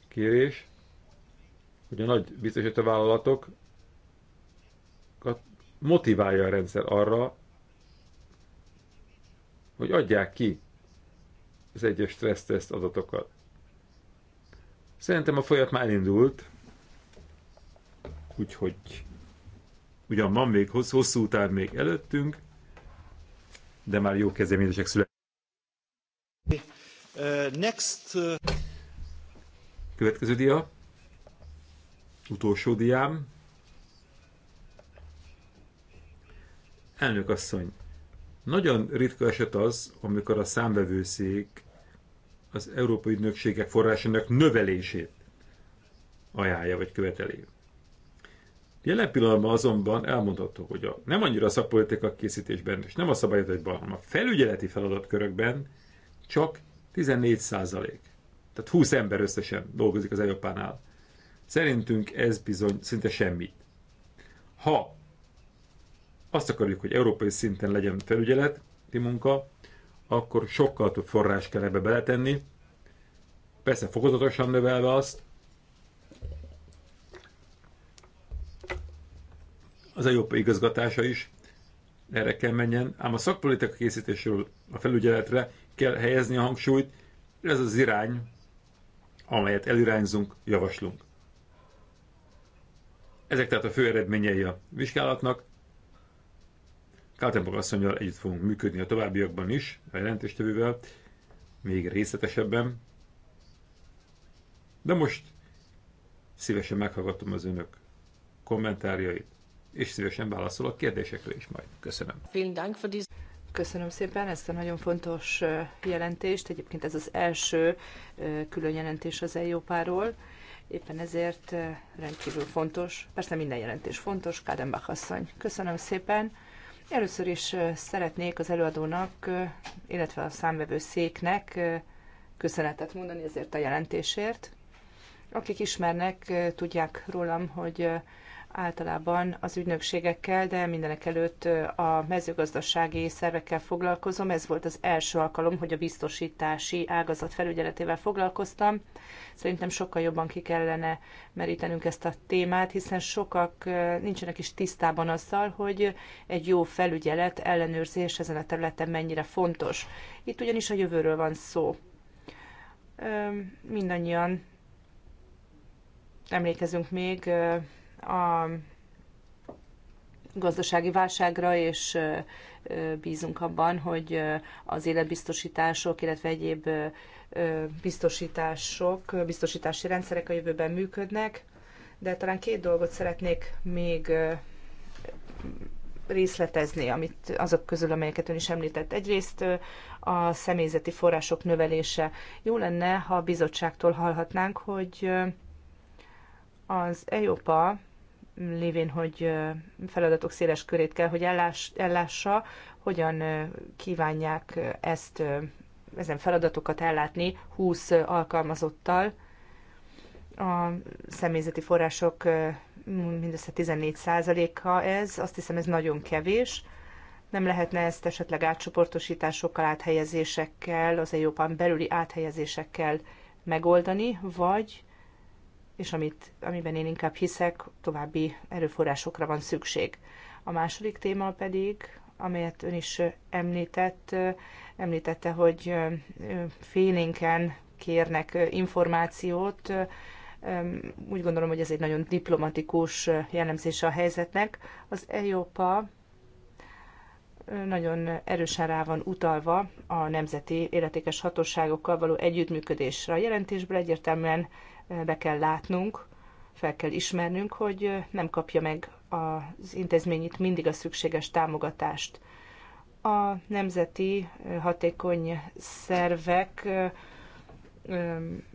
kérés, hogy a nagy biztosító vállalatok motiválja a rendszer arra, hogy adják ki az egyes stressztest adatokat. Szerintem a folyamat már elindult, úgyhogy ugyan van még hosszú, hosszú után még előttünk, de már jó kezdeményezések születnek. next. Következő dia. Utolsó diám. Elnök asszony, nagyon ritka eset az, amikor a számvevőszék az európai ügynökségek forrásának növelését ajánlja vagy követeli. Jelen pillanatban azonban elmondható, hogy a, nem annyira a szakpolitika készítésben és nem a szabályozásban, hanem a felügyeleti feladatkörökben csak 14 százalék. Tehát 20 ember összesen dolgozik az Európánál. Szerintünk ez bizony szinte semmit. Ha azt akarjuk, hogy európai szinten legyen felügyeleti munka, akkor sokkal több forrás kell ebbe beletenni, persze fokozatosan növelve azt, az európai igazgatása is erre kell menjen, ám a szakpolitika készítésről a felügyeletre kell helyezni a hangsúlyt, ez az irány, amelyet elirányzunk, javaslunk. Ezek tehát a fő eredményei a vizsgálatnak. Kaltenborg asszonyjal együtt fogunk működni a továbbiakban is, a jelentéstevővel, még részletesebben. De most szívesen meghallgatom az önök kommentárjait, és szívesen válaszolok kérdésekre is majd. Köszönöm. Köszönöm szépen ezt a nagyon fontos jelentést. Egyébként ez az első külön jelentés az EIOPA-ról Éppen ezért eh, rendkívül fontos, persze minden jelentés fontos, Kádenbach asszony. Köszönöm szépen. Először is eh, szeretnék az előadónak, eh, illetve a széknek köszönetet mondani ezért a jelentésért. Akik ismernek, tudják rólam, hogy általában az ügynökségekkel, de mindenek előtt a mezőgazdasági szervekkel foglalkozom. Ez volt az első alkalom, hogy a biztosítási ágazat felügyeletével foglalkoztam. Szerintem sokkal jobban ki kellene merítenünk ezt a témát, hiszen sokak nincsenek is tisztában azzal, hogy egy jó felügyelet, ellenőrzés ezen a területen mennyire fontos. Itt ugyanis a jövőről van szó. Mindannyian emlékezünk még a gazdasági válságra, és bízunk abban, hogy az életbiztosítások, illetve egyéb biztosítások, biztosítási rendszerek a jövőben működnek, de talán két dolgot szeretnék még részletezni, amit azok közül, amelyeket ön is említett. Egyrészt a személyzeti források növelése. Jó lenne, ha a bizottságtól hallhatnánk, hogy az EOPA lévén, hogy feladatok széles körét kell, hogy ellás, ellássa, hogyan kívánják ezt, ezen feladatokat ellátni 20 alkalmazottal. A személyzeti források mindössze 14%-a ez, azt hiszem ez nagyon kevés. Nem lehetne ezt esetleg átcsoportosításokkal, áthelyezésekkel, az EIOPAN belüli áthelyezésekkel megoldani, vagy és amit, amiben én inkább hiszek, további erőforrásokra van szükség. A második téma pedig, amelyet ön is említett, említette, hogy félénken kérnek információt. Úgy gondolom, hogy ez egy nagyon diplomatikus jellemzése a helyzetnek. Az EIOPA nagyon erősen rá van utalva a nemzeti életékes hatóságokkal való együttműködésre. A jelentésből egyértelműen be kell látnunk, fel kell ismernünk, hogy nem kapja meg az intézményit mindig a szükséges támogatást. A nemzeti hatékony szervek,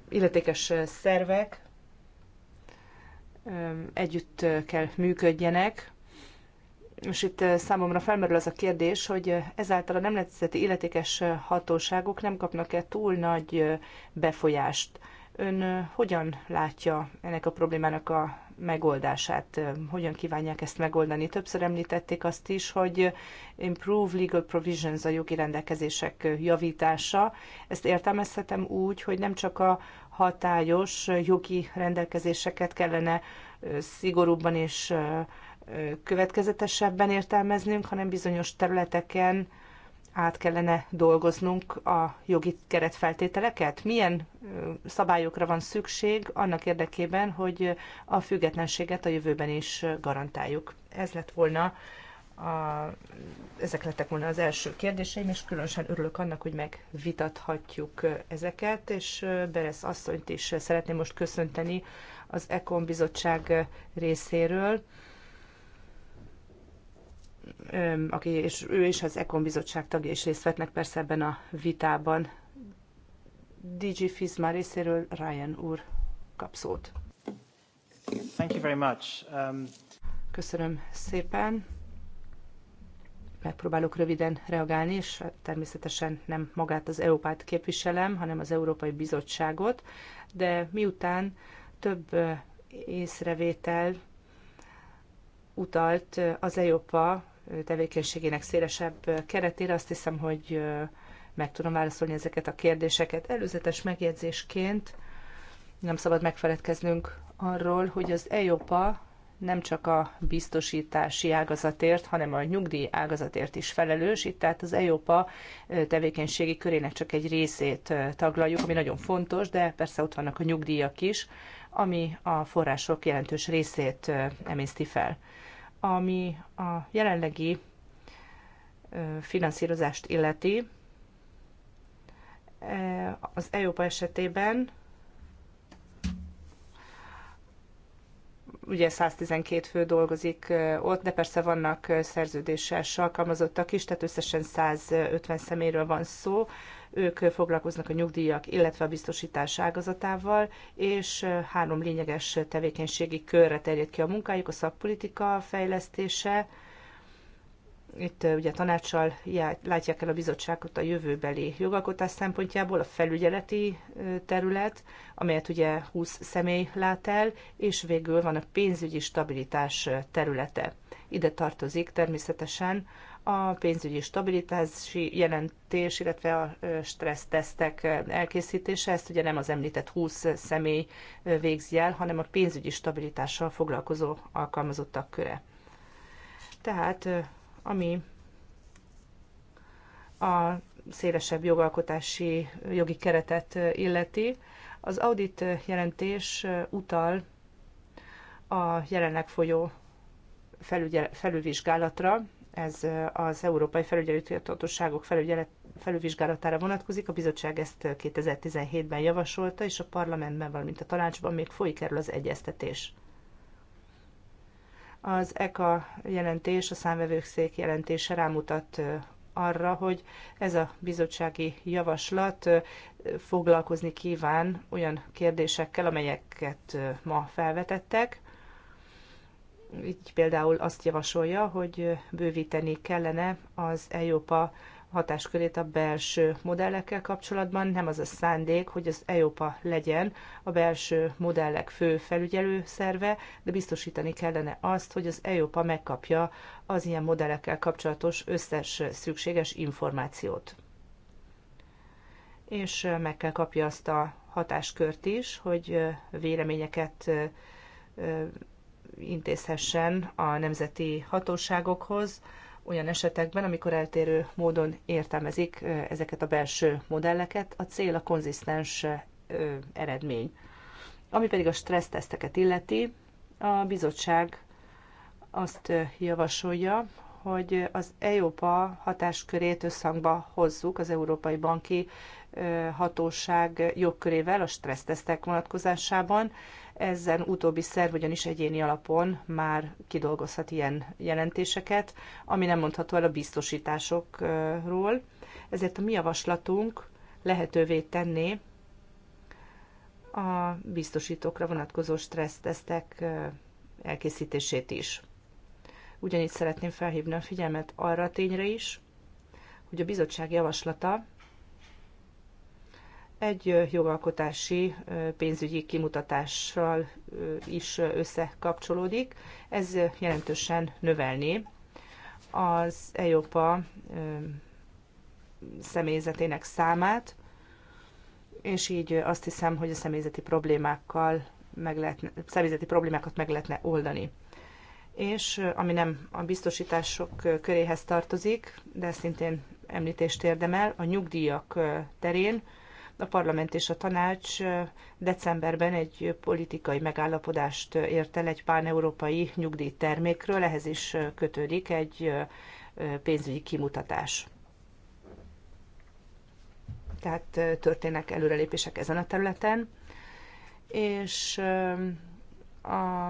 illetékes szervek együtt kell működjenek, és itt számomra felmerül az a kérdés, hogy ezáltal a nemzeti illetékes hatóságok nem kapnak-e túl nagy befolyást Ön hogyan látja ennek a problémának a megoldását? Hogyan kívánják ezt megoldani? Többször említették azt is, hogy improve legal provisions, a jogi rendelkezések javítása. Ezt értelmezhetem úgy, hogy nem csak a hatályos jogi rendelkezéseket kellene szigorúbban és következetesebben értelmeznünk, hanem bizonyos területeken át kellene dolgoznunk a jogi keretfeltételeket? Milyen szabályokra van szükség annak érdekében, hogy a függetlenséget a jövőben is garantáljuk? Ez lett volna a, ezek lettek volna az első kérdéseim, és különösen örülök annak, hogy megvitathatjuk ezeket, és Beresz asszonyt is szeretném most köszönteni az EKON bizottság részéről, aki, és ő is az ECOM bizottság tagja, és részt vetnek persze ebben a vitában. DG Fizma részéről Ryan úr kap szót. Thank you very much. Um... Köszönöm szépen. Megpróbálok röviden reagálni, és természetesen nem magát az Európát képviselem, hanem az Európai Bizottságot, de miután több észrevétel utalt az európa tevékenységének szélesebb keretére. Azt hiszem, hogy meg tudom válaszolni ezeket a kérdéseket. Előzetes megjegyzésként nem szabad megfeledkeznünk arról, hogy az EIOPA nem csak a biztosítási ágazatért, hanem a nyugdíj ágazatért is felelős. Itt tehát az EIOPA tevékenységi körének csak egy részét taglaljuk, ami nagyon fontos, de persze ott vannak a nyugdíjak is, ami a források jelentős részét emészti fel ami a jelenlegi finanszírozást illeti, e, az EUPA esetében ugye 112 fő dolgozik ott, de persze vannak szerződéses alkalmazottak is, tehát összesen 150 személyről van szó, ők foglalkoznak a nyugdíjak, illetve a biztosítás ágazatával, és három lényeges tevékenységi körre terjed ki a munkájuk, a szakpolitika fejlesztése, itt ugye tanácssal látják el a bizottságot a jövőbeli jogalkotás szempontjából, a felügyeleti terület, amelyet ugye 20 személy lát el, és végül van a pénzügyi stabilitás területe. Ide tartozik természetesen a pénzügyi stabilitási jelentés, illetve a stressztesztek elkészítése. Ezt ugye nem az említett 20 személy végzi el, hanem a pénzügyi stabilitással foglalkozó alkalmazottak köre. Tehát ami a szélesebb jogalkotási jogi keretet illeti, az audit jelentés utal a jelenleg folyó felügyel, felülvizsgálatra, ez az Európai Felügyelői Hatóságok felülvizsgálatára vonatkozik. A bizottság ezt 2017-ben javasolta, és a parlamentben, valamint a tanácsban még folyik erről az egyeztetés. Az ECA jelentés, a számvevőszék jelentése rámutat arra, hogy ez a bizottsági javaslat foglalkozni kíván olyan kérdésekkel, amelyeket ma felvetettek, így például azt javasolja, hogy bővíteni kellene az EIOPA hatáskörét a belső modellekkel kapcsolatban. Nem az a szándék, hogy az EIOPA legyen a belső modellek fő felügyelő szerve, de biztosítani kellene azt, hogy az EIOPA megkapja az ilyen modellekkel kapcsolatos összes szükséges információt. És meg kell kapja azt a hatáskört is, hogy véleményeket intézhessen a nemzeti hatóságokhoz olyan esetekben, amikor eltérő módon értelmezik ezeket a belső modelleket. A cél a konzisztens eredmény. Ami pedig a stresszteszteket illeti, a bizottság azt javasolja, hogy az EUPA hatáskörét összhangba hozzuk az Európai Banki Hatóság jogkörével a stressztesztek vonatkozásában. Ezen utóbbi szerv ugyanis egyéni alapon már kidolgozhat ilyen jelentéseket, ami nem mondható el a biztosításokról. Ezért a mi javaslatunk lehetővé tenné a biztosítókra vonatkozó stressztesztek elkészítését is. Ugyanígy szeretném felhívni a figyelmet arra a tényre is, hogy a bizottság javaslata egy jogalkotási pénzügyi kimutatással is összekapcsolódik. Ez jelentősen növelni az EIOPA személyzetének számát, és így azt hiszem, hogy a személyzeti problémákkal meg lehetne, személyzeti problémákat meg lehetne oldani. És ami nem a biztosítások köréhez tartozik, de szintén említést érdemel, a nyugdíjak terén a parlament és a tanács decemberben egy politikai megállapodást ért el egy páneurópai európai nyugdíjtermékről, ehhez is kötődik egy pénzügyi kimutatás. Tehát történnek előrelépések ezen a területen, és a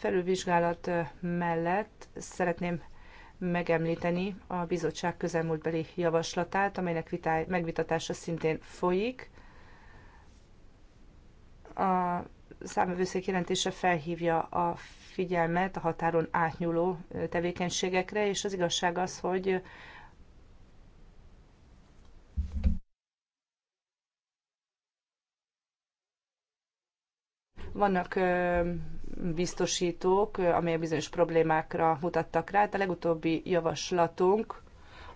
felülvizsgálat mellett szeretném megemlíteni a bizottság közelmúltbeli javaslatát, amelynek megvitatása szintén folyik. A számövőszék jelentése felhívja a figyelmet a határon átnyúló tevékenységekre, és az igazság az, hogy vannak biztosítók, amelyek bizonyos problémákra mutattak rá. Hát a legutóbbi javaslatunk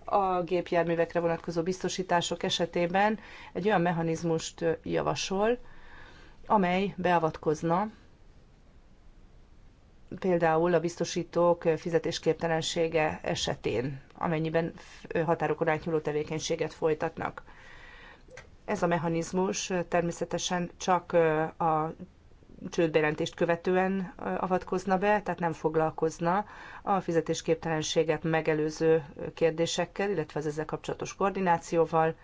a gépjárművekre vonatkozó biztosítások esetében egy olyan mechanizmust javasol, amely beavatkozna például a biztosítók fizetésképtelensége esetén, amennyiben határokon átnyúló tevékenységet folytatnak. Ez a mechanizmus természetesen csak a csődbejelentést követően avatkozna be, tehát nem foglalkozna a fizetésképtelenséget megelőző kérdésekkel, illetve az ezzel kapcsolatos koordinációval,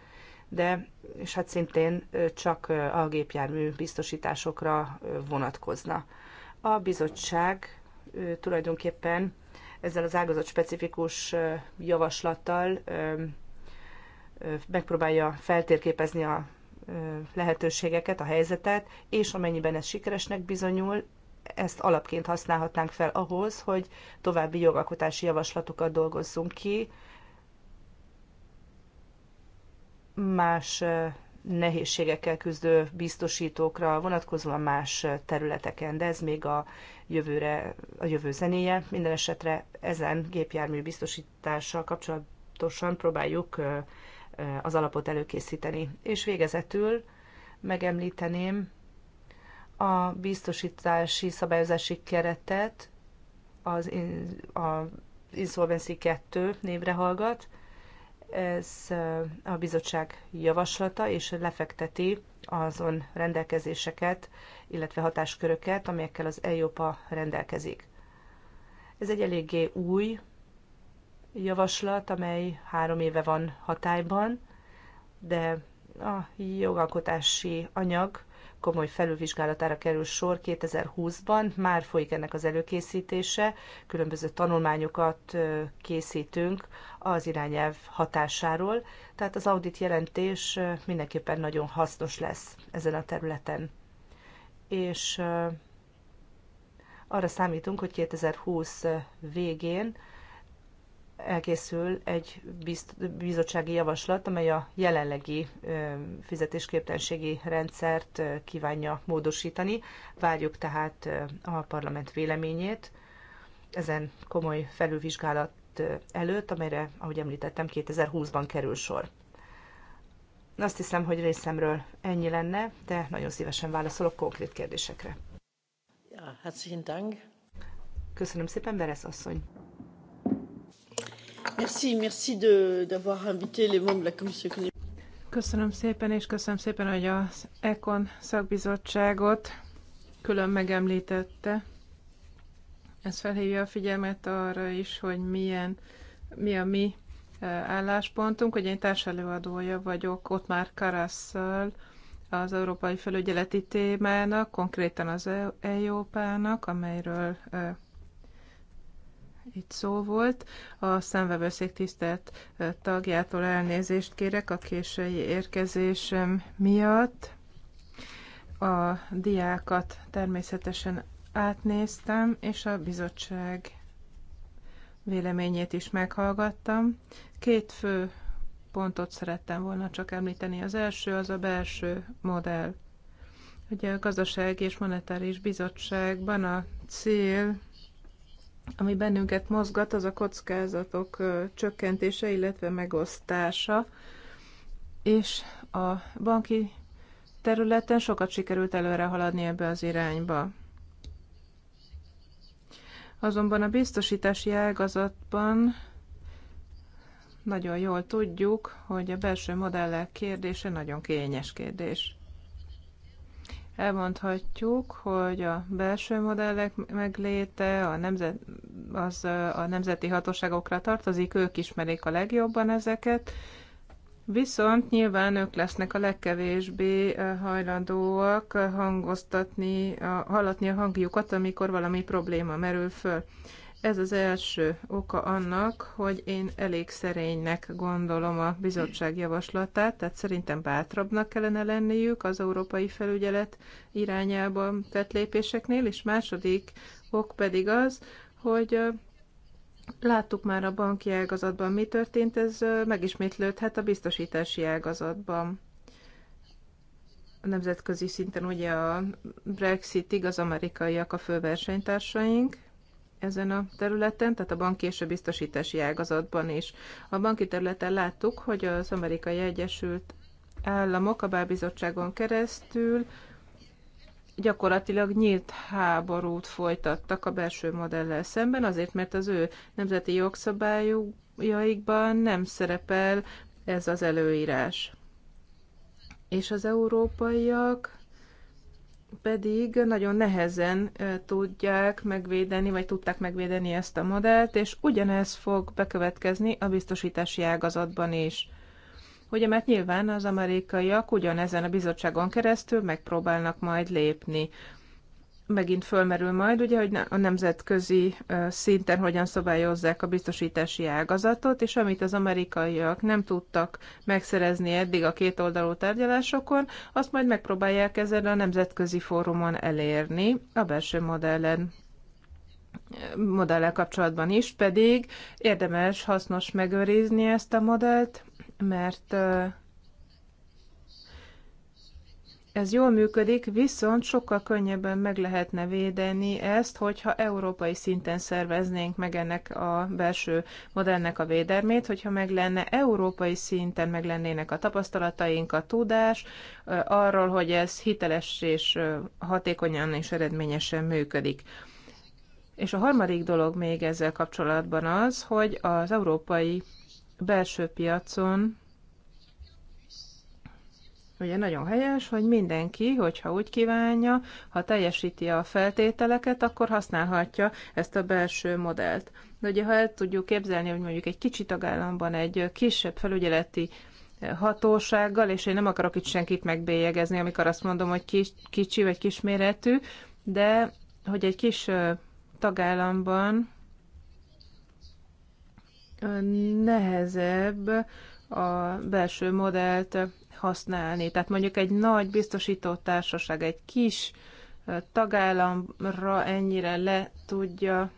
de és hát szintén csak a gépjármű biztosításokra vonatkozna. A bizottság tulajdonképpen ezzel az ágazat specifikus javaslattal megpróbálja feltérképezni a lehetőségeket, a helyzetet, és amennyiben ez sikeresnek bizonyul, ezt alapként használhatnánk fel ahhoz, hogy további jogalkotási javaslatokat dolgozzunk ki más nehézségekkel küzdő biztosítókra vonatkozóan más területeken, de ez még a jövőre, a jövő zenéje. Minden esetre ezen gépjármű biztosítással kapcsolatosan próbáljuk az alapot előkészíteni. És végezetül megemlíteném a biztosítási szabályozási keretet, az, in, a Insolvency 2 névre hallgat. Ez a bizottság javaslata, és lefekteti azon rendelkezéseket, illetve hatásköröket, amelyekkel az EIOPA rendelkezik. Ez egy eléggé új javaslat, amely három éve van hatályban, de a jogalkotási anyag komoly felülvizsgálatára kerül sor 2020-ban, már folyik ennek az előkészítése, különböző tanulmányokat készítünk az irányelv hatásáról, tehát az audit jelentés mindenképpen nagyon hasznos lesz ezen a területen. És arra számítunk, hogy 2020 végén elkészül egy bizottsági javaslat, amely a jelenlegi fizetésképtelenségi rendszert kívánja módosítani. Várjuk tehát a parlament véleményét ezen komoly felülvizsgálat előtt, amelyre, ahogy említettem, 2020-ban kerül sor. Azt hiszem, hogy részemről ennyi lenne, de nagyon szívesen válaszolok konkrét kérdésekre. Ja, herzlichen Dank. Köszönöm szépen, Beres asszony. Merci, merci d'avoir invité les membres de la Commission économique. Köszönöm szépen, és köszönöm szépen, hogy az ECON szakbizottságot külön megemlítette. Ez felhívja a figyelmet arra is, hogy milyen, mi a mi e, álláspontunk. hogy én társelőadója vagyok ott már Karasszal az európai felügyeleti témának, konkrétan az EIOPának, amelyről e, itt szó volt. A szemvevőszék tisztelt tagjától elnézést kérek a késői érkezésem miatt. A diákat természetesen átnéztem, és a bizottság véleményét is meghallgattam. Két fő pontot szerettem volna csak említeni. Az első az a belső modell. Ugye a Gazdasági és Monetáris Bizottságban a cél ami bennünket mozgat, az a kockázatok csökkentése, illetve megosztása, és a banki területen sokat sikerült előre haladni ebbe az irányba. Azonban a biztosítási ágazatban nagyon jól tudjuk, hogy a belső modellek kérdése nagyon kényes kérdés elmondhatjuk, hogy a belső modellek megléte a, nemzet, az a nemzeti hatóságokra tartozik, ők ismerik a legjobban ezeket, viszont nyilván ők lesznek a legkevésbé hajlandóak hangoztatni, hallatni a hangjukat, amikor valami probléma merül föl. Ez az első oka annak, hogy én elég szerénynek gondolom a bizottság javaslatát, tehát szerintem bátrabbnak kellene lenniük az európai felügyelet irányába tett lépéseknél, és második ok pedig az, hogy Láttuk már a banki ágazatban, mi történt, ez megismétlődhet a biztosítási ágazatban. A nemzetközi szinten ugye a Brexit igaz, amerikaiak a fő versenytársaink, ezen a területen, tehát a banki és a biztosítási ágazatban is. A banki területen láttuk, hogy az Amerikai Egyesült Államok a Bábizottságon keresztül gyakorlatilag nyílt háborút folytattak a belső modellel szemben, azért mert az ő nemzeti jogszabályaikban nem szerepel ez az előírás. És az európaiak pedig nagyon nehezen tudják megvédeni, vagy tudták megvédeni ezt a modellt, és ugyanez fog bekövetkezni a biztosítási ágazatban is. Ugye, mert nyilván az amerikaiak ugyanezen a bizottságon keresztül megpróbálnak majd lépni megint fölmerül majd, ugye, hogy a nemzetközi szinten hogyan szabályozzák a biztosítási ágazatot, és amit az amerikaiak nem tudtak megszerezni eddig a két oldalú tárgyalásokon, azt majd megpróbálják ezzel a nemzetközi fórumon elérni a belső modellen modellel kapcsolatban is, pedig érdemes, hasznos megőrizni ezt a modellt, mert ez jól működik, viszont sokkal könnyebben meg lehetne védeni ezt, hogyha európai szinten szerveznénk meg ennek a belső modellnek a védelmét, hogyha meg lenne európai szinten, meg lennének a tapasztalataink, a tudás arról, hogy ez hiteles és hatékonyan és eredményesen működik. És a harmadik dolog még ezzel kapcsolatban az, hogy az európai belső piacon Ugye nagyon helyes, hogy mindenki, hogyha úgy kívánja, ha teljesíti a feltételeket, akkor használhatja ezt a belső modellt. De ugye ha el tudjuk képzelni, hogy mondjuk egy kicsi tagállamban egy kisebb felügyeleti hatósággal, és én nem akarok itt senkit megbélyegezni, amikor azt mondom, hogy kicsi vagy kisméretű, de hogy egy kis tagállamban nehezebb a belső modellt használni. Tehát mondjuk egy nagy biztosító társaság egy kis tagállamra ennyire le tudja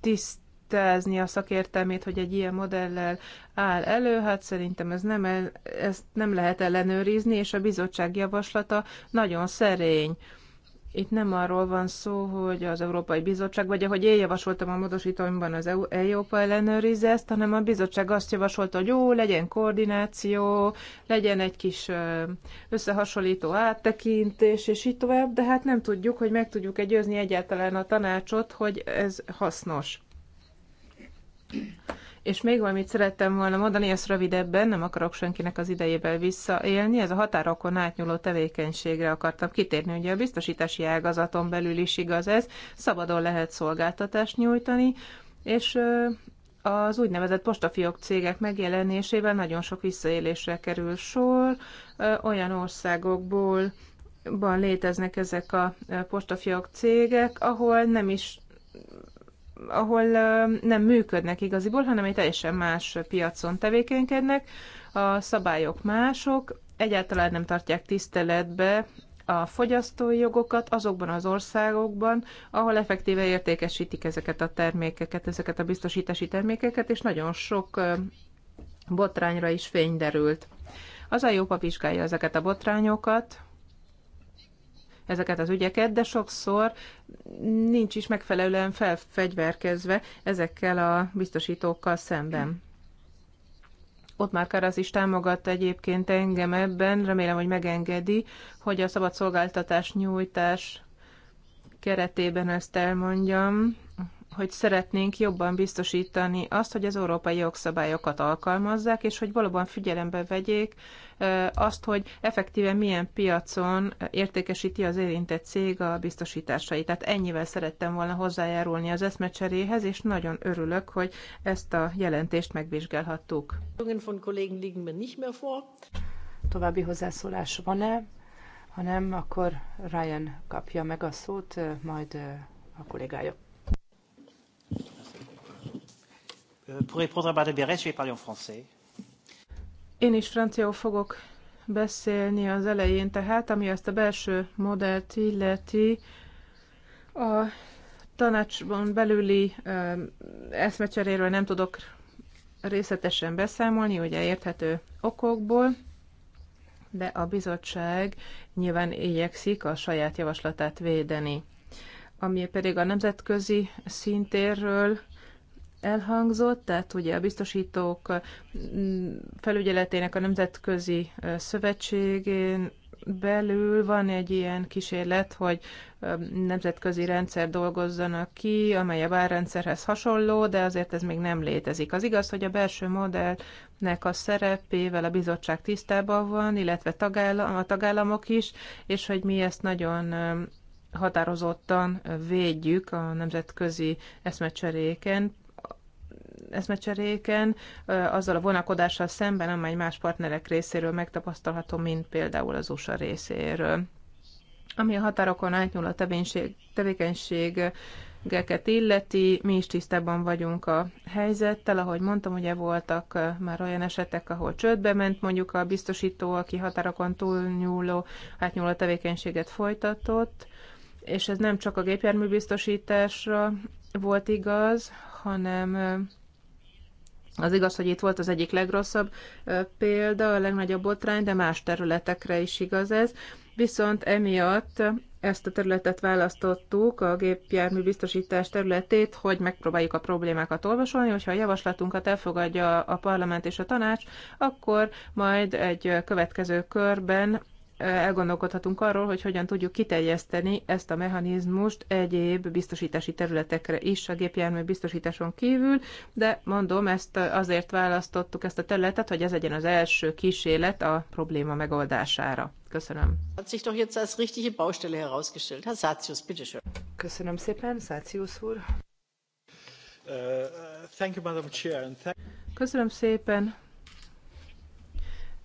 tisztázni a szakértelmét, hogy egy ilyen modellel áll elő, hát szerintem ez nem, el, ezt nem lehet ellenőrizni, és a bizottság javaslata nagyon szerény itt nem arról van szó, hogy az Európai Bizottság, vagy ahogy én javasoltam a módosítóimban az EU, Európa ellenőrizze ezt, hanem a bizottság azt javasolta, hogy jó, legyen koordináció, legyen egy kis összehasonlító áttekintés, és így tovább, de hát nem tudjuk, hogy meg tudjuk-e győzni egyáltalán a tanácsot, hogy ez hasznos. És még valamit szerettem volna mondani, ezt rövidebben, nem akarok senkinek az idejével visszaélni, ez a határokon átnyúló tevékenységre akartam kitérni, ugye a biztosítási ágazaton belül is igaz ez, szabadon lehet szolgáltatást nyújtani, és az úgynevezett postafiók cégek megjelenésével nagyon sok visszaélésre kerül sor, olyan országokból léteznek ezek a postafiók cégek, ahol nem is ahol nem működnek igaziból, hanem egy teljesen más piacon tevékenykednek, a szabályok mások, egyáltalán nem tartják tiszteletbe a fogyasztói jogokat azokban az országokban, ahol effektíve értékesítik ezeket a termékeket, ezeket a biztosítási termékeket, és nagyon sok botrányra is fény derült. Az a jó vizsgálja ezeket a botrányokat, ezeket az ügyeket, de sokszor nincs is megfelelően felfegyverkezve ezekkel a biztosítókkal szemben. Ott már Karasz is támogatta egyébként engem ebben, remélem, hogy megengedi, hogy a szabad szolgáltatás nyújtás keretében ezt elmondjam, hogy szeretnénk jobban biztosítani azt, hogy az európai jogszabályokat alkalmazzák, és hogy valóban figyelembe vegyék azt, hogy effektíven milyen piacon értékesíti az érintett cég a biztosításait. Tehát ennyivel szerettem volna hozzájárulni az eszmecseréhez, és nagyon örülök, hogy ezt a jelentést megvizsgálhattuk. További hozzászólás van-e? Ha nem, akkor Ryan kapja meg a szót, majd a kollégája. Euh, pour répondre à Beres, je vais parler en français. Én is franciául fogok beszélni az elején, tehát ami ezt a belső modellt illeti, a tanácsban belüli ö, um, eszmecseréről nem tudok részletesen beszámolni, ugye érthető okokból, de a bizottság nyilván igyekszik a saját javaslatát védeni. Ami pedig a nemzetközi szintérről elhangzott, tehát ugye a biztosítók mm, felügyeletének a Nemzetközi Szövetségén belül van egy ilyen kísérlet, hogy nemzetközi rendszer dolgozzanak ki, amely a bárrendszerhez hasonló, de azért ez még nem létezik. Az igaz, hogy a belső modellnek a szerepével a bizottság tisztában van, illetve a tagállamok is, és hogy mi ezt nagyon határozottan védjük a nemzetközi eszmecseréken, eszmecseréken azzal a vonakodással szemben, amely más partnerek részéről megtapasztalható, mint például az USA részéről. Ami a határokon átnyúló a tevékenység geket illeti, mi is tisztában vagyunk a helyzettel, ahogy mondtam, ugye voltak már olyan esetek, ahol csődbe ment mondjuk a biztosító, aki határokon túlnyúló, átnyúló tevékenységet folytatott, és ez nem csak a gépjárműbiztosításra volt igaz, hanem az igaz, hogy itt volt az egyik legrosszabb példa, a legnagyobb botrány, de más területekre is igaz ez. Viszont emiatt ezt a területet választottuk, a gépjármű biztosítás területét, hogy megpróbáljuk a problémákat olvasolni, hogyha a javaslatunkat elfogadja a parlament és a tanács, akkor majd egy következő körben elgondolkodhatunk arról, hogy hogyan tudjuk kiterjeszteni ezt a mechanizmust egyéb biztosítási területekre is a gépjármű biztosításon kívül, de mondom, ezt azért választottuk ezt a területet, hogy ez legyen az első kísérlet a probléma megoldására. Köszönöm. Köszönöm szépen, Szácius úr. Uh, Köszönöm szépen,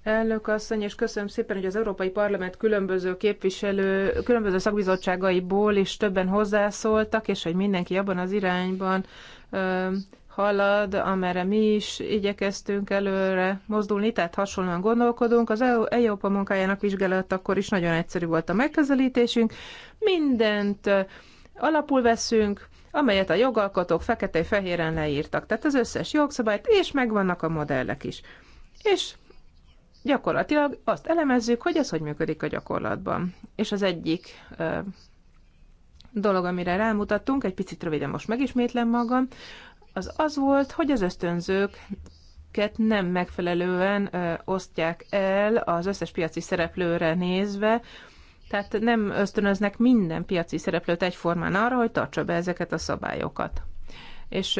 Elnök asszony, és köszönöm szépen, hogy az Európai Parlament különböző képviselő, különböző szakbizottságaiból is többen hozzászóltak, és hogy mindenki abban az irányban ö, halad, amerre mi is igyekeztünk előre mozdulni, tehát hasonlóan gondolkodunk. Az Európa e munkájának vizsgálat akkor is nagyon egyszerű volt a megközelítésünk. Mindent alapul veszünk, amelyet a jogalkotók fekete-fehéren leírtak, tehát az összes jogszabályt, és megvannak a modellek is. És gyakorlatilag azt elemezzük, hogy ez hogy működik a gyakorlatban. És az egyik ö, dolog, amire rámutattunk, egy picit röviden most megismétlem magam, az az volt, hogy az ösztönzőket nem megfelelően ö, osztják el az összes piaci szereplőre nézve, tehát nem ösztönöznek minden piaci szereplőt egyformán arra, hogy tartsa be ezeket a szabályokat. És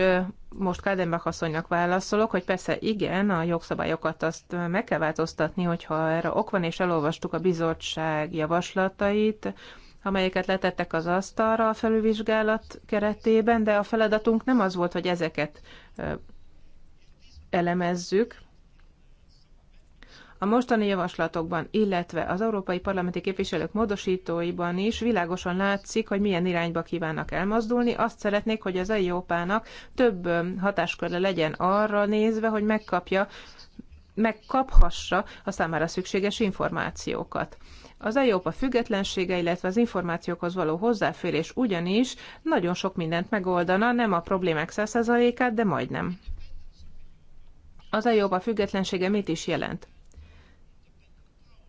most Kádenbach asszonynak válaszolok, hogy persze igen, a jogszabályokat azt meg kell változtatni, hogyha erre ok van, és elolvastuk a bizottság javaslatait, amelyeket letettek az asztalra a felülvizsgálat keretében, de a feladatunk nem az volt, hogy ezeket elemezzük, a mostani javaslatokban, illetve az európai parlamenti képviselők módosítóiban is világosan látszik, hogy milyen irányba kívánnak elmozdulni. Azt szeretnék, hogy az EIOPA-nak több hatásköre legyen arra nézve, hogy megkapja megkaphassa a számára szükséges információkat. Az EIOPA függetlensége, illetve az információkhoz való hozzáférés ugyanis nagyon sok mindent megoldana, nem a problémák százszerzalékát, de majdnem. Az EIOPA függetlensége mit is jelent?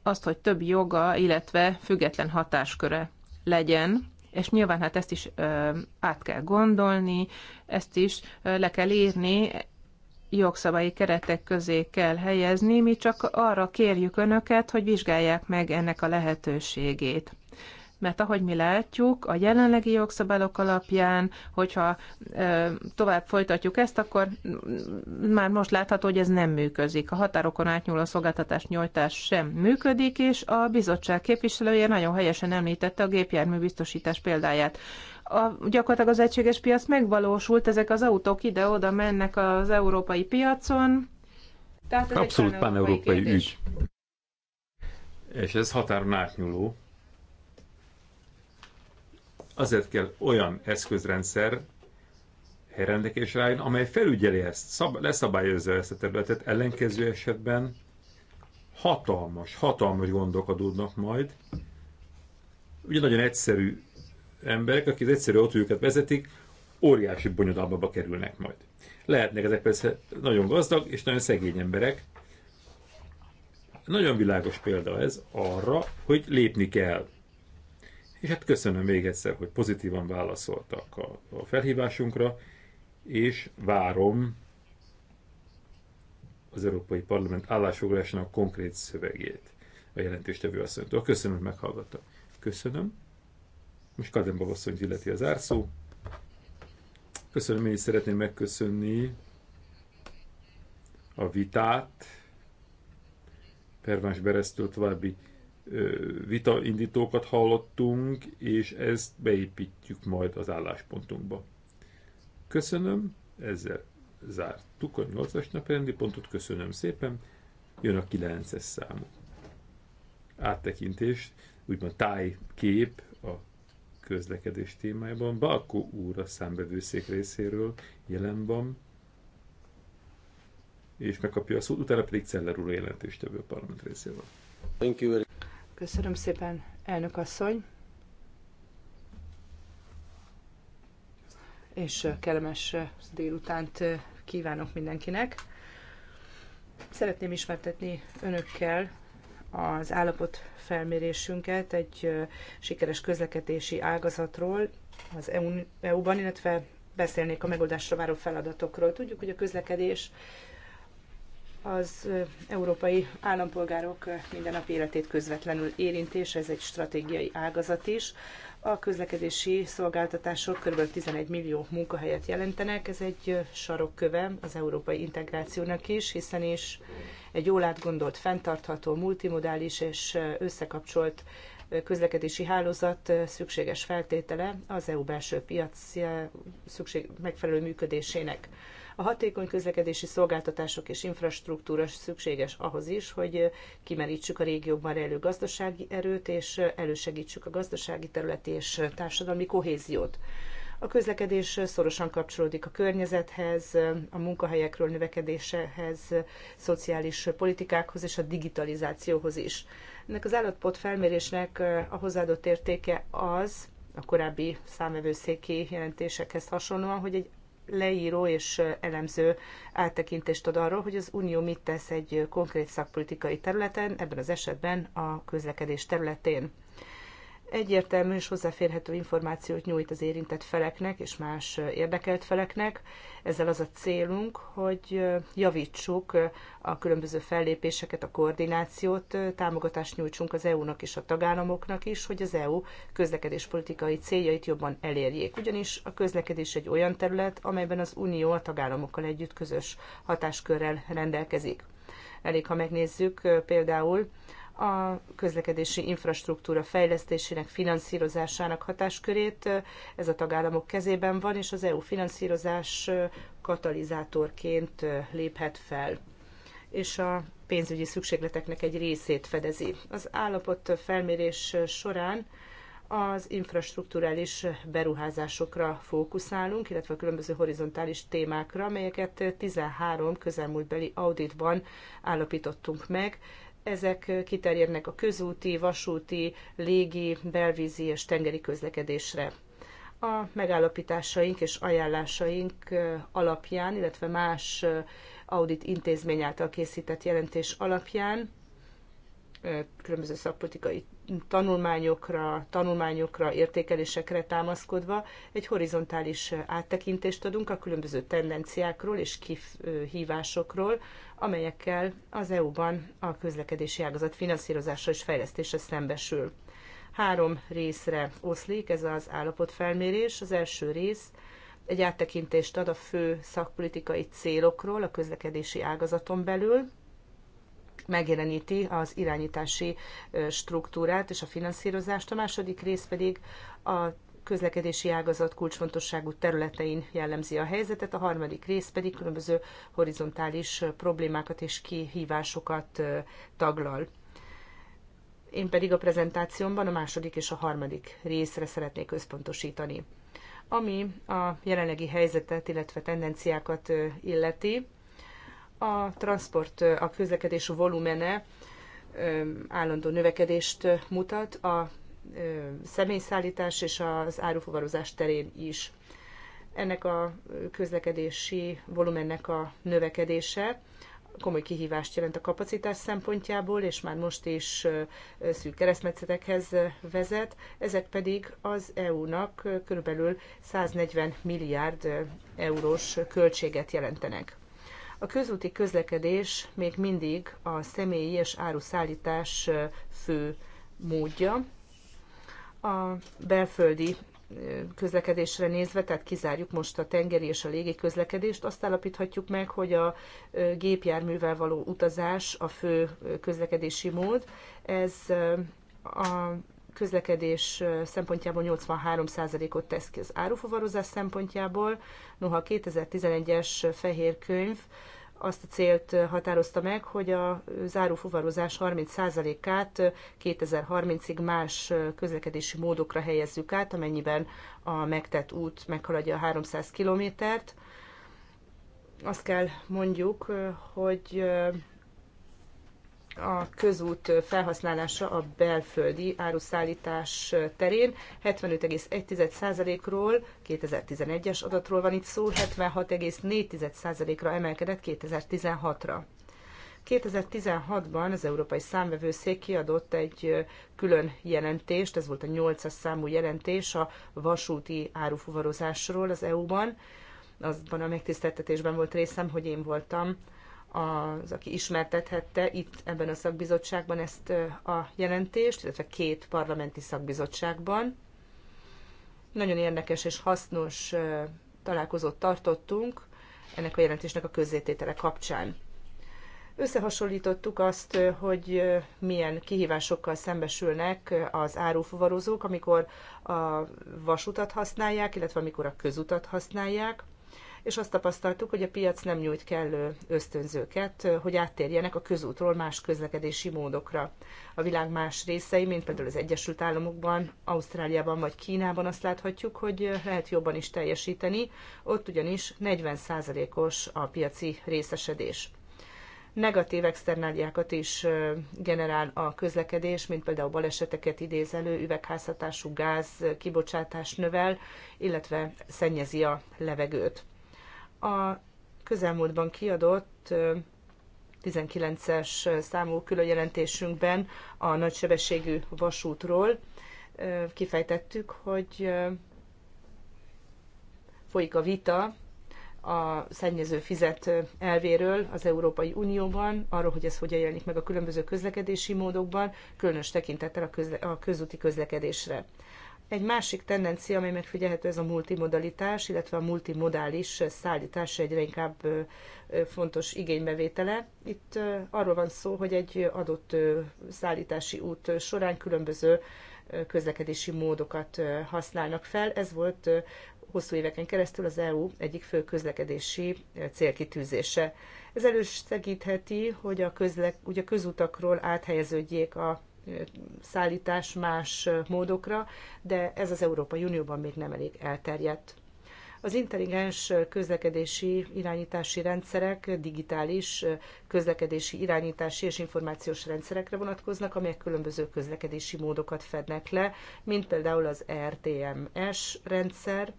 azt, hogy több joga, illetve független hatásköre legyen, és nyilván hát ezt is ö, át kell gondolni, ezt is ö, le kell írni, jogszabályi keretek közé kell helyezni, mi csak arra kérjük önöket, hogy vizsgálják meg ennek a lehetőségét mert ahogy mi látjuk, a jelenlegi jogszabályok alapján, hogyha tovább folytatjuk ezt, akkor már most látható, hogy ez nem működik. A határokon átnyúló szolgáltatás nyújtás sem működik, és a bizottság képviselője nagyon helyesen említette a gépjárműbiztosítás példáját a, gyakorlatilag az egységes piac megvalósult, ezek az autók ide-oda mennek az európai piacon. Tehát ez Abszolút egy pán-európai ügy. És ez határon átnyúló Azért kell olyan eszközrendszer rendelkezésre álljon, amely felügyeli ezt, szab, leszabályozza ezt a területet, ellenkező esetben hatalmas, hatalmas gondok adódnak majd. Ugye nagyon egyszerű emberek, akik az egyszerű autójukat vezetik, óriási bonyodalmakba kerülnek majd. Lehetnek ezek persze nagyon gazdag és nagyon szegény emberek. Nagyon világos példa ez arra, hogy lépni kell. És hát köszönöm még egyszer, hogy pozitívan válaszoltak a, a felhívásunkra, és várom az Európai Parlament állásfoglalásának konkrét szövegét a jelentéstevő asszonytól. Köszönöm, hogy meghallgatta. Köszönöm. Most Kademba asszonyt illeti az árszó. Köszönöm, én is szeretném megköszönni a vitát, Pervás Beresztől további vitaindítókat hallottunk, és ezt beépítjük majd az álláspontunkba. Köszönöm, ezzel zártuk a 8-as naprendi pontot, köszönöm szépen, jön a 9-es számú. Áttekintés, úgymond tájkép a közlekedés témájában. Balkó úr a számbevőszék részéről jelen van, és megkapja a szót, utána pedig Celler úr jelentéstevő a parlament részéről. Thank you Köszönöm szépen, elnök asszony. És kellemes délutánt kívánok mindenkinek. Szeretném ismertetni önökkel az felmérésünket egy sikeres közlekedési ágazatról az EU-ban, e illetve beszélnék a megoldásra váró feladatokról. Tudjuk, hogy a közlekedés az európai állampolgárok mindennapi életét közvetlenül érintés, ez egy stratégiai ágazat is. A közlekedési szolgáltatások kb. 11 millió munkahelyet jelentenek, ez egy sarokköve az európai integrációnak is, hiszen is egy jól átgondolt, fenntartható, multimodális és összekapcsolt közlekedési hálózat szükséges feltétele az EU belső piac szükség megfelelő működésének. A hatékony közlekedési szolgáltatások és infrastruktúra szükséges ahhoz is, hogy kimerítsük a régióban rejlő gazdasági erőt, és elősegítsük a gazdasági területi és társadalmi kohéziót. A közlekedés szorosan kapcsolódik a környezethez, a munkahelyekről növekedésehez, szociális politikákhoz és a digitalizációhoz is. Ennek az állatpot felmérésnek a hozzáadott értéke az, a korábbi számvevőszéki jelentésekhez hasonlóan, hogy egy leíró és elemző áttekintést ad arról, hogy az Unió mit tesz egy konkrét szakpolitikai területen, ebben az esetben a közlekedés területén egyértelmű és hozzáférhető információt nyújt az érintett feleknek és más érdekelt feleknek. Ezzel az a célunk, hogy javítsuk a különböző fellépéseket, a koordinációt, támogatást nyújtsunk az EU-nak és a tagállamoknak is, hogy az EU közlekedéspolitikai céljait jobban elérjék. Ugyanis a közlekedés egy olyan terület, amelyben az Unió a tagállamokkal együtt közös hatáskörrel rendelkezik. Elég, ha megnézzük például a közlekedési infrastruktúra fejlesztésének finanszírozásának hatáskörét. Ez a tagállamok kezében van, és az EU finanszírozás katalizátorként léphet fel és a pénzügyi szükségleteknek egy részét fedezi. Az állapot felmérés során az infrastruktúrális beruházásokra fókuszálunk, illetve a különböző horizontális témákra, melyeket 13 közelmúltbeli auditban állapítottunk meg. Ezek kiterjednek a közúti, vasúti, légi, belvízi és tengeri közlekedésre. A megállapításaink és ajánlásaink alapján, illetve más audit intézmény által készített jelentés alapján különböző szakpolitikai tanulmányokra, tanulmányokra, értékelésekre támaszkodva egy horizontális áttekintést adunk a különböző tendenciákról és kihívásokról, amelyekkel az EU-ban a közlekedési ágazat finanszírozása és fejlesztése szembesül. Három részre oszlik ez az állapotfelmérés. Az első rész egy áttekintést ad a fő szakpolitikai célokról a közlekedési ágazaton belül, megjeleníti az irányítási struktúrát és a finanszírozást, a második rész pedig a közlekedési ágazat kulcsfontosságú területein jellemzi a helyzetet, a harmadik rész pedig különböző horizontális problémákat és kihívásokat taglal. Én pedig a prezentációmban a második és a harmadik részre szeretnék összpontosítani. Ami a jelenlegi helyzetet, illetve tendenciákat illeti, a transport, a közlekedés volumene állandó növekedést mutat a személyszállítás és az árufuvarozás terén is. Ennek a közlekedési volumennek a növekedése komoly kihívást jelent a kapacitás szempontjából, és már most is szűk keresztmetszetekhez vezet, ezek pedig az EU-nak körülbelül 140 milliárd eurós költséget jelentenek. A közúti közlekedés még mindig a személyi és áruszállítás fő módja. A belföldi közlekedésre nézve, tehát kizárjuk most a tengeri és a légi közlekedést, azt állapíthatjuk meg, hogy a gépjárművel való utazás a fő közlekedési mód. Ez a közlekedés szempontjából 83%-ot tesz ki az árufuvarozás szempontjából. Noha a 2011-es fehér könyv azt a célt határozta meg, hogy a zárófuvarozás 30%-át 2030-ig más közlekedési módokra helyezzük át, amennyiben a megtett út meghaladja a 300 kilométert. Azt kell mondjuk, hogy a közút felhasználása a belföldi áruszállítás terén 75,1%-ról 2011-es adatról van itt szó, 76,4%-ra emelkedett 2016-ra. 2016-ban az Európai Számvevőszék kiadott egy külön jelentést, ez volt a 8-as számú jelentés a vasúti árufuvarozásról az EU-ban. Azban a megtiszteltetésben volt részem, hogy én voltam az, aki ismertethette itt ebben a szakbizottságban ezt a jelentést, illetve két parlamenti szakbizottságban. Nagyon érdekes és hasznos találkozót tartottunk ennek a jelentésnek a közzététele kapcsán. Összehasonlítottuk azt, hogy milyen kihívásokkal szembesülnek az árufuvarozók, amikor a vasutat használják, illetve amikor a közutat használják és azt tapasztaltuk, hogy a piac nem nyújt kellő ösztönzőket, hogy áttérjenek a közútról más közlekedési módokra. A világ más részei, mint például az Egyesült Államokban, Ausztráliában vagy Kínában azt láthatjuk, hogy lehet jobban is teljesíteni, ott ugyanis 40%-os a piaci részesedés negatív externáliákat is generál a közlekedés, mint például baleseteket idéz elő, üvegházhatású gáz kibocsátás növel, illetve szennyezi a levegőt. A közelmúltban kiadott 19-es számú különjelentésünkben a nagysebességű vasútról kifejtettük, hogy folyik a vita a szennyező fizet elvéről az Európai Unióban, arról, hogy ez hogyan jelenik meg a különböző közlekedési módokban, különös tekintettel a, közle- a közúti közlekedésre. Egy másik tendencia, amely megfigyelhető, ez a multimodalitás, illetve a multimodális szállítás egyre inkább fontos igénybevétele. Itt arról van szó, hogy egy adott szállítási út során különböző közlekedési módokat használnak fel. Ez volt hosszú éveken keresztül az EU egyik fő közlekedési célkitűzése. Ez elősegítheti, hogy a, közlek, hogy a közutakról áthelyeződjék a szállítás más módokra, de ez az Európai Unióban még nem elég elterjedt. Az intelligens közlekedési irányítási rendszerek digitális közlekedési irányítási és információs rendszerekre vonatkoznak, amelyek különböző közlekedési módokat fednek le, mint például az RTMS rendszer,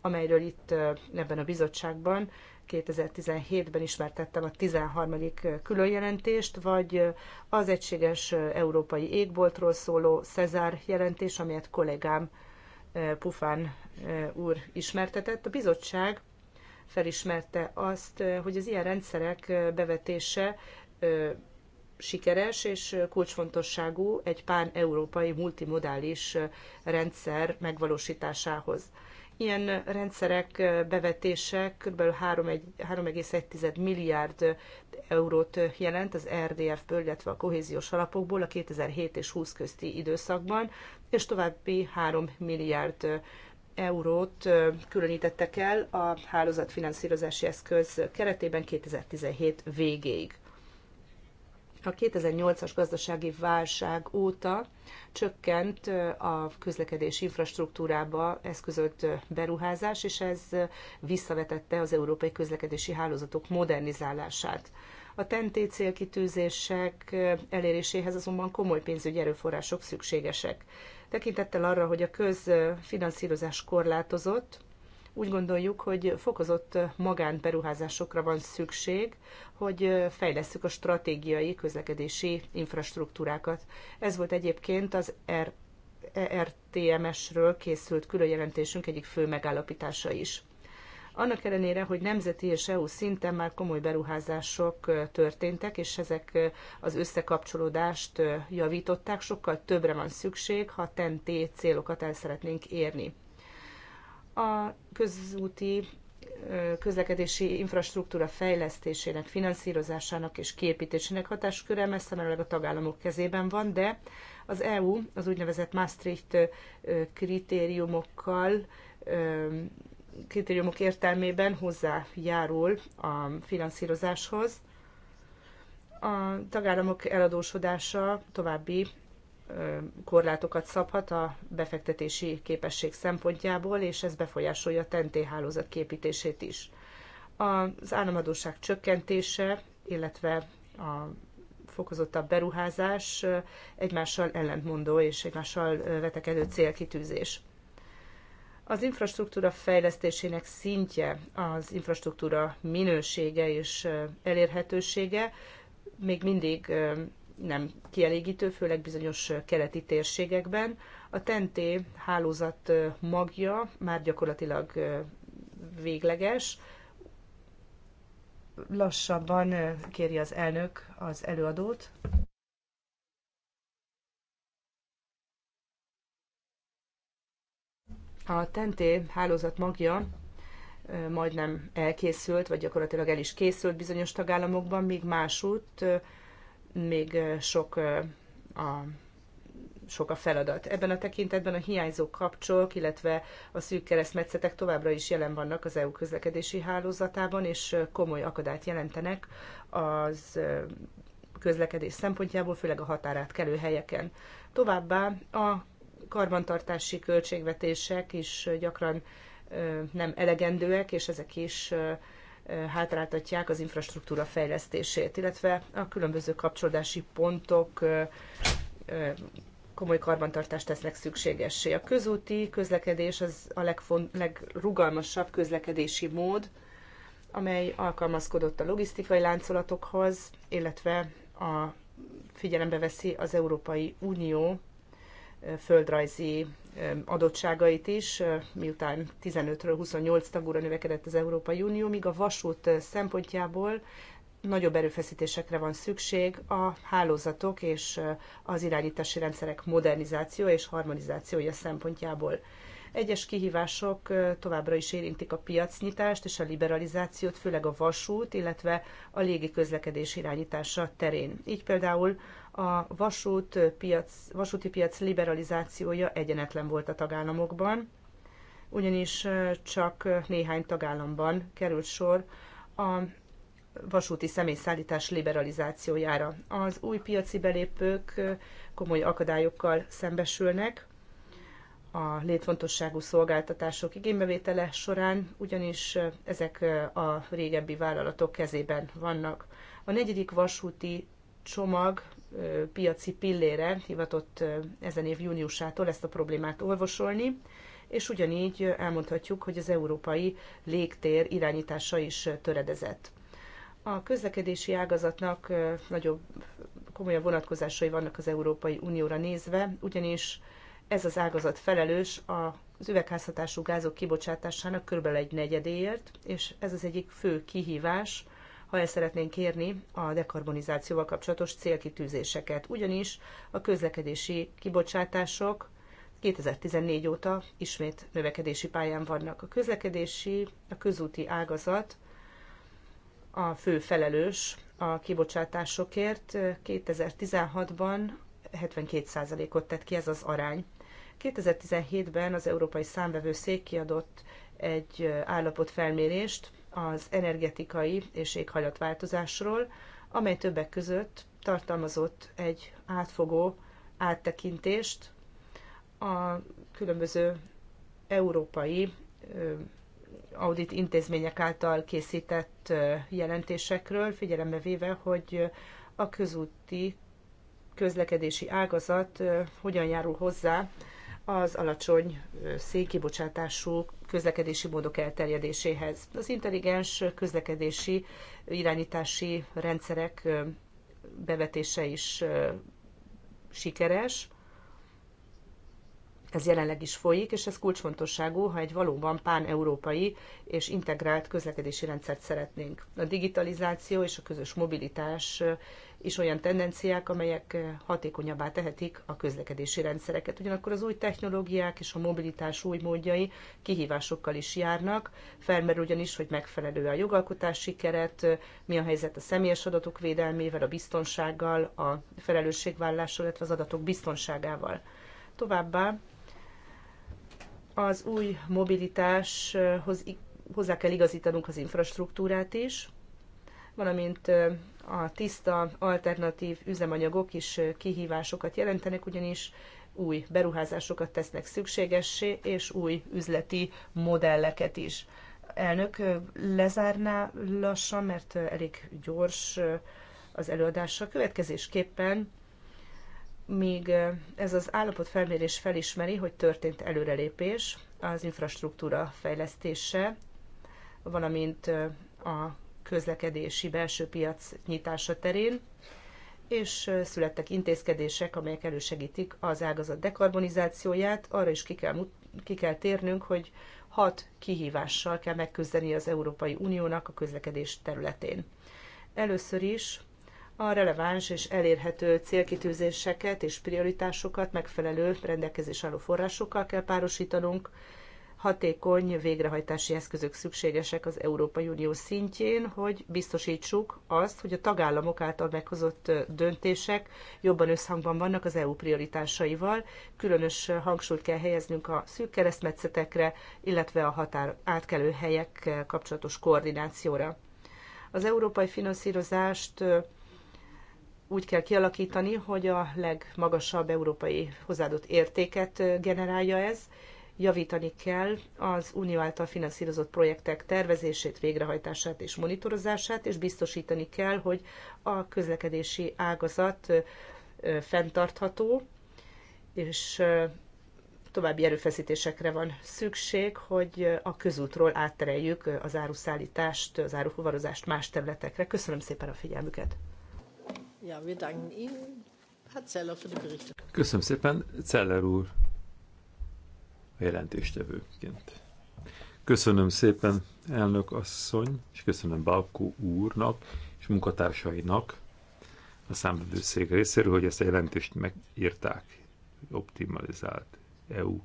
amelyről itt eh, ebben a bizottságban 2017-ben ismertettem a 13. különjelentést, vagy az egységes európai égboltról szóló Cezár jelentés, amelyet kollégám Pufán úr ismertetett. A bizottság felismerte azt, hogy az ilyen rendszerek bevetése sikeres és kulcsfontosságú egy pán-európai multimodális rendszer megvalósításához. Ilyen rendszerek bevetése kb. 3,1 milliárd eurót jelent az RDF-ből, illetve a kohéziós alapokból a 2007 és 20 közti időszakban, és további 3 milliárd eurót különítettek el a hálózatfinanszírozási eszköz keretében 2017 végéig. A 2008-as gazdasági válság óta csökkent a közlekedési infrastruktúrába eszközölt beruházás, és ez visszavetette az európai közlekedési hálózatok modernizálását. A TNT célkitűzések eléréséhez azonban komoly pénzügyi erőforrások szükségesek. Tekintettel arra, hogy a közfinanszírozás korlátozott, úgy gondoljuk, hogy fokozott magánberuházásokra van szükség, hogy fejlesszük a stratégiai közlekedési infrastruktúrákat. Ez volt egyébként az R ERTMS-ről készült különjelentésünk egyik fő megállapítása is. Annak ellenére, hogy nemzeti és EU szinten már komoly beruházások történtek, és ezek az összekapcsolódást javították, sokkal többre van szükség, ha TNT célokat el szeretnénk érni a közúti közlekedési infrastruktúra fejlesztésének, finanszírozásának és kiépítésének hatásköre messze merőleg a tagállamok kezében van, de az EU az úgynevezett Maastricht kritériumokkal kritériumok értelmében hozzájárul a finanszírozáshoz. A tagállamok eladósodása további korlátokat szabhat a befektetési képesség szempontjából, és ez befolyásolja a TNT hálózat képítését is. Az államadóság csökkentése, illetve a fokozottabb beruházás egymással ellentmondó és egymással vetekedő célkitűzés. Az infrastruktúra fejlesztésének szintje, az infrastruktúra minősége és elérhetősége még mindig nem kielégítő, főleg bizonyos keleti térségekben. A TNT hálózat magja már gyakorlatilag végleges. Lassabban kéri az elnök az előadót. A TNT hálózat magja majdnem elkészült, vagy gyakorlatilag el is készült bizonyos tagállamokban, míg másút még sok a sok a feladat. Ebben a tekintetben a hiányzó kapcsolók, illetve a szűk keresztmetszetek továbbra is jelen vannak az EU közlekedési hálózatában, és komoly akadályt jelentenek az közlekedés szempontjából, főleg a kelő helyeken. Továbbá a karbantartási költségvetések is gyakran nem elegendőek, és ezek is hátráltatják az infrastruktúra fejlesztését, illetve a különböző kapcsolódási pontok komoly karbantartást tesznek szükségessé. A közúti közlekedés az a legfon- legrugalmasabb közlekedési mód, amely alkalmazkodott a logisztikai láncolatokhoz, illetve a figyelembe veszi az Európai Unió földrajzi adottságait is, miután 15-ről 28 tagúra növekedett az Európai Unió, míg a vasút szempontjából nagyobb erőfeszítésekre van szükség a hálózatok és az irányítási rendszerek modernizációja és harmonizációja szempontjából. Egyes kihívások továbbra is érintik a piacnyitást és a liberalizációt, főleg a vasút, illetve a légi közlekedés irányítása terén. Így például a vasút piac, vasúti piac liberalizációja egyenetlen volt a tagállamokban, ugyanis csak néhány tagállamban került sor a vasúti személyszállítás liberalizációjára. Az új piaci belépők komoly akadályokkal szembesülnek a létfontosságú szolgáltatások igénybevétele során, ugyanis ezek a régebbi vállalatok kezében vannak. A negyedik vasúti csomag piaci pillére hivatott ezen év júniusától ezt a problémát orvosolni, és ugyanígy elmondhatjuk, hogy az európai légtér irányítása is töredezett. A közlekedési ágazatnak nagyobb, komolyabb vonatkozásai vannak az Európai Unióra nézve, ugyanis ez az ágazat felelős az üvegházhatású gázok kibocsátásának körülbelül egy negyedéért, és ez az egyik fő kihívás, ha el szeretnénk kérni a dekarbonizációval kapcsolatos célkitűzéseket. Ugyanis a közlekedési kibocsátások 2014 óta ismét növekedési pályán vannak. A közlekedési, a közúti ágazat a fő felelős a kibocsátásokért. 2016-ban 72%-ot tett ki ez az arány. 2017-ben az Európai Számvevőszék kiadott egy állapotfelmérést, az energetikai és éghajlatváltozásról, amely többek között tartalmazott egy átfogó áttekintést a különböző európai audit intézmények által készített jelentésekről, figyelembe véve, hogy a közúti közlekedési ágazat hogyan járul hozzá az alacsony szénkibocsátású közlekedési módok elterjedéséhez. Az intelligens közlekedési irányítási rendszerek bevetése is sikeres, ez jelenleg is folyik, és ez kulcsfontosságú, ha egy valóban pán-európai és integrált közlekedési rendszert szeretnénk. A digitalizáció és a közös mobilitás is olyan tendenciák, amelyek hatékonyabbá tehetik a közlekedési rendszereket. Ugyanakkor az új technológiák és a mobilitás új módjai kihívásokkal is járnak. Felmerül ugyanis, hogy megfelelő a jogalkotási keret, mi a helyzet a személyes adatok védelmével, a biztonsággal, a felelősségvállással, illetve az adatok biztonságával. Továbbá az új mobilitáshoz hozzá kell igazítanunk az infrastruktúrát is, valamint a tiszta alternatív üzemanyagok is kihívásokat jelentenek, ugyanis új beruházásokat tesznek szükségessé, és új üzleti modelleket is. Elnök, lezárná lassan, mert elég gyors az előadása. Következésképpen míg ez az állapotfelmérés felismeri, hogy történt előrelépés az infrastruktúra fejlesztése, valamint a közlekedési belső piac nyitása terén, és születtek intézkedések, amelyek elősegítik az ágazat dekarbonizációját. Arra is ki kell, ki kell térnünk, hogy hat kihívással kell megküzdeni az Európai Uniónak a közlekedés területén. Először is a releváns és elérhető célkitűzéseket és prioritásokat megfelelő rendelkezés álló forrásokkal kell párosítanunk, hatékony végrehajtási eszközök szükségesek az Európai Unió szintjén, hogy biztosítsuk azt, hogy a tagállamok által meghozott döntések jobban összhangban vannak az EU prioritásaival. Különös hangsúlyt kell helyeznünk a szűk keresztmetszetekre, illetve a határ átkelő helyek kapcsolatos koordinációra. Az európai finanszírozást úgy kell kialakítani, hogy a legmagasabb európai hozzáadott értéket generálja ez. Javítani kell az unió által finanszírozott projektek tervezését, végrehajtását és monitorozását, és biztosítani kell, hogy a közlekedési ágazat fenntartható, és további erőfeszítésekre van szükség, hogy a közútról áttereljük az áruszállítást, az áruhuvarozást más területekre. Köszönöm szépen a figyelmüket! Ja, wir danken Ihnen, Herr Zeller, für die Berichte. Köszönöm szépen, Zeller úr, a jelentéstevőként. Köszönöm szépen, elnök asszony, és köszönöm Balkó úrnak és munkatársainak a számvevőszék részéről, hogy ezt a jelentést megírták, optimalizált EU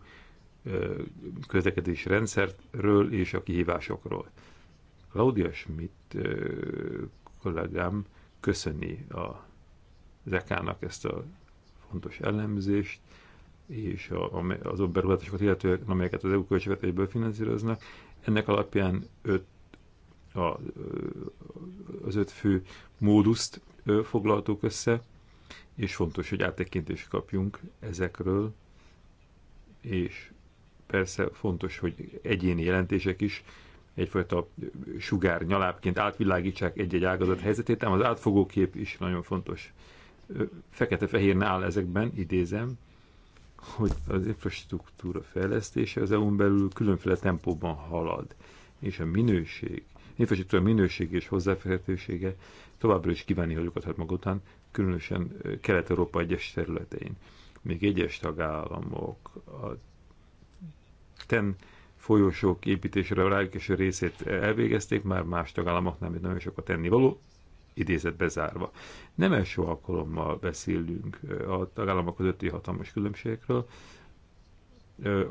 közlekedési rendszerről és a kihívásokról. Claudia Schmidt kollégám köszöni a Zekának ezt a fontos ellenzést, és a, a, beruházásokat, illetően amelyeket az EU költségvetésből finanszíroznak. Ennek alapján öt, a, az öt fő móduszt foglaltuk össze, és fontos, hogy áttekintést kapjunk ezekről, és persze fontos, hogy egyéni jelentések is egyfajta sugár nyalábként átvilágítsák egy-egy ágazat helyzetét, ám az átfogó kép is nagyon fontos. Fekete-fehér áll ezekben, idézem, hogy az infrastruktúra fejlesztése az EU-n belül különféle tempóban halad, és a minőség, infrastruktúra minőség és hozzáférhetősége továbbra is kívánni hagyokat maga után, különösen Kelet-Európa egyes területein. Még egyes tagállamok a ten folyosók építésére a rájuk részét elvégezték, már más tagállamoknál még nagyon sokat tennivaló, idézet bezárva. Nem első alkalommal beszélünk a tagállamok közötti hatalmas különbségekről.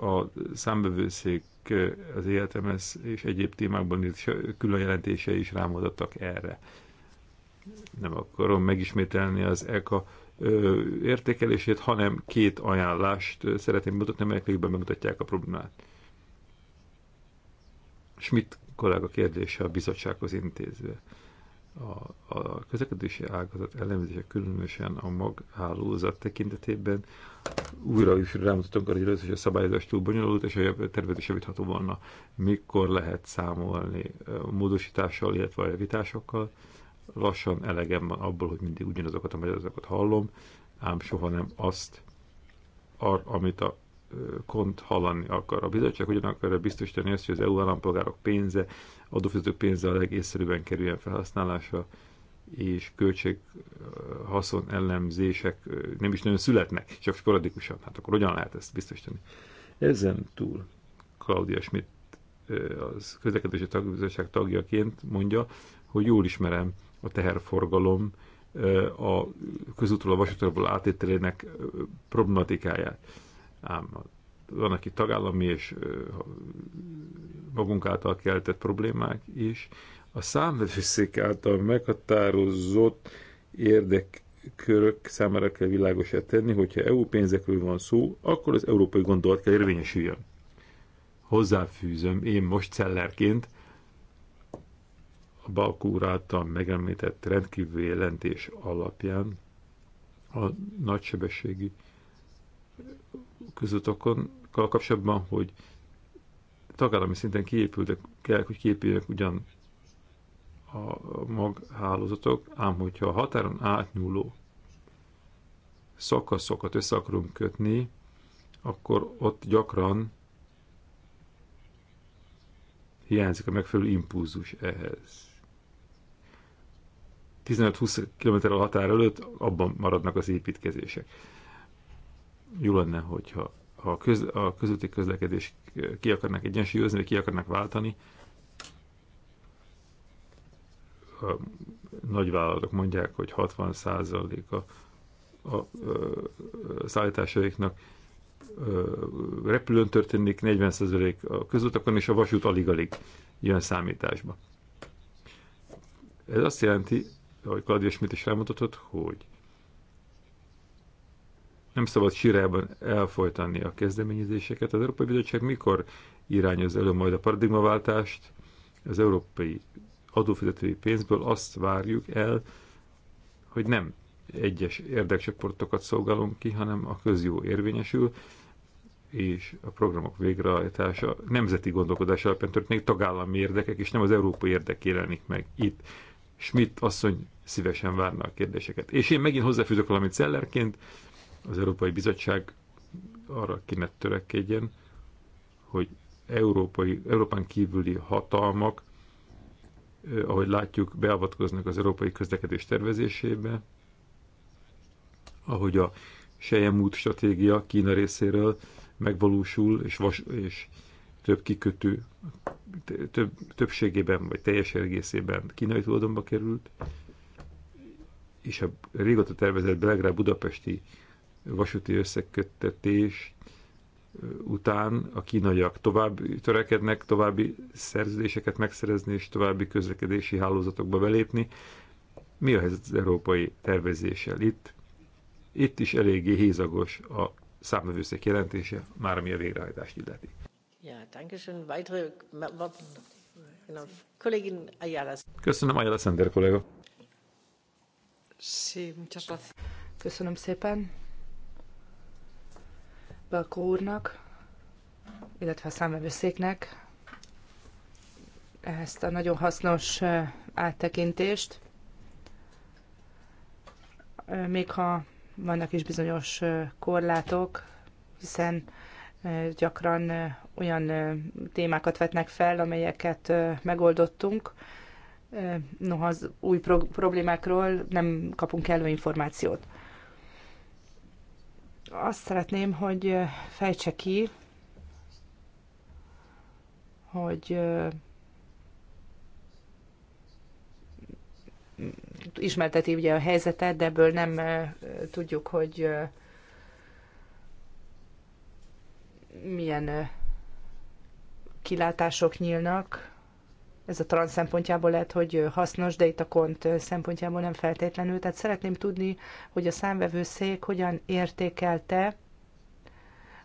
A számbevőszék az életemhez és egyéb témákban is külön jelentése is rámutattak erre. Nem akarom megismételni az ECA értékelését, hanem két ajánlást szeretném mutatni, amelyek végben bemutatják a problémát. Schmidt kollega kérdése a bizottsághoz intézve. A, a közlekedési ágazat elemzése különösen a maghálózat tekintetében újra is rámutatunk arra, hogy a szabályozás túl bonyolult, és a tervezés javítható volna. Mikor lehet számolni módosítással, illetve a javításokkal? Lassan elegem van abból, hogy mindig ugyanazokat a magyarázatokat hallom, ám soha nem azt, ar, amit a kont hallani akar. A bizottság hogyan akarja biztosítani azt, hogy az EU állampolgárok pénze, adófizetők pénze a legészszerűbben kerüljen felhasználásra, és költség eh, haszon ellenzések eh, nem is nagyon születnek, csak sporadikusan. Hát akkor hogyan lehet ezt biztosítani? Ezen túl Claudia Schmidt, eh, az közlekedési tagbizottság tagjaként mondja, hogy jól ismerem a teherforgalom a közútról a vasútról átételének problematikáját ám van, aki tagállami és magunk által keltett problémák is. A számvevőszék által meghatározott érdekkörök számára kell világosá tenni, hogyha EU pénzekről van szó, akkor az európai gondolat kell érvényesüljön. Hozzáfűzöm én most cellerként a Balkúr által megemlített rendkívül jelentés alapján a nagysebességi közutakkal kapcsolatban, hogy tagállami szinten kiépültek, kell, hogy kiépüljenek ugyan a maghálózatok, ám hogyha a határon átnyúló szakaszokat össze akarunk kötni, akkor ott gyakran hiányzik a megfelelő impulzus ehhez. 15-20 km a határ előtt abban maradnak az építkezések jó lenne, hogyha ha a, köz, a közúti közlekedés ki akarnak egyensúlyozni, vagy ki akarnak váltani, a nagyvállalatok mondják, hogy 60%-a a, a, a szállításaiknak repülőn történik, 40% a közutakon, és a vasút alig-alig jön számításba. Ez azt jelenti, ahogy Kladia Schmidt is elmutatott, hogy nem szabad sírában elfolytani a kezdeményezéseket. Az Európai Bizottság mikor irányoz elő majd a paradigmaváltást? Az európai adófizetői pénzből azt várjuk el, hogy nem egyes érdekcsoportokat szolgálunk ki, hanem a közjó érvényesül, és a programok végrehajtása nemzeti gondolkodás alapján történik, tagállami érdekek, és nem az európai érdek jelenik meg itt. Schmidt asszony szívesen várna a kérdéseket. És én megint hozzáfűzök valamit Zellerként, az Európai Bizottság arra kéne törekedjen, hogy európai, Európán kívüli hatalmak, ahogy látjuk, beavatkoznak az európai közlekedés tervezésébe, ahogy a Sejemút stratégia Kína részéről megvalósul, és, vas, és több kikötő több, többségében, vagy teljes egészében kínai tulajdonba került, és a régóta tervezett Belgrád budapesti vasúti összeköttetés után a kínaiak tovább törekednek további szerződéseket megszerezni és további közlekedési hálózatokba belépni. Mi a helyzet az európai tervezéssel itt? Itt is eléggé hézagos a számlövőszék jelentése, már ami a végrehajtást illeti. Ja, Kollégin Köszönöm, Ayala Szender kollega. Köszönöm szépen a kórnak, illetve a számvevőszéknek ezt a nagyon hasznos áttekintést. Még ha vannak is bizonyos korlátok, hiszen gyakran olyan témákat vetnek fel, amelyeket megoldottunk. Noha az új problémákról nem kapunk elő információt azt szeretném, hogy fejtse ki, hogy ismerteti ugye a helyzetet, de ebből nem tudjuk, hogy milyen kilátások nyílnak ez a trans szempontjából lehet, hogy hasznos, de itt a kont szempontjából nem feltétlenül. Tehát szeretném tudni, hogy a számvevőszék hogyan értékelte,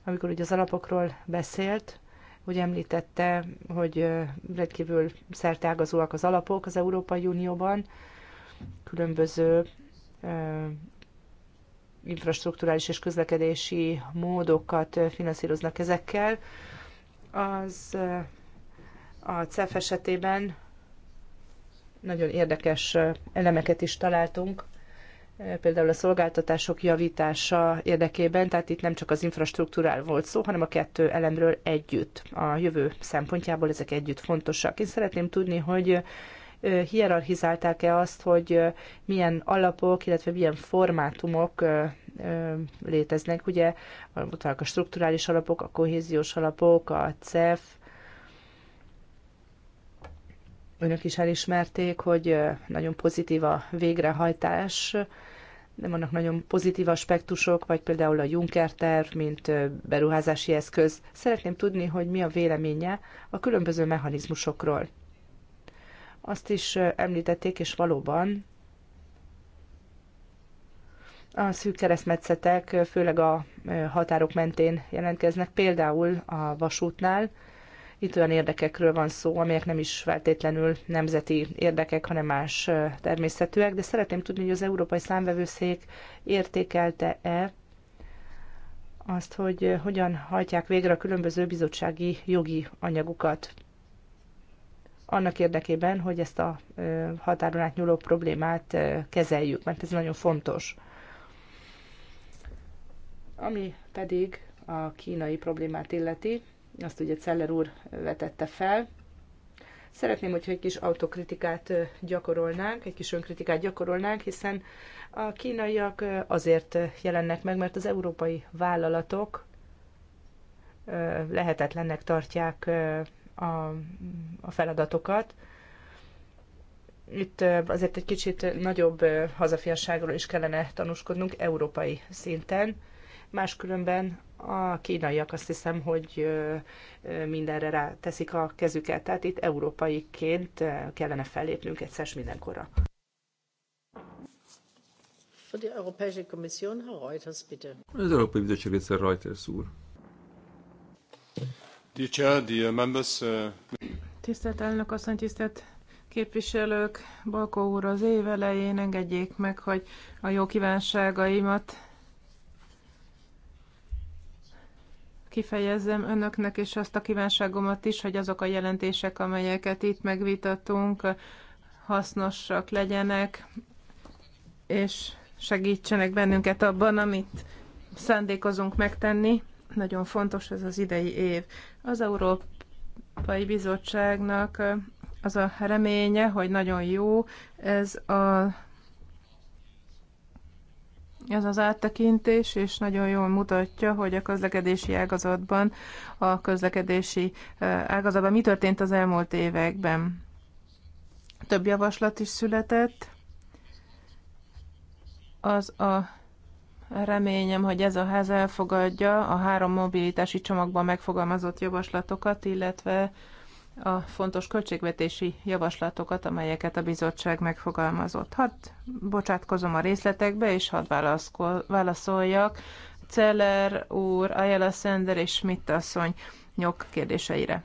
amikor ugye az alapokról beszélt, hogy említette, hogy rendkívül szertágazóak az alapok az Európai Unióban, különböző infrastruktúrális és közlekedési módokat finanszíroznak ezekkel. Az a CEF esetében nagyon érdekes elemeket is találtunk, például a szolgáltatások javítása érdekében, tehát itt nem csak az infrastruktúrál volt szó, hanem a kettő elemről együtt. A jövő szempontjából ezek együtt fontosak. Én szeretném tudni, hogy hierarchizálták-e azt, hogy milyen alapok, illetve milyen formátumok léteznek. Ugye a strukturális alapok, a kohéziós alapok, a CEF, önök is elismerték, hogy nagyon pozitív a végrehajtás, de vannak nagyon pozitív aspektusok, vagy például a Juncker terv, mint beruházási eszköz. Szeretném tudni, hogy mi a véleménye a különböző mechanizmusokról. Azt is említették, és valóban a szűk keresztmetszetek főleg a határok mentén jelentkeznek, például a vasútnál, itt olyan érdekekről van szó, amelyek nem is feltétlenül nemzeti érdekek, hanem más természetűek, de szeretném tudni, hogy az Európai Számvevőszék értékelte-e azt, hogy hogyan hajtják végre a különböző bizottsági jogi anyagukat annak érdekében, hogy ezt a határon átnyúló problémát kezeljük, mert ez nagyon fontos. Ami pedig a kínai problémát illeti, azt ugye Celler úr vetette fel. Szeretném, hogyha egy kis autokritikát gyakorolnánk, egy kis önkritikát gyakorolnánk, hiszen a kínaiak azért jelennek meg, mert az európai vállalatok lehetetlennek tartják a, a feladatokat. Itt azért egy kicsit nagyobb hazafiasságról is kellene tanúskodnunk európai szinten máskülönben a kínaiak azt hiszem, hogy mindenre rá teszik a kezüket. Tehát itt európaiként kellene fellépnünk egyszer mindenkorra. Az Európai Bizottság részéről Reuters úr. members, uh, Tisztelt elnök asszony, tisztelt képviselők, Balkó úr az év elején engedjék meg, hogy a jó kívánságaimat kifejezzem önöknek és azt a kívánságomat is, hogy azok a jelentések, amelyeket itt megvitatunk, hasznosak legyenek, és segítsenek bennünket abban, amit szándékozunk megtenni. Nagyon fontos ez az idei év. Az Európai Bizottságnak az a reménye, hogy nagyon jó ez a ez az áttekintés, és nagyon jól mutatja, hogy a közlekedési ágazatban, a közlekedési ágazatban mi történt az elmúlt években. Több javaslat is született. Az a reményem, hogy ez a ház elfogadja a három mobilitási csomagban megfogalmazott javaslatokat, illetve a fontos költségvetési javaslatokat, amelyeket a bizottság megfogalmazott. Hadd bocsátkozom a részletekbe, és hadd válaszoljak Celler úr, Ayala Sender és Schmidt asszony nyok kérdéseire.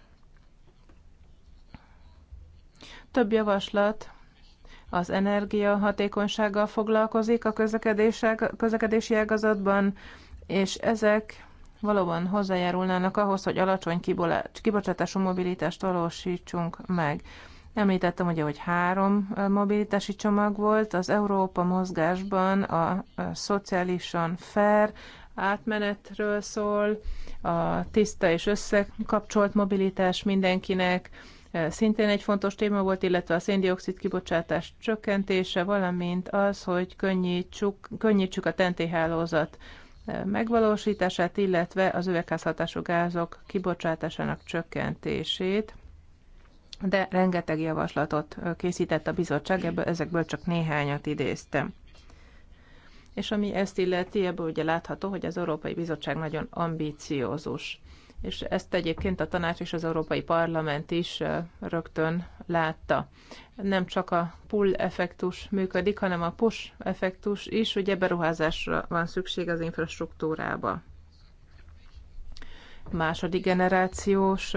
Több javaslat az energiahatékonysággal foglalkozik a közlekedési ágazatban, és ezek valóban hozzájárulnának ahhoz, hogy alacsony kibocsátású mobilitást valósítsunk meg. Említettem ugye, hogy három mobilitási csomag volt, az Európa mozgásban a szociálisan fair átmenetről szól, a tiszta és összekapcsolt mobilitás mindenkinek, szintén egy fontos téma volt, illetve a széndiokszid kibocsátás csökkentése, valamint az, hogy könnyítsük, könnyítsük a tentéhálózat hálózat megvalósítását, illetve az üvegházhatású gázok kibocsátásának csökkentését, de rengeteg javaslatot készített a bizottság, ebből, ezekből csak néhányat idéztem. És ami ezt illeti, ebből ugye látható, hogy az Európai Bizottság nagyon ambíciózus és ezt egyébként a tanács és az Európai Parlament is rögtön látta. Nem csak a pull effektus működik, hanem a push effektus is, ugye beruházásra van szükség az infrastruktúrába. Második generációs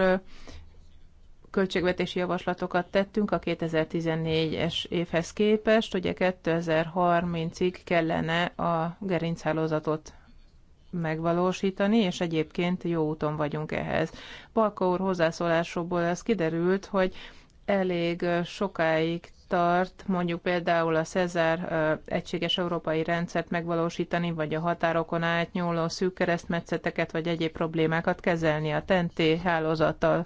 költségvetési javaslatokat tettünk a 2014-es évhez képest, ugye 2030-ig kellene a gerinchálózatot megvalósítani, és egyébként jó úton vagyunk ehhez. Balka úr hozzászólásokból ez kiderült, hogy elég sokáig tart mondjuk például a Cezár egységes európai rendszert megvalósítani, vagy a határokon átnyúló szűk keresztmetszeteket, vagy egyéb problémákat kezelni a TNT hálózattal.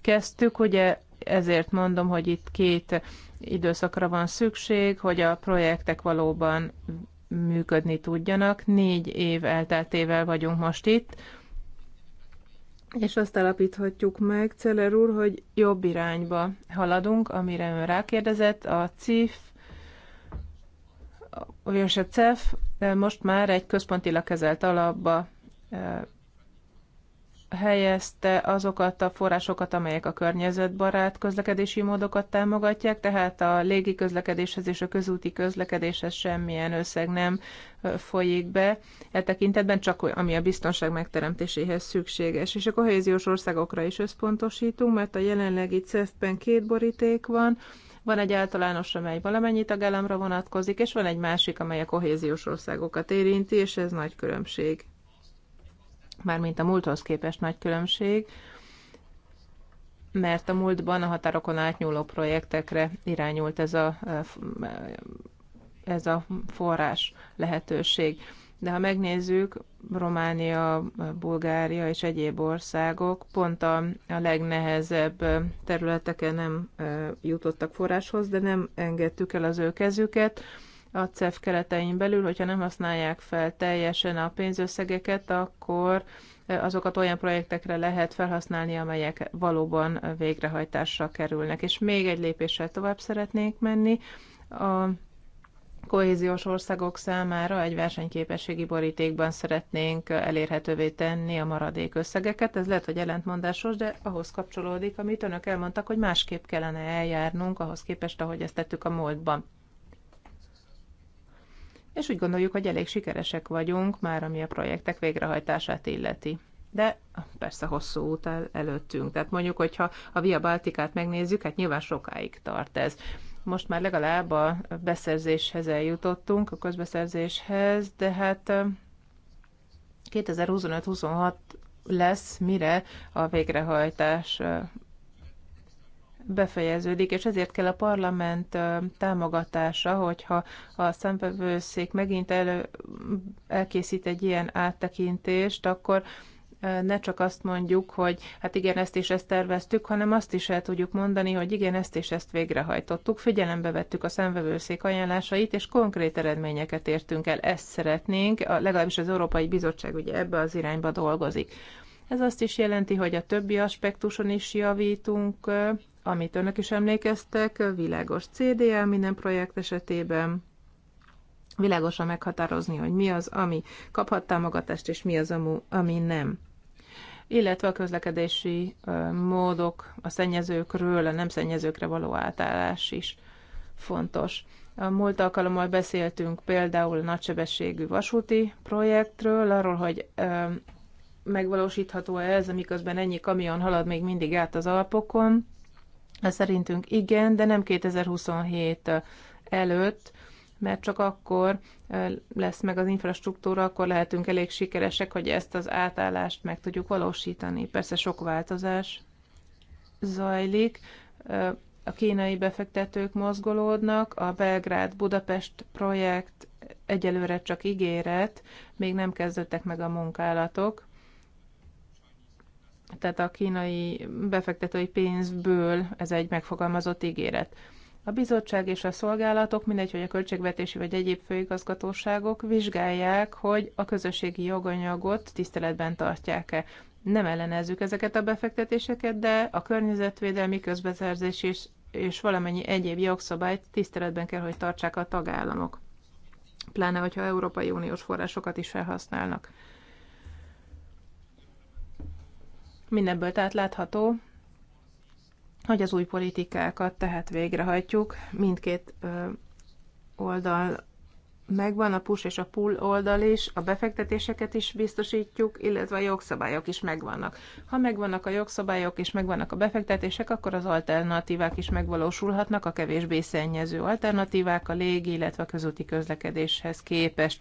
Kezdtük, ugye ezért mondom, hogy itt két időszakra van szükség, hogy a projektek valóban működni tudjanak. Négy év elteltével vagyunk most itt, és azt alapíthatjuk meg, Celer úr, hogy jobb irányba haladunk, amire ön rákérdezett, a CIF, vagyis a CEF most már egy központilag kezelt alapba eh, helyezte azokat a forrásokat, amelyek a környezetbarát közlekedési módokat támogatják, tehát a légi közlekedéshez és a közúti közlekedéshez semmilyen összeg nem folyik be. E tekintetben csak ami a biztonság megteremtéséhez szükséges. És a kohéziós országokra is összpontosítunk, mert a jelenlegi CEF-ben két boríték van, van egy általános, amely valamennyi tagállamra vonatkozik, és van egy másik, amely a kohéziós országokat érinti, és ez nagy különbség mármint a múlthoz képest nagy különbség, mert a múltban a határokon átnyúló projektekre irányult ez a, eh, eh, ez a forrás lehetőség. De ha megnézzük, Románia, Bulgária és egyéb országok pont a, a legnehezebb területeken nem eh, jutottak forráshoz, de nem engedtük el az ő kezüket, a CEF keretein belül, hogyha nem használják fel teljesen a pénzösszegeket, akkor azokat olyan projektekre lehet felhasználni, amelyek valóban végrehajtásra kerülnek. És még egy lépéssel tovább szeretnék menni. A kohéziós országok számára egy versenyképességi borítékban szeretnénk elérhetővé tenni a maradék összegeket. Ez lehet, hogy ellentmondásos, de ahhoz kapcsolódik, amit önök elmondtak, hogy másképp kellene eljárnunk ahhoz képest, ahogy ezt tettük a múltban és úgy gondoljuk, hogy elég sikeresek vagyunk már, ami a projektek végrehajtását illeti. De persze hosszú út el, előttünk. Tehát mondjuk, hogyha a Via Baltikát megnézzük, hát nyilván sokáig tart ez. Most már legalább a beszerzéshez eljutottunk, a közbeszerzéshez, de hát 2025-26 lesz, mire a végrehajtás befejeződik, és ezért kell a parlament támogatása, hogyha a szembevőszék megint elő, elkészít egy ilyen áttekintést, akkor ne csak azt mondjuk, hogy hát igen, ezt és ezt terveztük, hanem azt is el tudjuk mondani, hogy igen, ezt és ezt végrehajtottuk, figyelembe vettük a szemvevőszék ajánlásait, és konkrét eredményeket értünk el. Ezt szeretnénk, legalábbis az Európai Bizottság ugye ebbe az irányba dolgozik. Ez azt is jelenti, hogy a többi aspektuson is javítunk, amit önök is emlékeztek, világos CDL minden projekt esetében, világosan meghatározni, hogy mi az, ami kaphat támogatást, és mi az, ami nem illetve a közlekedési módok, a szennyezőkről, a nem szennyezőkre való átállás is fontos. A múlt alkalommal beszéltünk például a nagysebességű vasúti projektről, arról, hogy megvalósítható-e ez, miközben ennyi kamion halad még mindig át az Alpokon, Szerintünk igen, de nem 2027 előtt, mert csak akkor lesz meg az infrastruktúra, akkor lehetünk elég sikeresek, hogy ezt az átállást meg tudjuk valósítani. Persze sok változás zajlik, a kínai befektetők mozgolódnak, a Belgrád-Budapest projekt egyelőre csak ígéret, még nem kezdődtek meg a munkálatok, tehát a kínai befektetői pénzből ez egy megfogalmazott ígéret. A bizottság és a szolgálatok, mindegy, hogy a költségvetési vagy egyéb főigazgatóságok vizsgálják, hogy a közösségi joganyagot tiszteletben tartják-e. Nem ellenezzük ezeket a befektetéseket, de a környezetvédelmi közbeszerzés és, és valamennyi egyéb jogszabályt tiszteletben kell, hogy tartsák a tagállamok. Pláne, hogyha Európai Uniós forrásokat is felhasználnak. Mindebből tehát látható, hogy az új politikákat tehát végrehajtjuk. Mindkét oldal megvan, a push és a pull oldal is, a befektetéseket is biztosítjuk, illetve a jogszabályok is megvannak. Ha megvannak a jogszabályok és megvannak a befektetések, akkor az alternatívák is megvalósulhatnak, a kevésbé szennyező alternatívák a légi, illetve a közúti közlekedéshez képest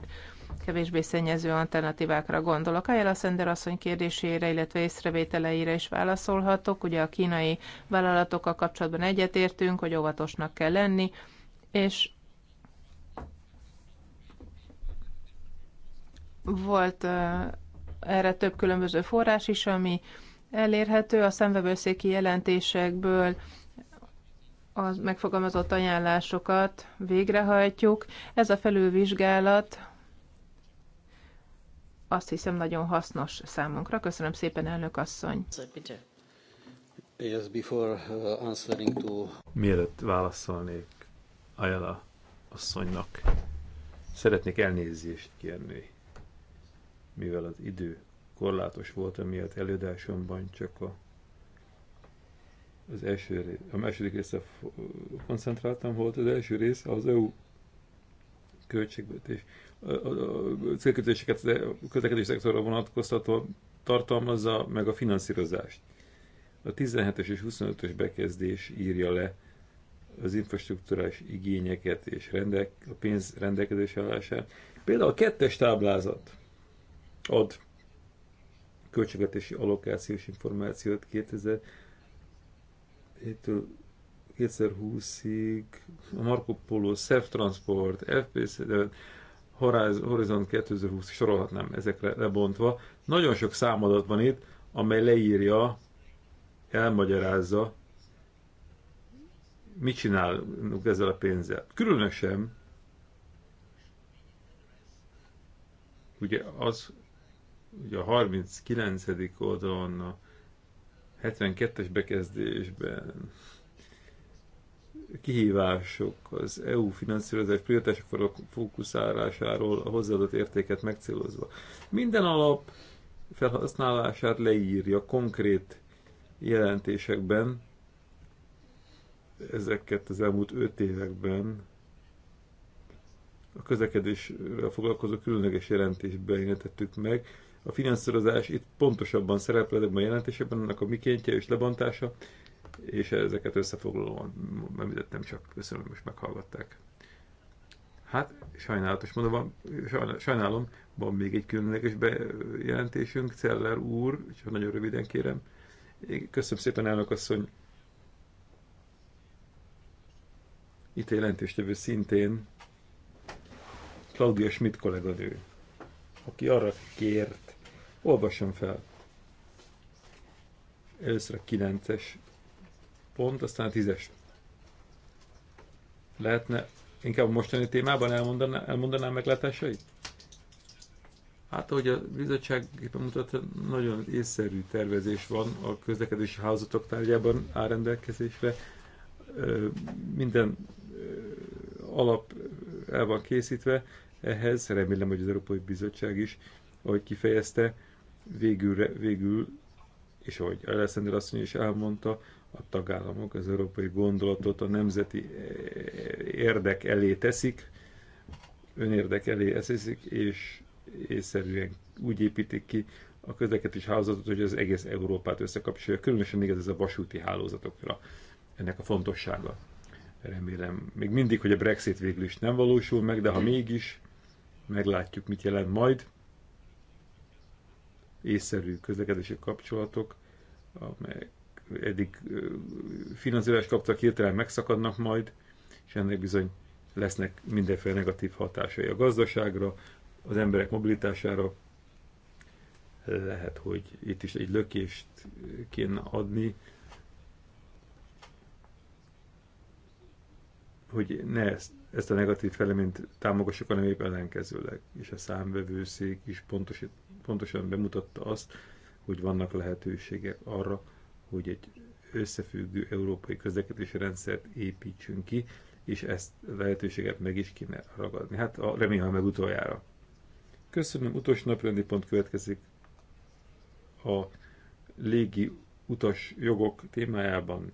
kevésbé szennyező alternatívákra gondolok. Ayala Sender asszony kérdésére, illetve észrevételeire is válaszolhatok. Ugye a kínai vállalatokkal kapcsolatban egyetértünk, hogy óvatosnak kell lenni, és volt erre több különböző forrás is, ami elérhető a szemvevőszéki jelentésekből, az megfogalmazott ajánlásokat végrehajtjuk. Ez a felülvizsgálat azt hiszem nagyon hasznos számunkra. Köszönöm szépen, elnök asszony. before uh, answering to... Mielőtt válaszolnék Ayala asszonynak, szeretnék elnézést kérni, mivel az idő korlátos volt, amiatt előadásomban csak a az első, rész, a második része koncentráltam volt, az első rész az EU költségvetés célkötőseket közlekedés szektorra vonatkoztató tartalmazza meg a finanszírozást. A 17-es és 25-ös bekezdés írja le az infrastruktúrás igényeket és rendek, a pénz rendelkezés állását. Például a kettes táblázat ad költségvetési allokációs információt 2007-től 2020-ig, a Marco Polo, Self Transport, FPS, Horizon 2020 sorolhatnám ezekre lebontva. Nagyon sok számadat van itt, amely leírja, elmagyarázza, mit csinálunk ezzel a pénzzel. Különösen ugye az, ugye a 39. oldalon a 72-es bekezdésben kihívások, az EU finanszírozás prioritásokra fókuszálásáról a hozzáadott értéket megcélozva. Minden alap felhasználását leírja konkrét jelentésekben, ezeket az elmúlt öt években a közlekedésre foglalkozó különleges jelentésben jelentettük meg. A finanszírozás itt pontosabban szerepel ebben a jelentésekben, annak a mikéntje és lebontása, és ezeket összefoglalóan említettem, csak köszönöm, hogy most meghallgatták. Hát, sajnálatos mondom, van, sajnálom, van még egy különleges bejelentésünk, Celler úr, csak nagyon röviden kérem. Köszönöm szépen, elnök asszony. Itt a jelentéstevő szintén Claudia Schmidt kolléganő, aki arra kért, olvasson fel. Először a 9-es pont, aztán a tízes. Lehetne inkább a mostani témában elmondaná, meg meglátásait? Hát, ahogy a bizottság éppen mutatta, nagyon észszerű tervezés van a közlekedési házatok tárgyában áll rendelkezésre. Minden alap el van készítve ehhez, remélem, hogy az Európai Bizottság is, ahogy kifejezte, végül, végül és ahogy Alexander asszony is elmondta, a tagállamok az európai gondolatot a nemzeti eh, érdek elé teszik, önérdek elé eszik, és észszerűen úgy építik ki a közlekedés hálózatot, hogy az egész Európát összekapcsolja. Különösen igaz ez a vasúti hálózatokra, ennek a fontossága. Remélem még mindig, hogy a Brexit végül is nem valósul meg, de ha mégis, meglátjuk, mit jelent majd. Észszerű közlekedési kapcsolatok, amelyek eddig finanszírozást kaptak, hirtelen megszakadnak majd, és ennek bizony lesznek mindenféle negatív hatásai a gazdaságra, az emberek mobilitására. Lehet, hogy itt is egy lökést kéne adni, hogy ne ezt, ezt a negatív feleményt támogassuk, hanem épp ellenkezőleg. És a számvevőszék is pontos, pontosan bemutatta azt, hogy vannak lehetőségek arra, hogy egy összefüggő európai közlekedési rendszert építsünk ki, és ezt lehetőséget meg is kéne ragadni. Hát a remélem meg utoljára. Köszönöm, utolsó naprendi pont következik a légi utas jogok témájában.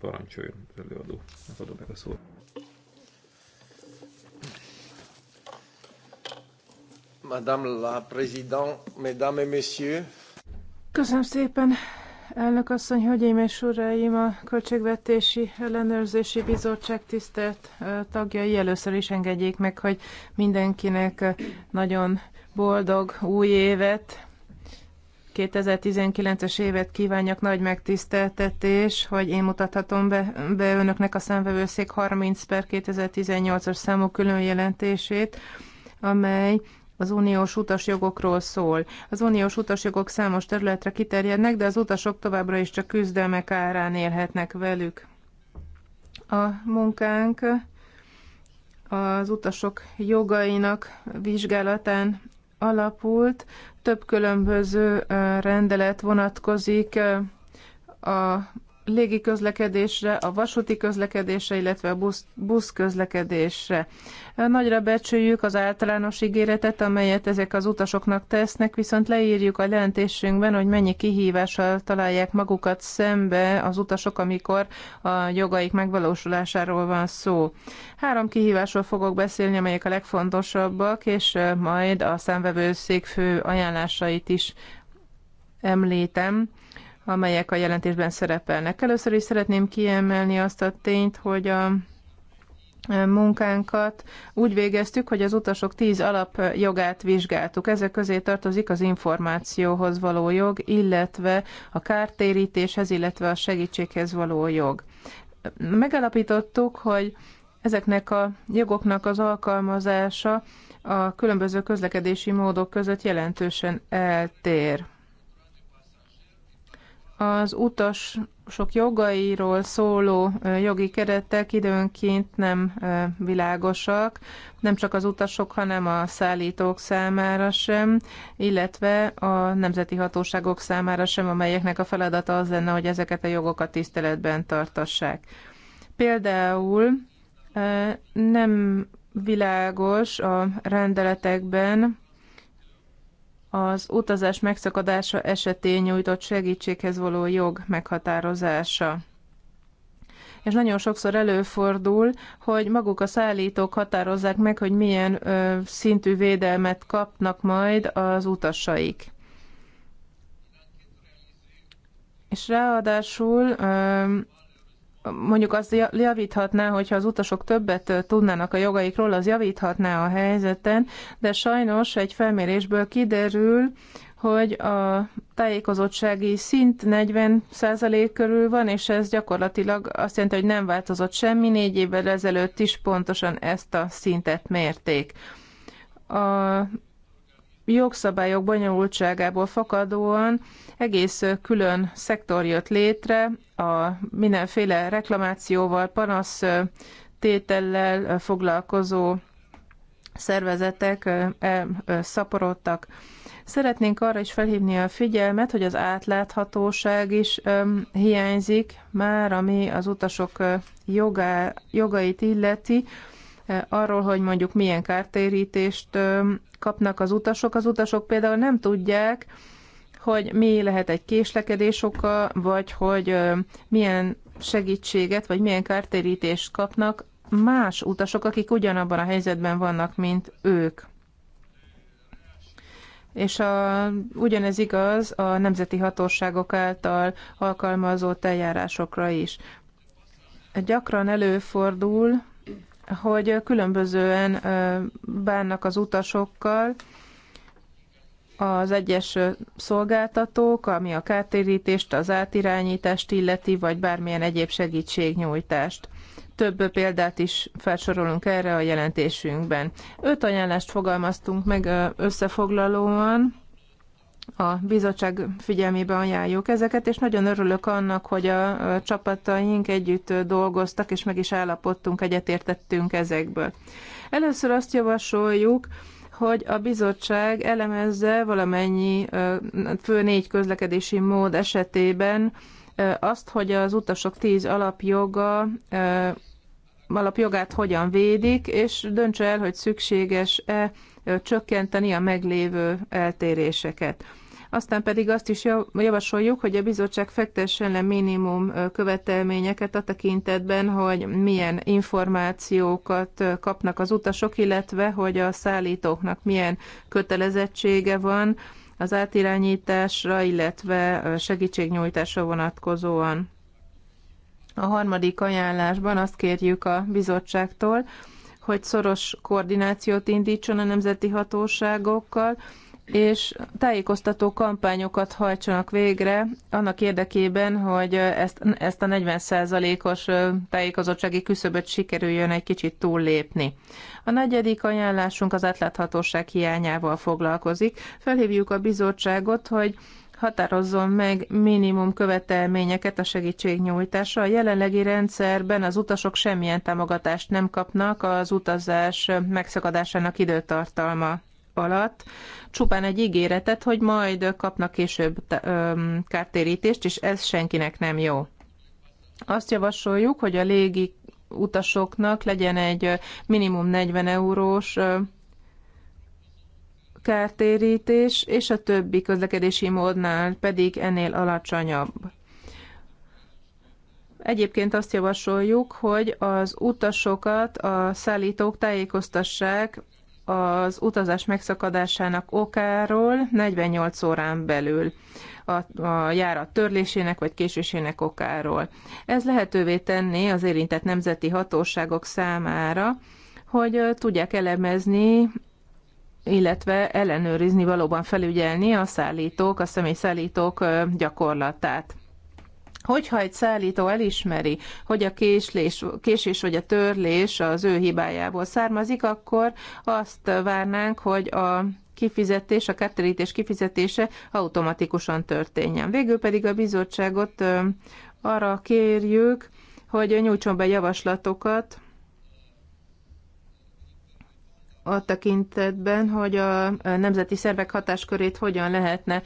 Parancsoljon előadó, adom meg a szót. Madame la Présidente, Mesdames et Messieurs. Köszönöm szépen, Elnök asszony, hölgyeim és uraim, a Költségvetési Ellenőrzési Bizottság tisztelt tagjai először is engedjék meg, hogy mindenkinek nagyon boldog új évet, 2019-es évet kívánjak nagy megtiszteltetés, hogy én mutathatom be, be önöknek a számvevőszék 30 per 2018-as számú különjelentését, amely az uniós utasjogokról szól. Az uniós utasjogok számos területre kiterjednek, de az utasok továbbra is csak küzdelmek árán élhetnek velük. A munkánk az utasok jogainak vizsgálatán alapult, több különböző rendelet vonatkozik a légi közlekedésre, a vasúti közlekedésre, illetve a busz, busz közlekedésre. Nagyra becsüljük az általános ígéretet, amelyet ezek az utasoknak tesznek, viszont leírjuk a jelentésünkben, hogy mennyi kihívással találják magukat szembe az utasok, amikor a jogaik megvalósulásáról van szó. Három kihívásról fogok beszélni, amelyek a legfontosabbak, és majd a számvevőszék fő ajánlásait is említem amelyek a jelentésben szerepelnek. Először is szeretném kiemelni azt a tényt, hogy a munkánkat úgy végeztük, hogy az utasok tíz alapjogát vizsgáltuk. Ezek közé tartozik az információhoz való jog, illetve a kártérítéshez, illetve a segítséghez való jog. Megalapítottuk, hogy ezeknek a jogoknak az alkalmazása a különböző közlekedési módok között jelentősen eltér az utas sok jogairól szóló jogi keretek időnként nem világosak, nem csak az utasok, hanem a szállítók számára sem, illetve a nemzeti hatóságok számára sem, amelyeknek a feladata az lenne, hogy ezeket a jogokat tiszteletben tartassák. Például nem világos a rendeletekben, az utazás megszakadása esetén nyújtott segítséghez való jog meghatározása. És nagyon sokszor előfordul, hogy maguk a szállítók határozzák meg, hogy milyen ö, szintű védelmet kapnak majd az utasaik. És ráadásul ö, mondjuk azt javíthatná, hogyha az utasok többet tudnának a jogaikról, az javíthatná a helyzeten, de sajnos egy felmérésből kiderül, hogy a tájékozottsági szint 40% körül van, és ez gyakorlatilag azt jelenti, hogy nem változott semmi, négy évvel ezelőtt is pontosan ezt a szintet mérték. A jogszabályok bonyolultságából fakadóan egész külön szektor jött létre, a mindenféle reklamációval, panasz tétellel foglalkozó szervezetek e, szaporodtak. Szeretnénk arra is felhívni a figyelmet, hogy az átláthatóság is hiányzik már, ami az utasok jogá, jogait illeti, arról, hogy mondjuk milyen kártérítést kapnak az utasok. Az utasok például nem tudják, hogy mi lehet egy késlekedés oka, vagy hogy milyen segítséget, vagy milyen kártérítést kapnak más utasok, akik ugyanabban a helyzetben vannak, mint ők. És a, ugyanez igaz a nemzeti hatóságok által alkalmazott eljárásokra is. Gyakran előfordul, hogy különbözően bánnak az utasokkal, az egyes szolgáltatók, ami a kártérítést, az átirányítást illeti, vagy bármilyen egyéb segítségnyújtást. Több példát is felsorolunk erre a jelentésünkben. Öt ajánlást fogalmaztunk meg összefoglalóan, a bizottság figyelmébe ajánljuk ezeket, és nagyon örülök annak, hogy a csapataink együtt dolgoztak, és meg is állapodtunk, egyetértettünk ezekből. Először azt javasoljuk, hogy a bizottság elemezze valamennyi fő négy közlekedési mód esetében azt, hogy az utasok tíz alapjoga alapjogát hogyan védik, és döntse el, hogy szükséges-e csökkenteni a meglévő eltéréseket. Aztán pedig azt is javasoljuk, hogy a bizottság fektessen le minimum követelményeket a tekintetben, hogy milyen információkat kapnak az utasok, illetve hogy a szállítóknak milyen kötelezettsége van az átirányításra, illetve segítségnyújtásra vonatkozóan. A harmadik ajánlásban azt kérjük a bizottságtól, hogy szoros koordinációt indítson a nemzeti hatóságokkal, és tájékoztató kampányokat hajtsanak végre annak érdekében, hogy ezt, ezt a 40%-os tájékozottsági küszöböt sikerüljön egy kicsit túllépni. A negyedik ajánlásunk az átláthatóság hiányával foglalkozik. Felhívjuk a bizottságot, hogy határozzon meg minimum követelményeket a segítségnyújtásra. A jelenlegi rendszerben az utasok semmilyen támogatást nem kapnak az utazás megszakadásának időtartalma alatt csupán egy ígéretet, hogy majd kapnak később kártérítést, és ez senkinek nem jó. Azt javasoljuk, hogy a légi utasoknak legyen egy minimum 40 eurós kártérítés, és a többi közlekedési módnál pedig ennél alacsonyabb. Egyébként azt javasoljuk, hogy az utasokat a szállítók tájékoztassák az utazás megszakadásának okáról 48 órán belül a, a járat törlésének vagy késésének okáról. Ez lehetővé tenni az érintett nemzeti hatóságok számára, hogy tudják elemezni, illetve ellenőrizni, valóban felügyelni a szállítók, a személyszállítók gyakorlatát. Hogyha egy szállító elismeri, hogy a késlés, késés vagy a törlés az ő hibájából származik, akkor azt várnánk, hogy a kifizetés, a kártérítés kifizetése automatikusan történjen. Végül pedig a bizottságot arra kérjük, hogy nyújtson be javaslatokat, a tekintetben, hogy a nemzeti szervek hatáskörét hogyan lehetne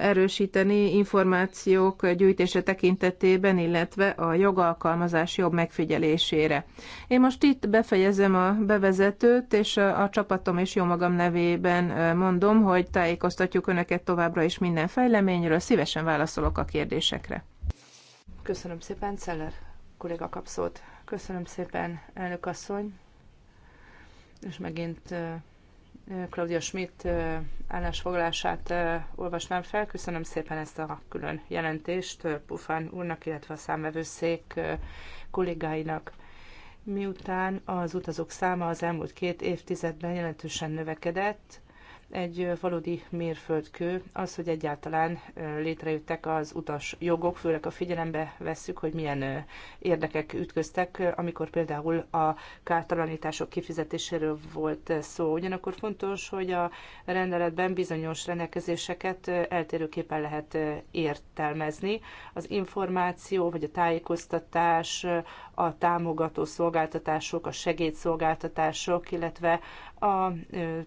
erősíteni információk gyűjtése tekintetében, illetve a jogalkalmazás jobb megfigyelésére. Én most itt befejezem a bevezetőt, és a csapatom és jó magam nevében mondom, hogy tájékoztatjuk Önöket továbbra is minden fejleményről, szívesen válaszolok a kérdésekre. Köszönöm szépen, Celler kolléga kapszót. Köszönöm szépen, elnök asszony és megint Claudia Schmidt állásfoglalását olvasnám fel. Köszönöm szépen ezt a külön jelentést Pufán úrnak, illetve a számvevőszék kollégáinak. Miután az utazók száma az elmúlt két évtizedben jelentősen növekedett, egy valódi mérföldkő az, hogy egyáltalán létrejöttek az utas jogok, főleg a figyelembe vesszük, hogy milyen érdekek ütköztek, amikor például a kártalanítások kifizetéséről volt szó. Ugyanakkor fontos, hogy a rendeletben bizonyos rendelkezéseket eltérőképpen lehet értelmezni. Az információ vagy a tájékoztatás, a támogató szolgáltatások, a segédszolgáltatások, illetve a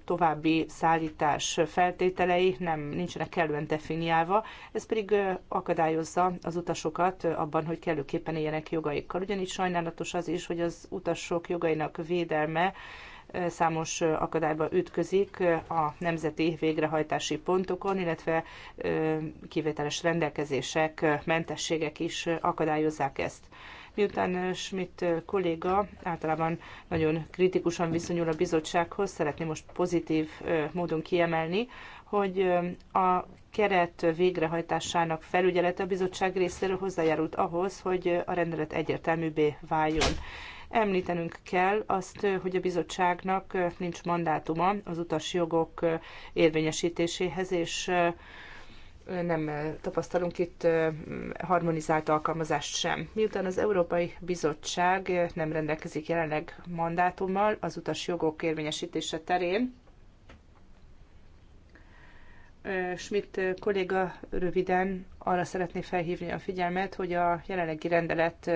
további szállítás feltételei nem nincsenek kellően definiálva, ez pedig akadályozza az utasokat abban, hogy kellőképpen éljenek jogaikkal. Ugyanígy sajnálatos az is, hogy az utasok jogainak védelme számos akadályba ütközik a nemzeti végrehajtási pontokon, illetve kivételes rendelkezések, mentességek is akadályozzák ezt. Miután eh, Schmidt eh, kolléga általában nagyon kritikusan viszonyul a bizottsághoz, szeretném most pozitív eh, módon kiemelni, hogy a keret végrehajtásának felügyelete a bizottság részéről hozzájárult ahhoz, hogy a rendelet egyértelműbbé váljon. Említenünk kell azt, hogy a bizottságnak nincs mandátuma az utasjogok érvényesítéséhez, és nem eh, tapasztalunk itt eh, mm, harmonizált alkalmazást sem. Miután az Európai Bizottság eh, nem rendelkezik jelenleg mandátummal az utas jogok érvényesítése terén, Schmidt kolléga röviden arra szeretné felhívni a figyelmet, hogy a jelenlegi rendelet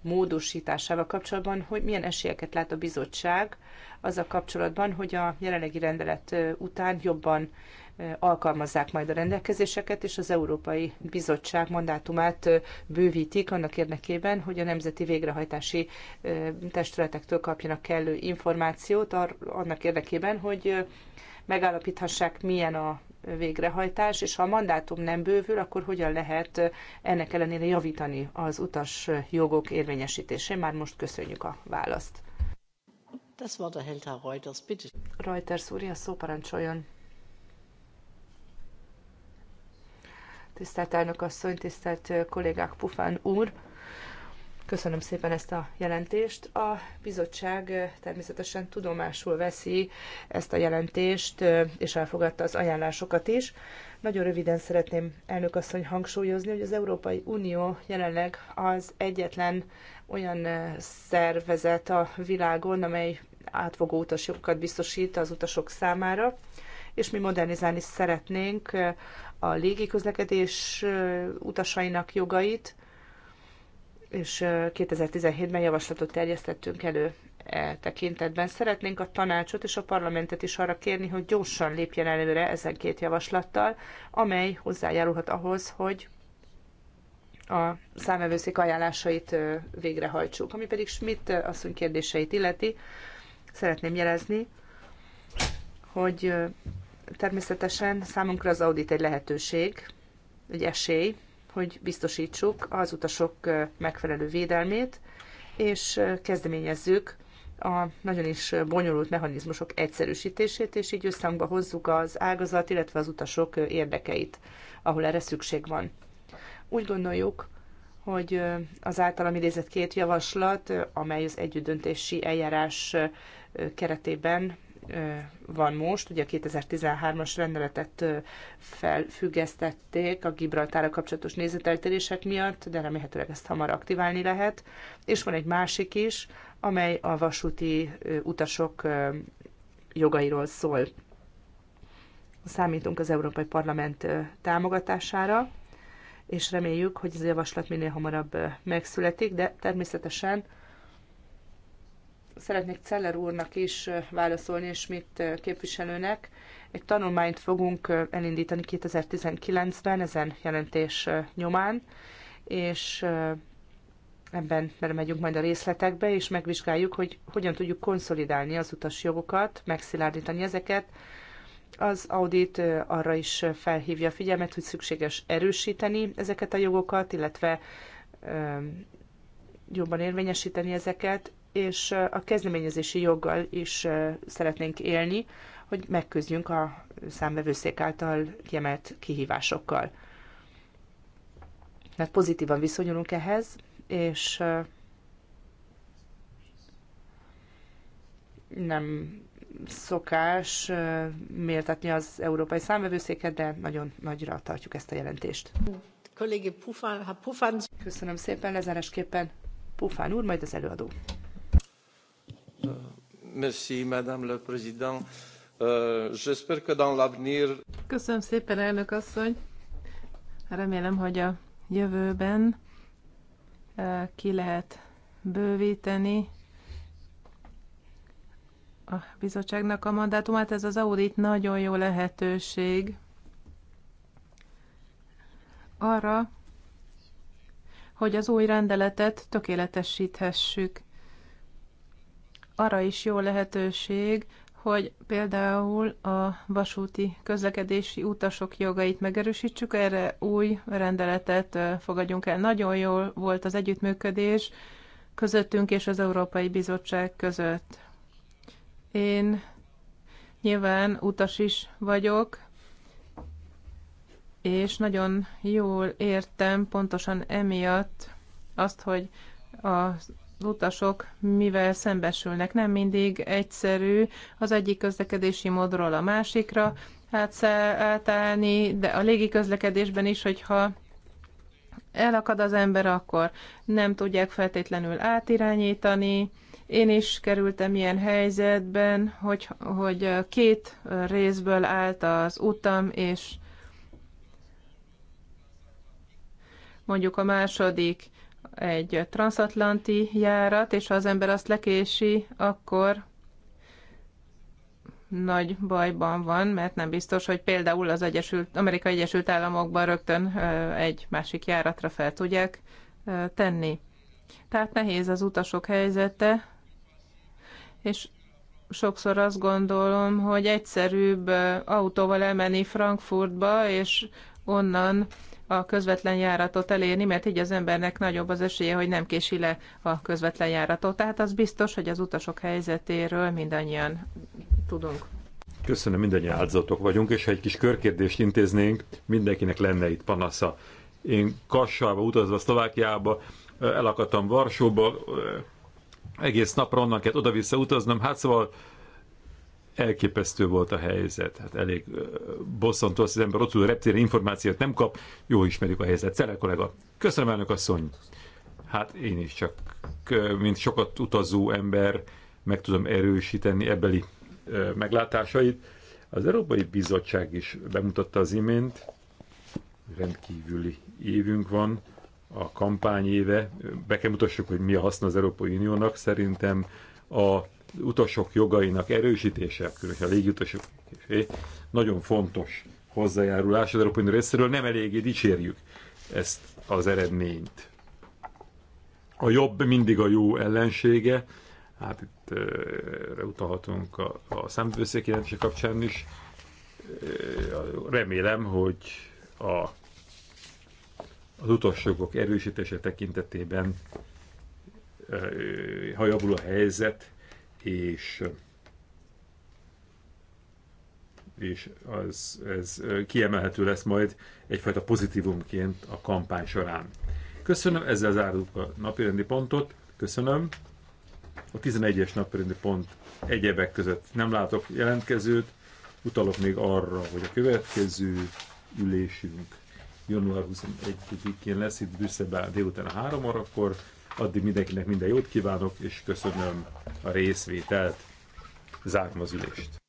módosításával kapcsolatban, hogy milyen esélyeket lát a bizottság az a kapcsolatban, hogy a jelenlegi rendelet után jobban alkalmazzák majd a rendelkezéseket, és az Európai Bizottság mandátumát bővítik annak érdekében, hogy a nemzeti végrehajtási testületektől kapjanak kellő információt annak érdekében, hogy megállapíthassák, milyen a végrehajtás, és ha a mandátum nem bővül, akkor hogyan lehet ennek ellenére javítani az utas jogok érvényesítésén? Már most köszönjük a választ. Das war der Helter Reuters, bitte. Reuters úr, a szó parancsoljon. tisztelt elnök asszony, tisztelt kollégák, Pufán úr. Köszönöm szépen ezt a jelentést. A bizottság természetesen tudomásul veszi ezt a jelentést, és elfogadta az ajánlásokat is. Nagyon röviden szeretném elnök asszony hangsúlyozni, hogy az Európai Unió jelenleg az egyetlen olyan szervezet a világon, amely átfogó utasjogokat biztosít az utasok számára, és mi modernizálni szeretnénk a légiközlekedés utasainak jogait, és 2017-ben javaslatot terjesztettünk elő e tekintetben. Szeretnénk a tanácsot és a parlamentet is arra kérni, hogy gyorsan lépjen előre ezen két javaslattal, amely hozzájárulhat ahhoz, hogy a számevőszék ajánlásait végrehajtsuk. Ami pedig Schmidt asszony kérdéseit illeti, szeretném jelezni, hogy Természetesen számunkra az audit egy lehetőség, egy esély, hogy biztosítsuk az utasok megfelelő védelmét, és kezdeményezzük a nagyon is bonyolult mechanizmusok egyszerűsítését, és így összhangba hozzuk az ágazat, illetve az utasok érdekeit, ahol erre szükség van. Úgy gondoljuk, hogy az általam idézett két javaslat, amely az együttdöntési eljárás keretében van most. Ugye a 2013-as rendeletet felfüggesztették a Gibraltára kapcsolatos nézeteltérések miatt, de remélhetőleg ezt hamar aktiválni lehet. És van egy másik is, amely a vasúti utasok jogairól szól. Számítunk az Európai Parlament támogatására, és reméljük, hogy ez a javaslat minél hamarabb megszületik, de természetesen szeretnék Celler úrnak is válaszolni, és mit képviselőnek. Egy tanulmányt fogunk elindítani 2019-ben ezen jelentés nyomán, és ebben belemegyünk majd a részletekbe, és megvizsgáljuk, hogy hogyan tudjuk konszolidálni az utas jogokat, megszilárdítani ezeket. Az audit arra is felhívja a figyelmet, hogy szükséges erősíteni ezeket a jogokat, illetve jobban érvényesíteni ezeket, és a kezdeményezési joggal is szeretnénk élni, hogy megküzdjünk a számvevőszék által kiemelt kihívásokkal. Mert pozitívan viszonyulunk ehhez, és nem szokás méltatni az európai számvevőszéket, de nagyon nagyra tartjuk ezt a jelentést. Köszönöm szépen, lezárásképpen Pufán úr, majd az előadó. Merci, Madame euh, J'espère que dans l'avenir... Köszönöm szépen, elnök asszony. Remélem, hogy a jövőben ki lehet bővíteni a bizottságnak a mandátumát. Ez az audit nagyon jó lehetőség arra, hogy az új rendeletet tökéletesíthessük arra is jó lehetőség, hogy például a vasúti közlekedési utasok jogait megerősítsük, erre új rendeletet fogadjunk el. Nagyon jól volt az együttműködés közöttünk és az Európai Bizottság között. Én nyilván utas is vagyok, és nagyon jól értem pontosan emiatt azt, hogy az utasok mivel szembesülnek. Nem mindig egyszerű az egyik közlekedési módról a másikra átállni, de a légi közlekedésben is, hogyha elakad az ember, akkor nem tudják feltétlenül átirányítani. Én is kerültem ilyen helyzetben, hogy, hogy két részből állt az utam, és mondjuk a második egy transatlanti járat, és ha az ember azt lekési, akkor nagy bajban van, mert nem biztos, hogy például az Egyesült, Amerika Egyesült Államokban rögtön egy másik járatra fel tudják tenni. Tehát nehéz az utasok helyzete, és sokszor azt gondolom, hogy egyszerűbb autóval elmenni Frankfurtba, és onnan a közvetlen járatot elérni, mert így az embernek nagyobb az esélye, hogy nem kési le a közvetlen járatot. Tehát az biztos, hogy az utasok helyzetéről mindannyian tudunk. Köszönöm, mindannyian áldozatok vagyunk, és ha egy kis körkérdést intéznénk, mindenkinek lenne itt panasza. Én Kassába utazva Szlovákiába, elakadtam Varsóba, egész napra onnan kellett oda-vissza utaznom, hát szóval elképesztő volt a helyzet. Hát elég bosszantó az, az ember ott ül reptére információt nem kap, jó ismerjük a helyzet. Szere kollega, köszönöm elnök asszony. Hát én is csak, mint sokat utazó ember, meg tudom erősíteni ebbeli meglátásait. Az Európai Bizottság is bemutatta az imént, rendkívüli évünk van, a kampány éve. Be kell mutassuk, hogy mi a haszna az Európai Uniónak. Szerintem a utasok jogainak erősítése, különösen a légiutasok, nagyon fontos hozzájárulás az Európai részéről, nem eléggé dicsérjük ezt az eredményt. A jobb mindig a jó ellensége, hát itt uh, utalhatunk a, a számbőszék jelentése kapcsán is. Uh, remélem, hogy a, az utasjogok erősítése tekintetében uh, ha javul a helyzet, és és az, ez kiemelhető lesz majd egyfajta pozitívumként a kampány során. Köszönöm, ezzel zárjuk a napirendi pontot. Köszönöm. A 11-es napirendi pont egyebek között nem látok jelentkezőt. Utalok még arra, hogy a következő ülésünk január 21-én lesz itt Brüsszelben délután 3 órakor. Addig mindenkinek minden jót kívánok, és köszönöm a részvételt. Zárom az ülést.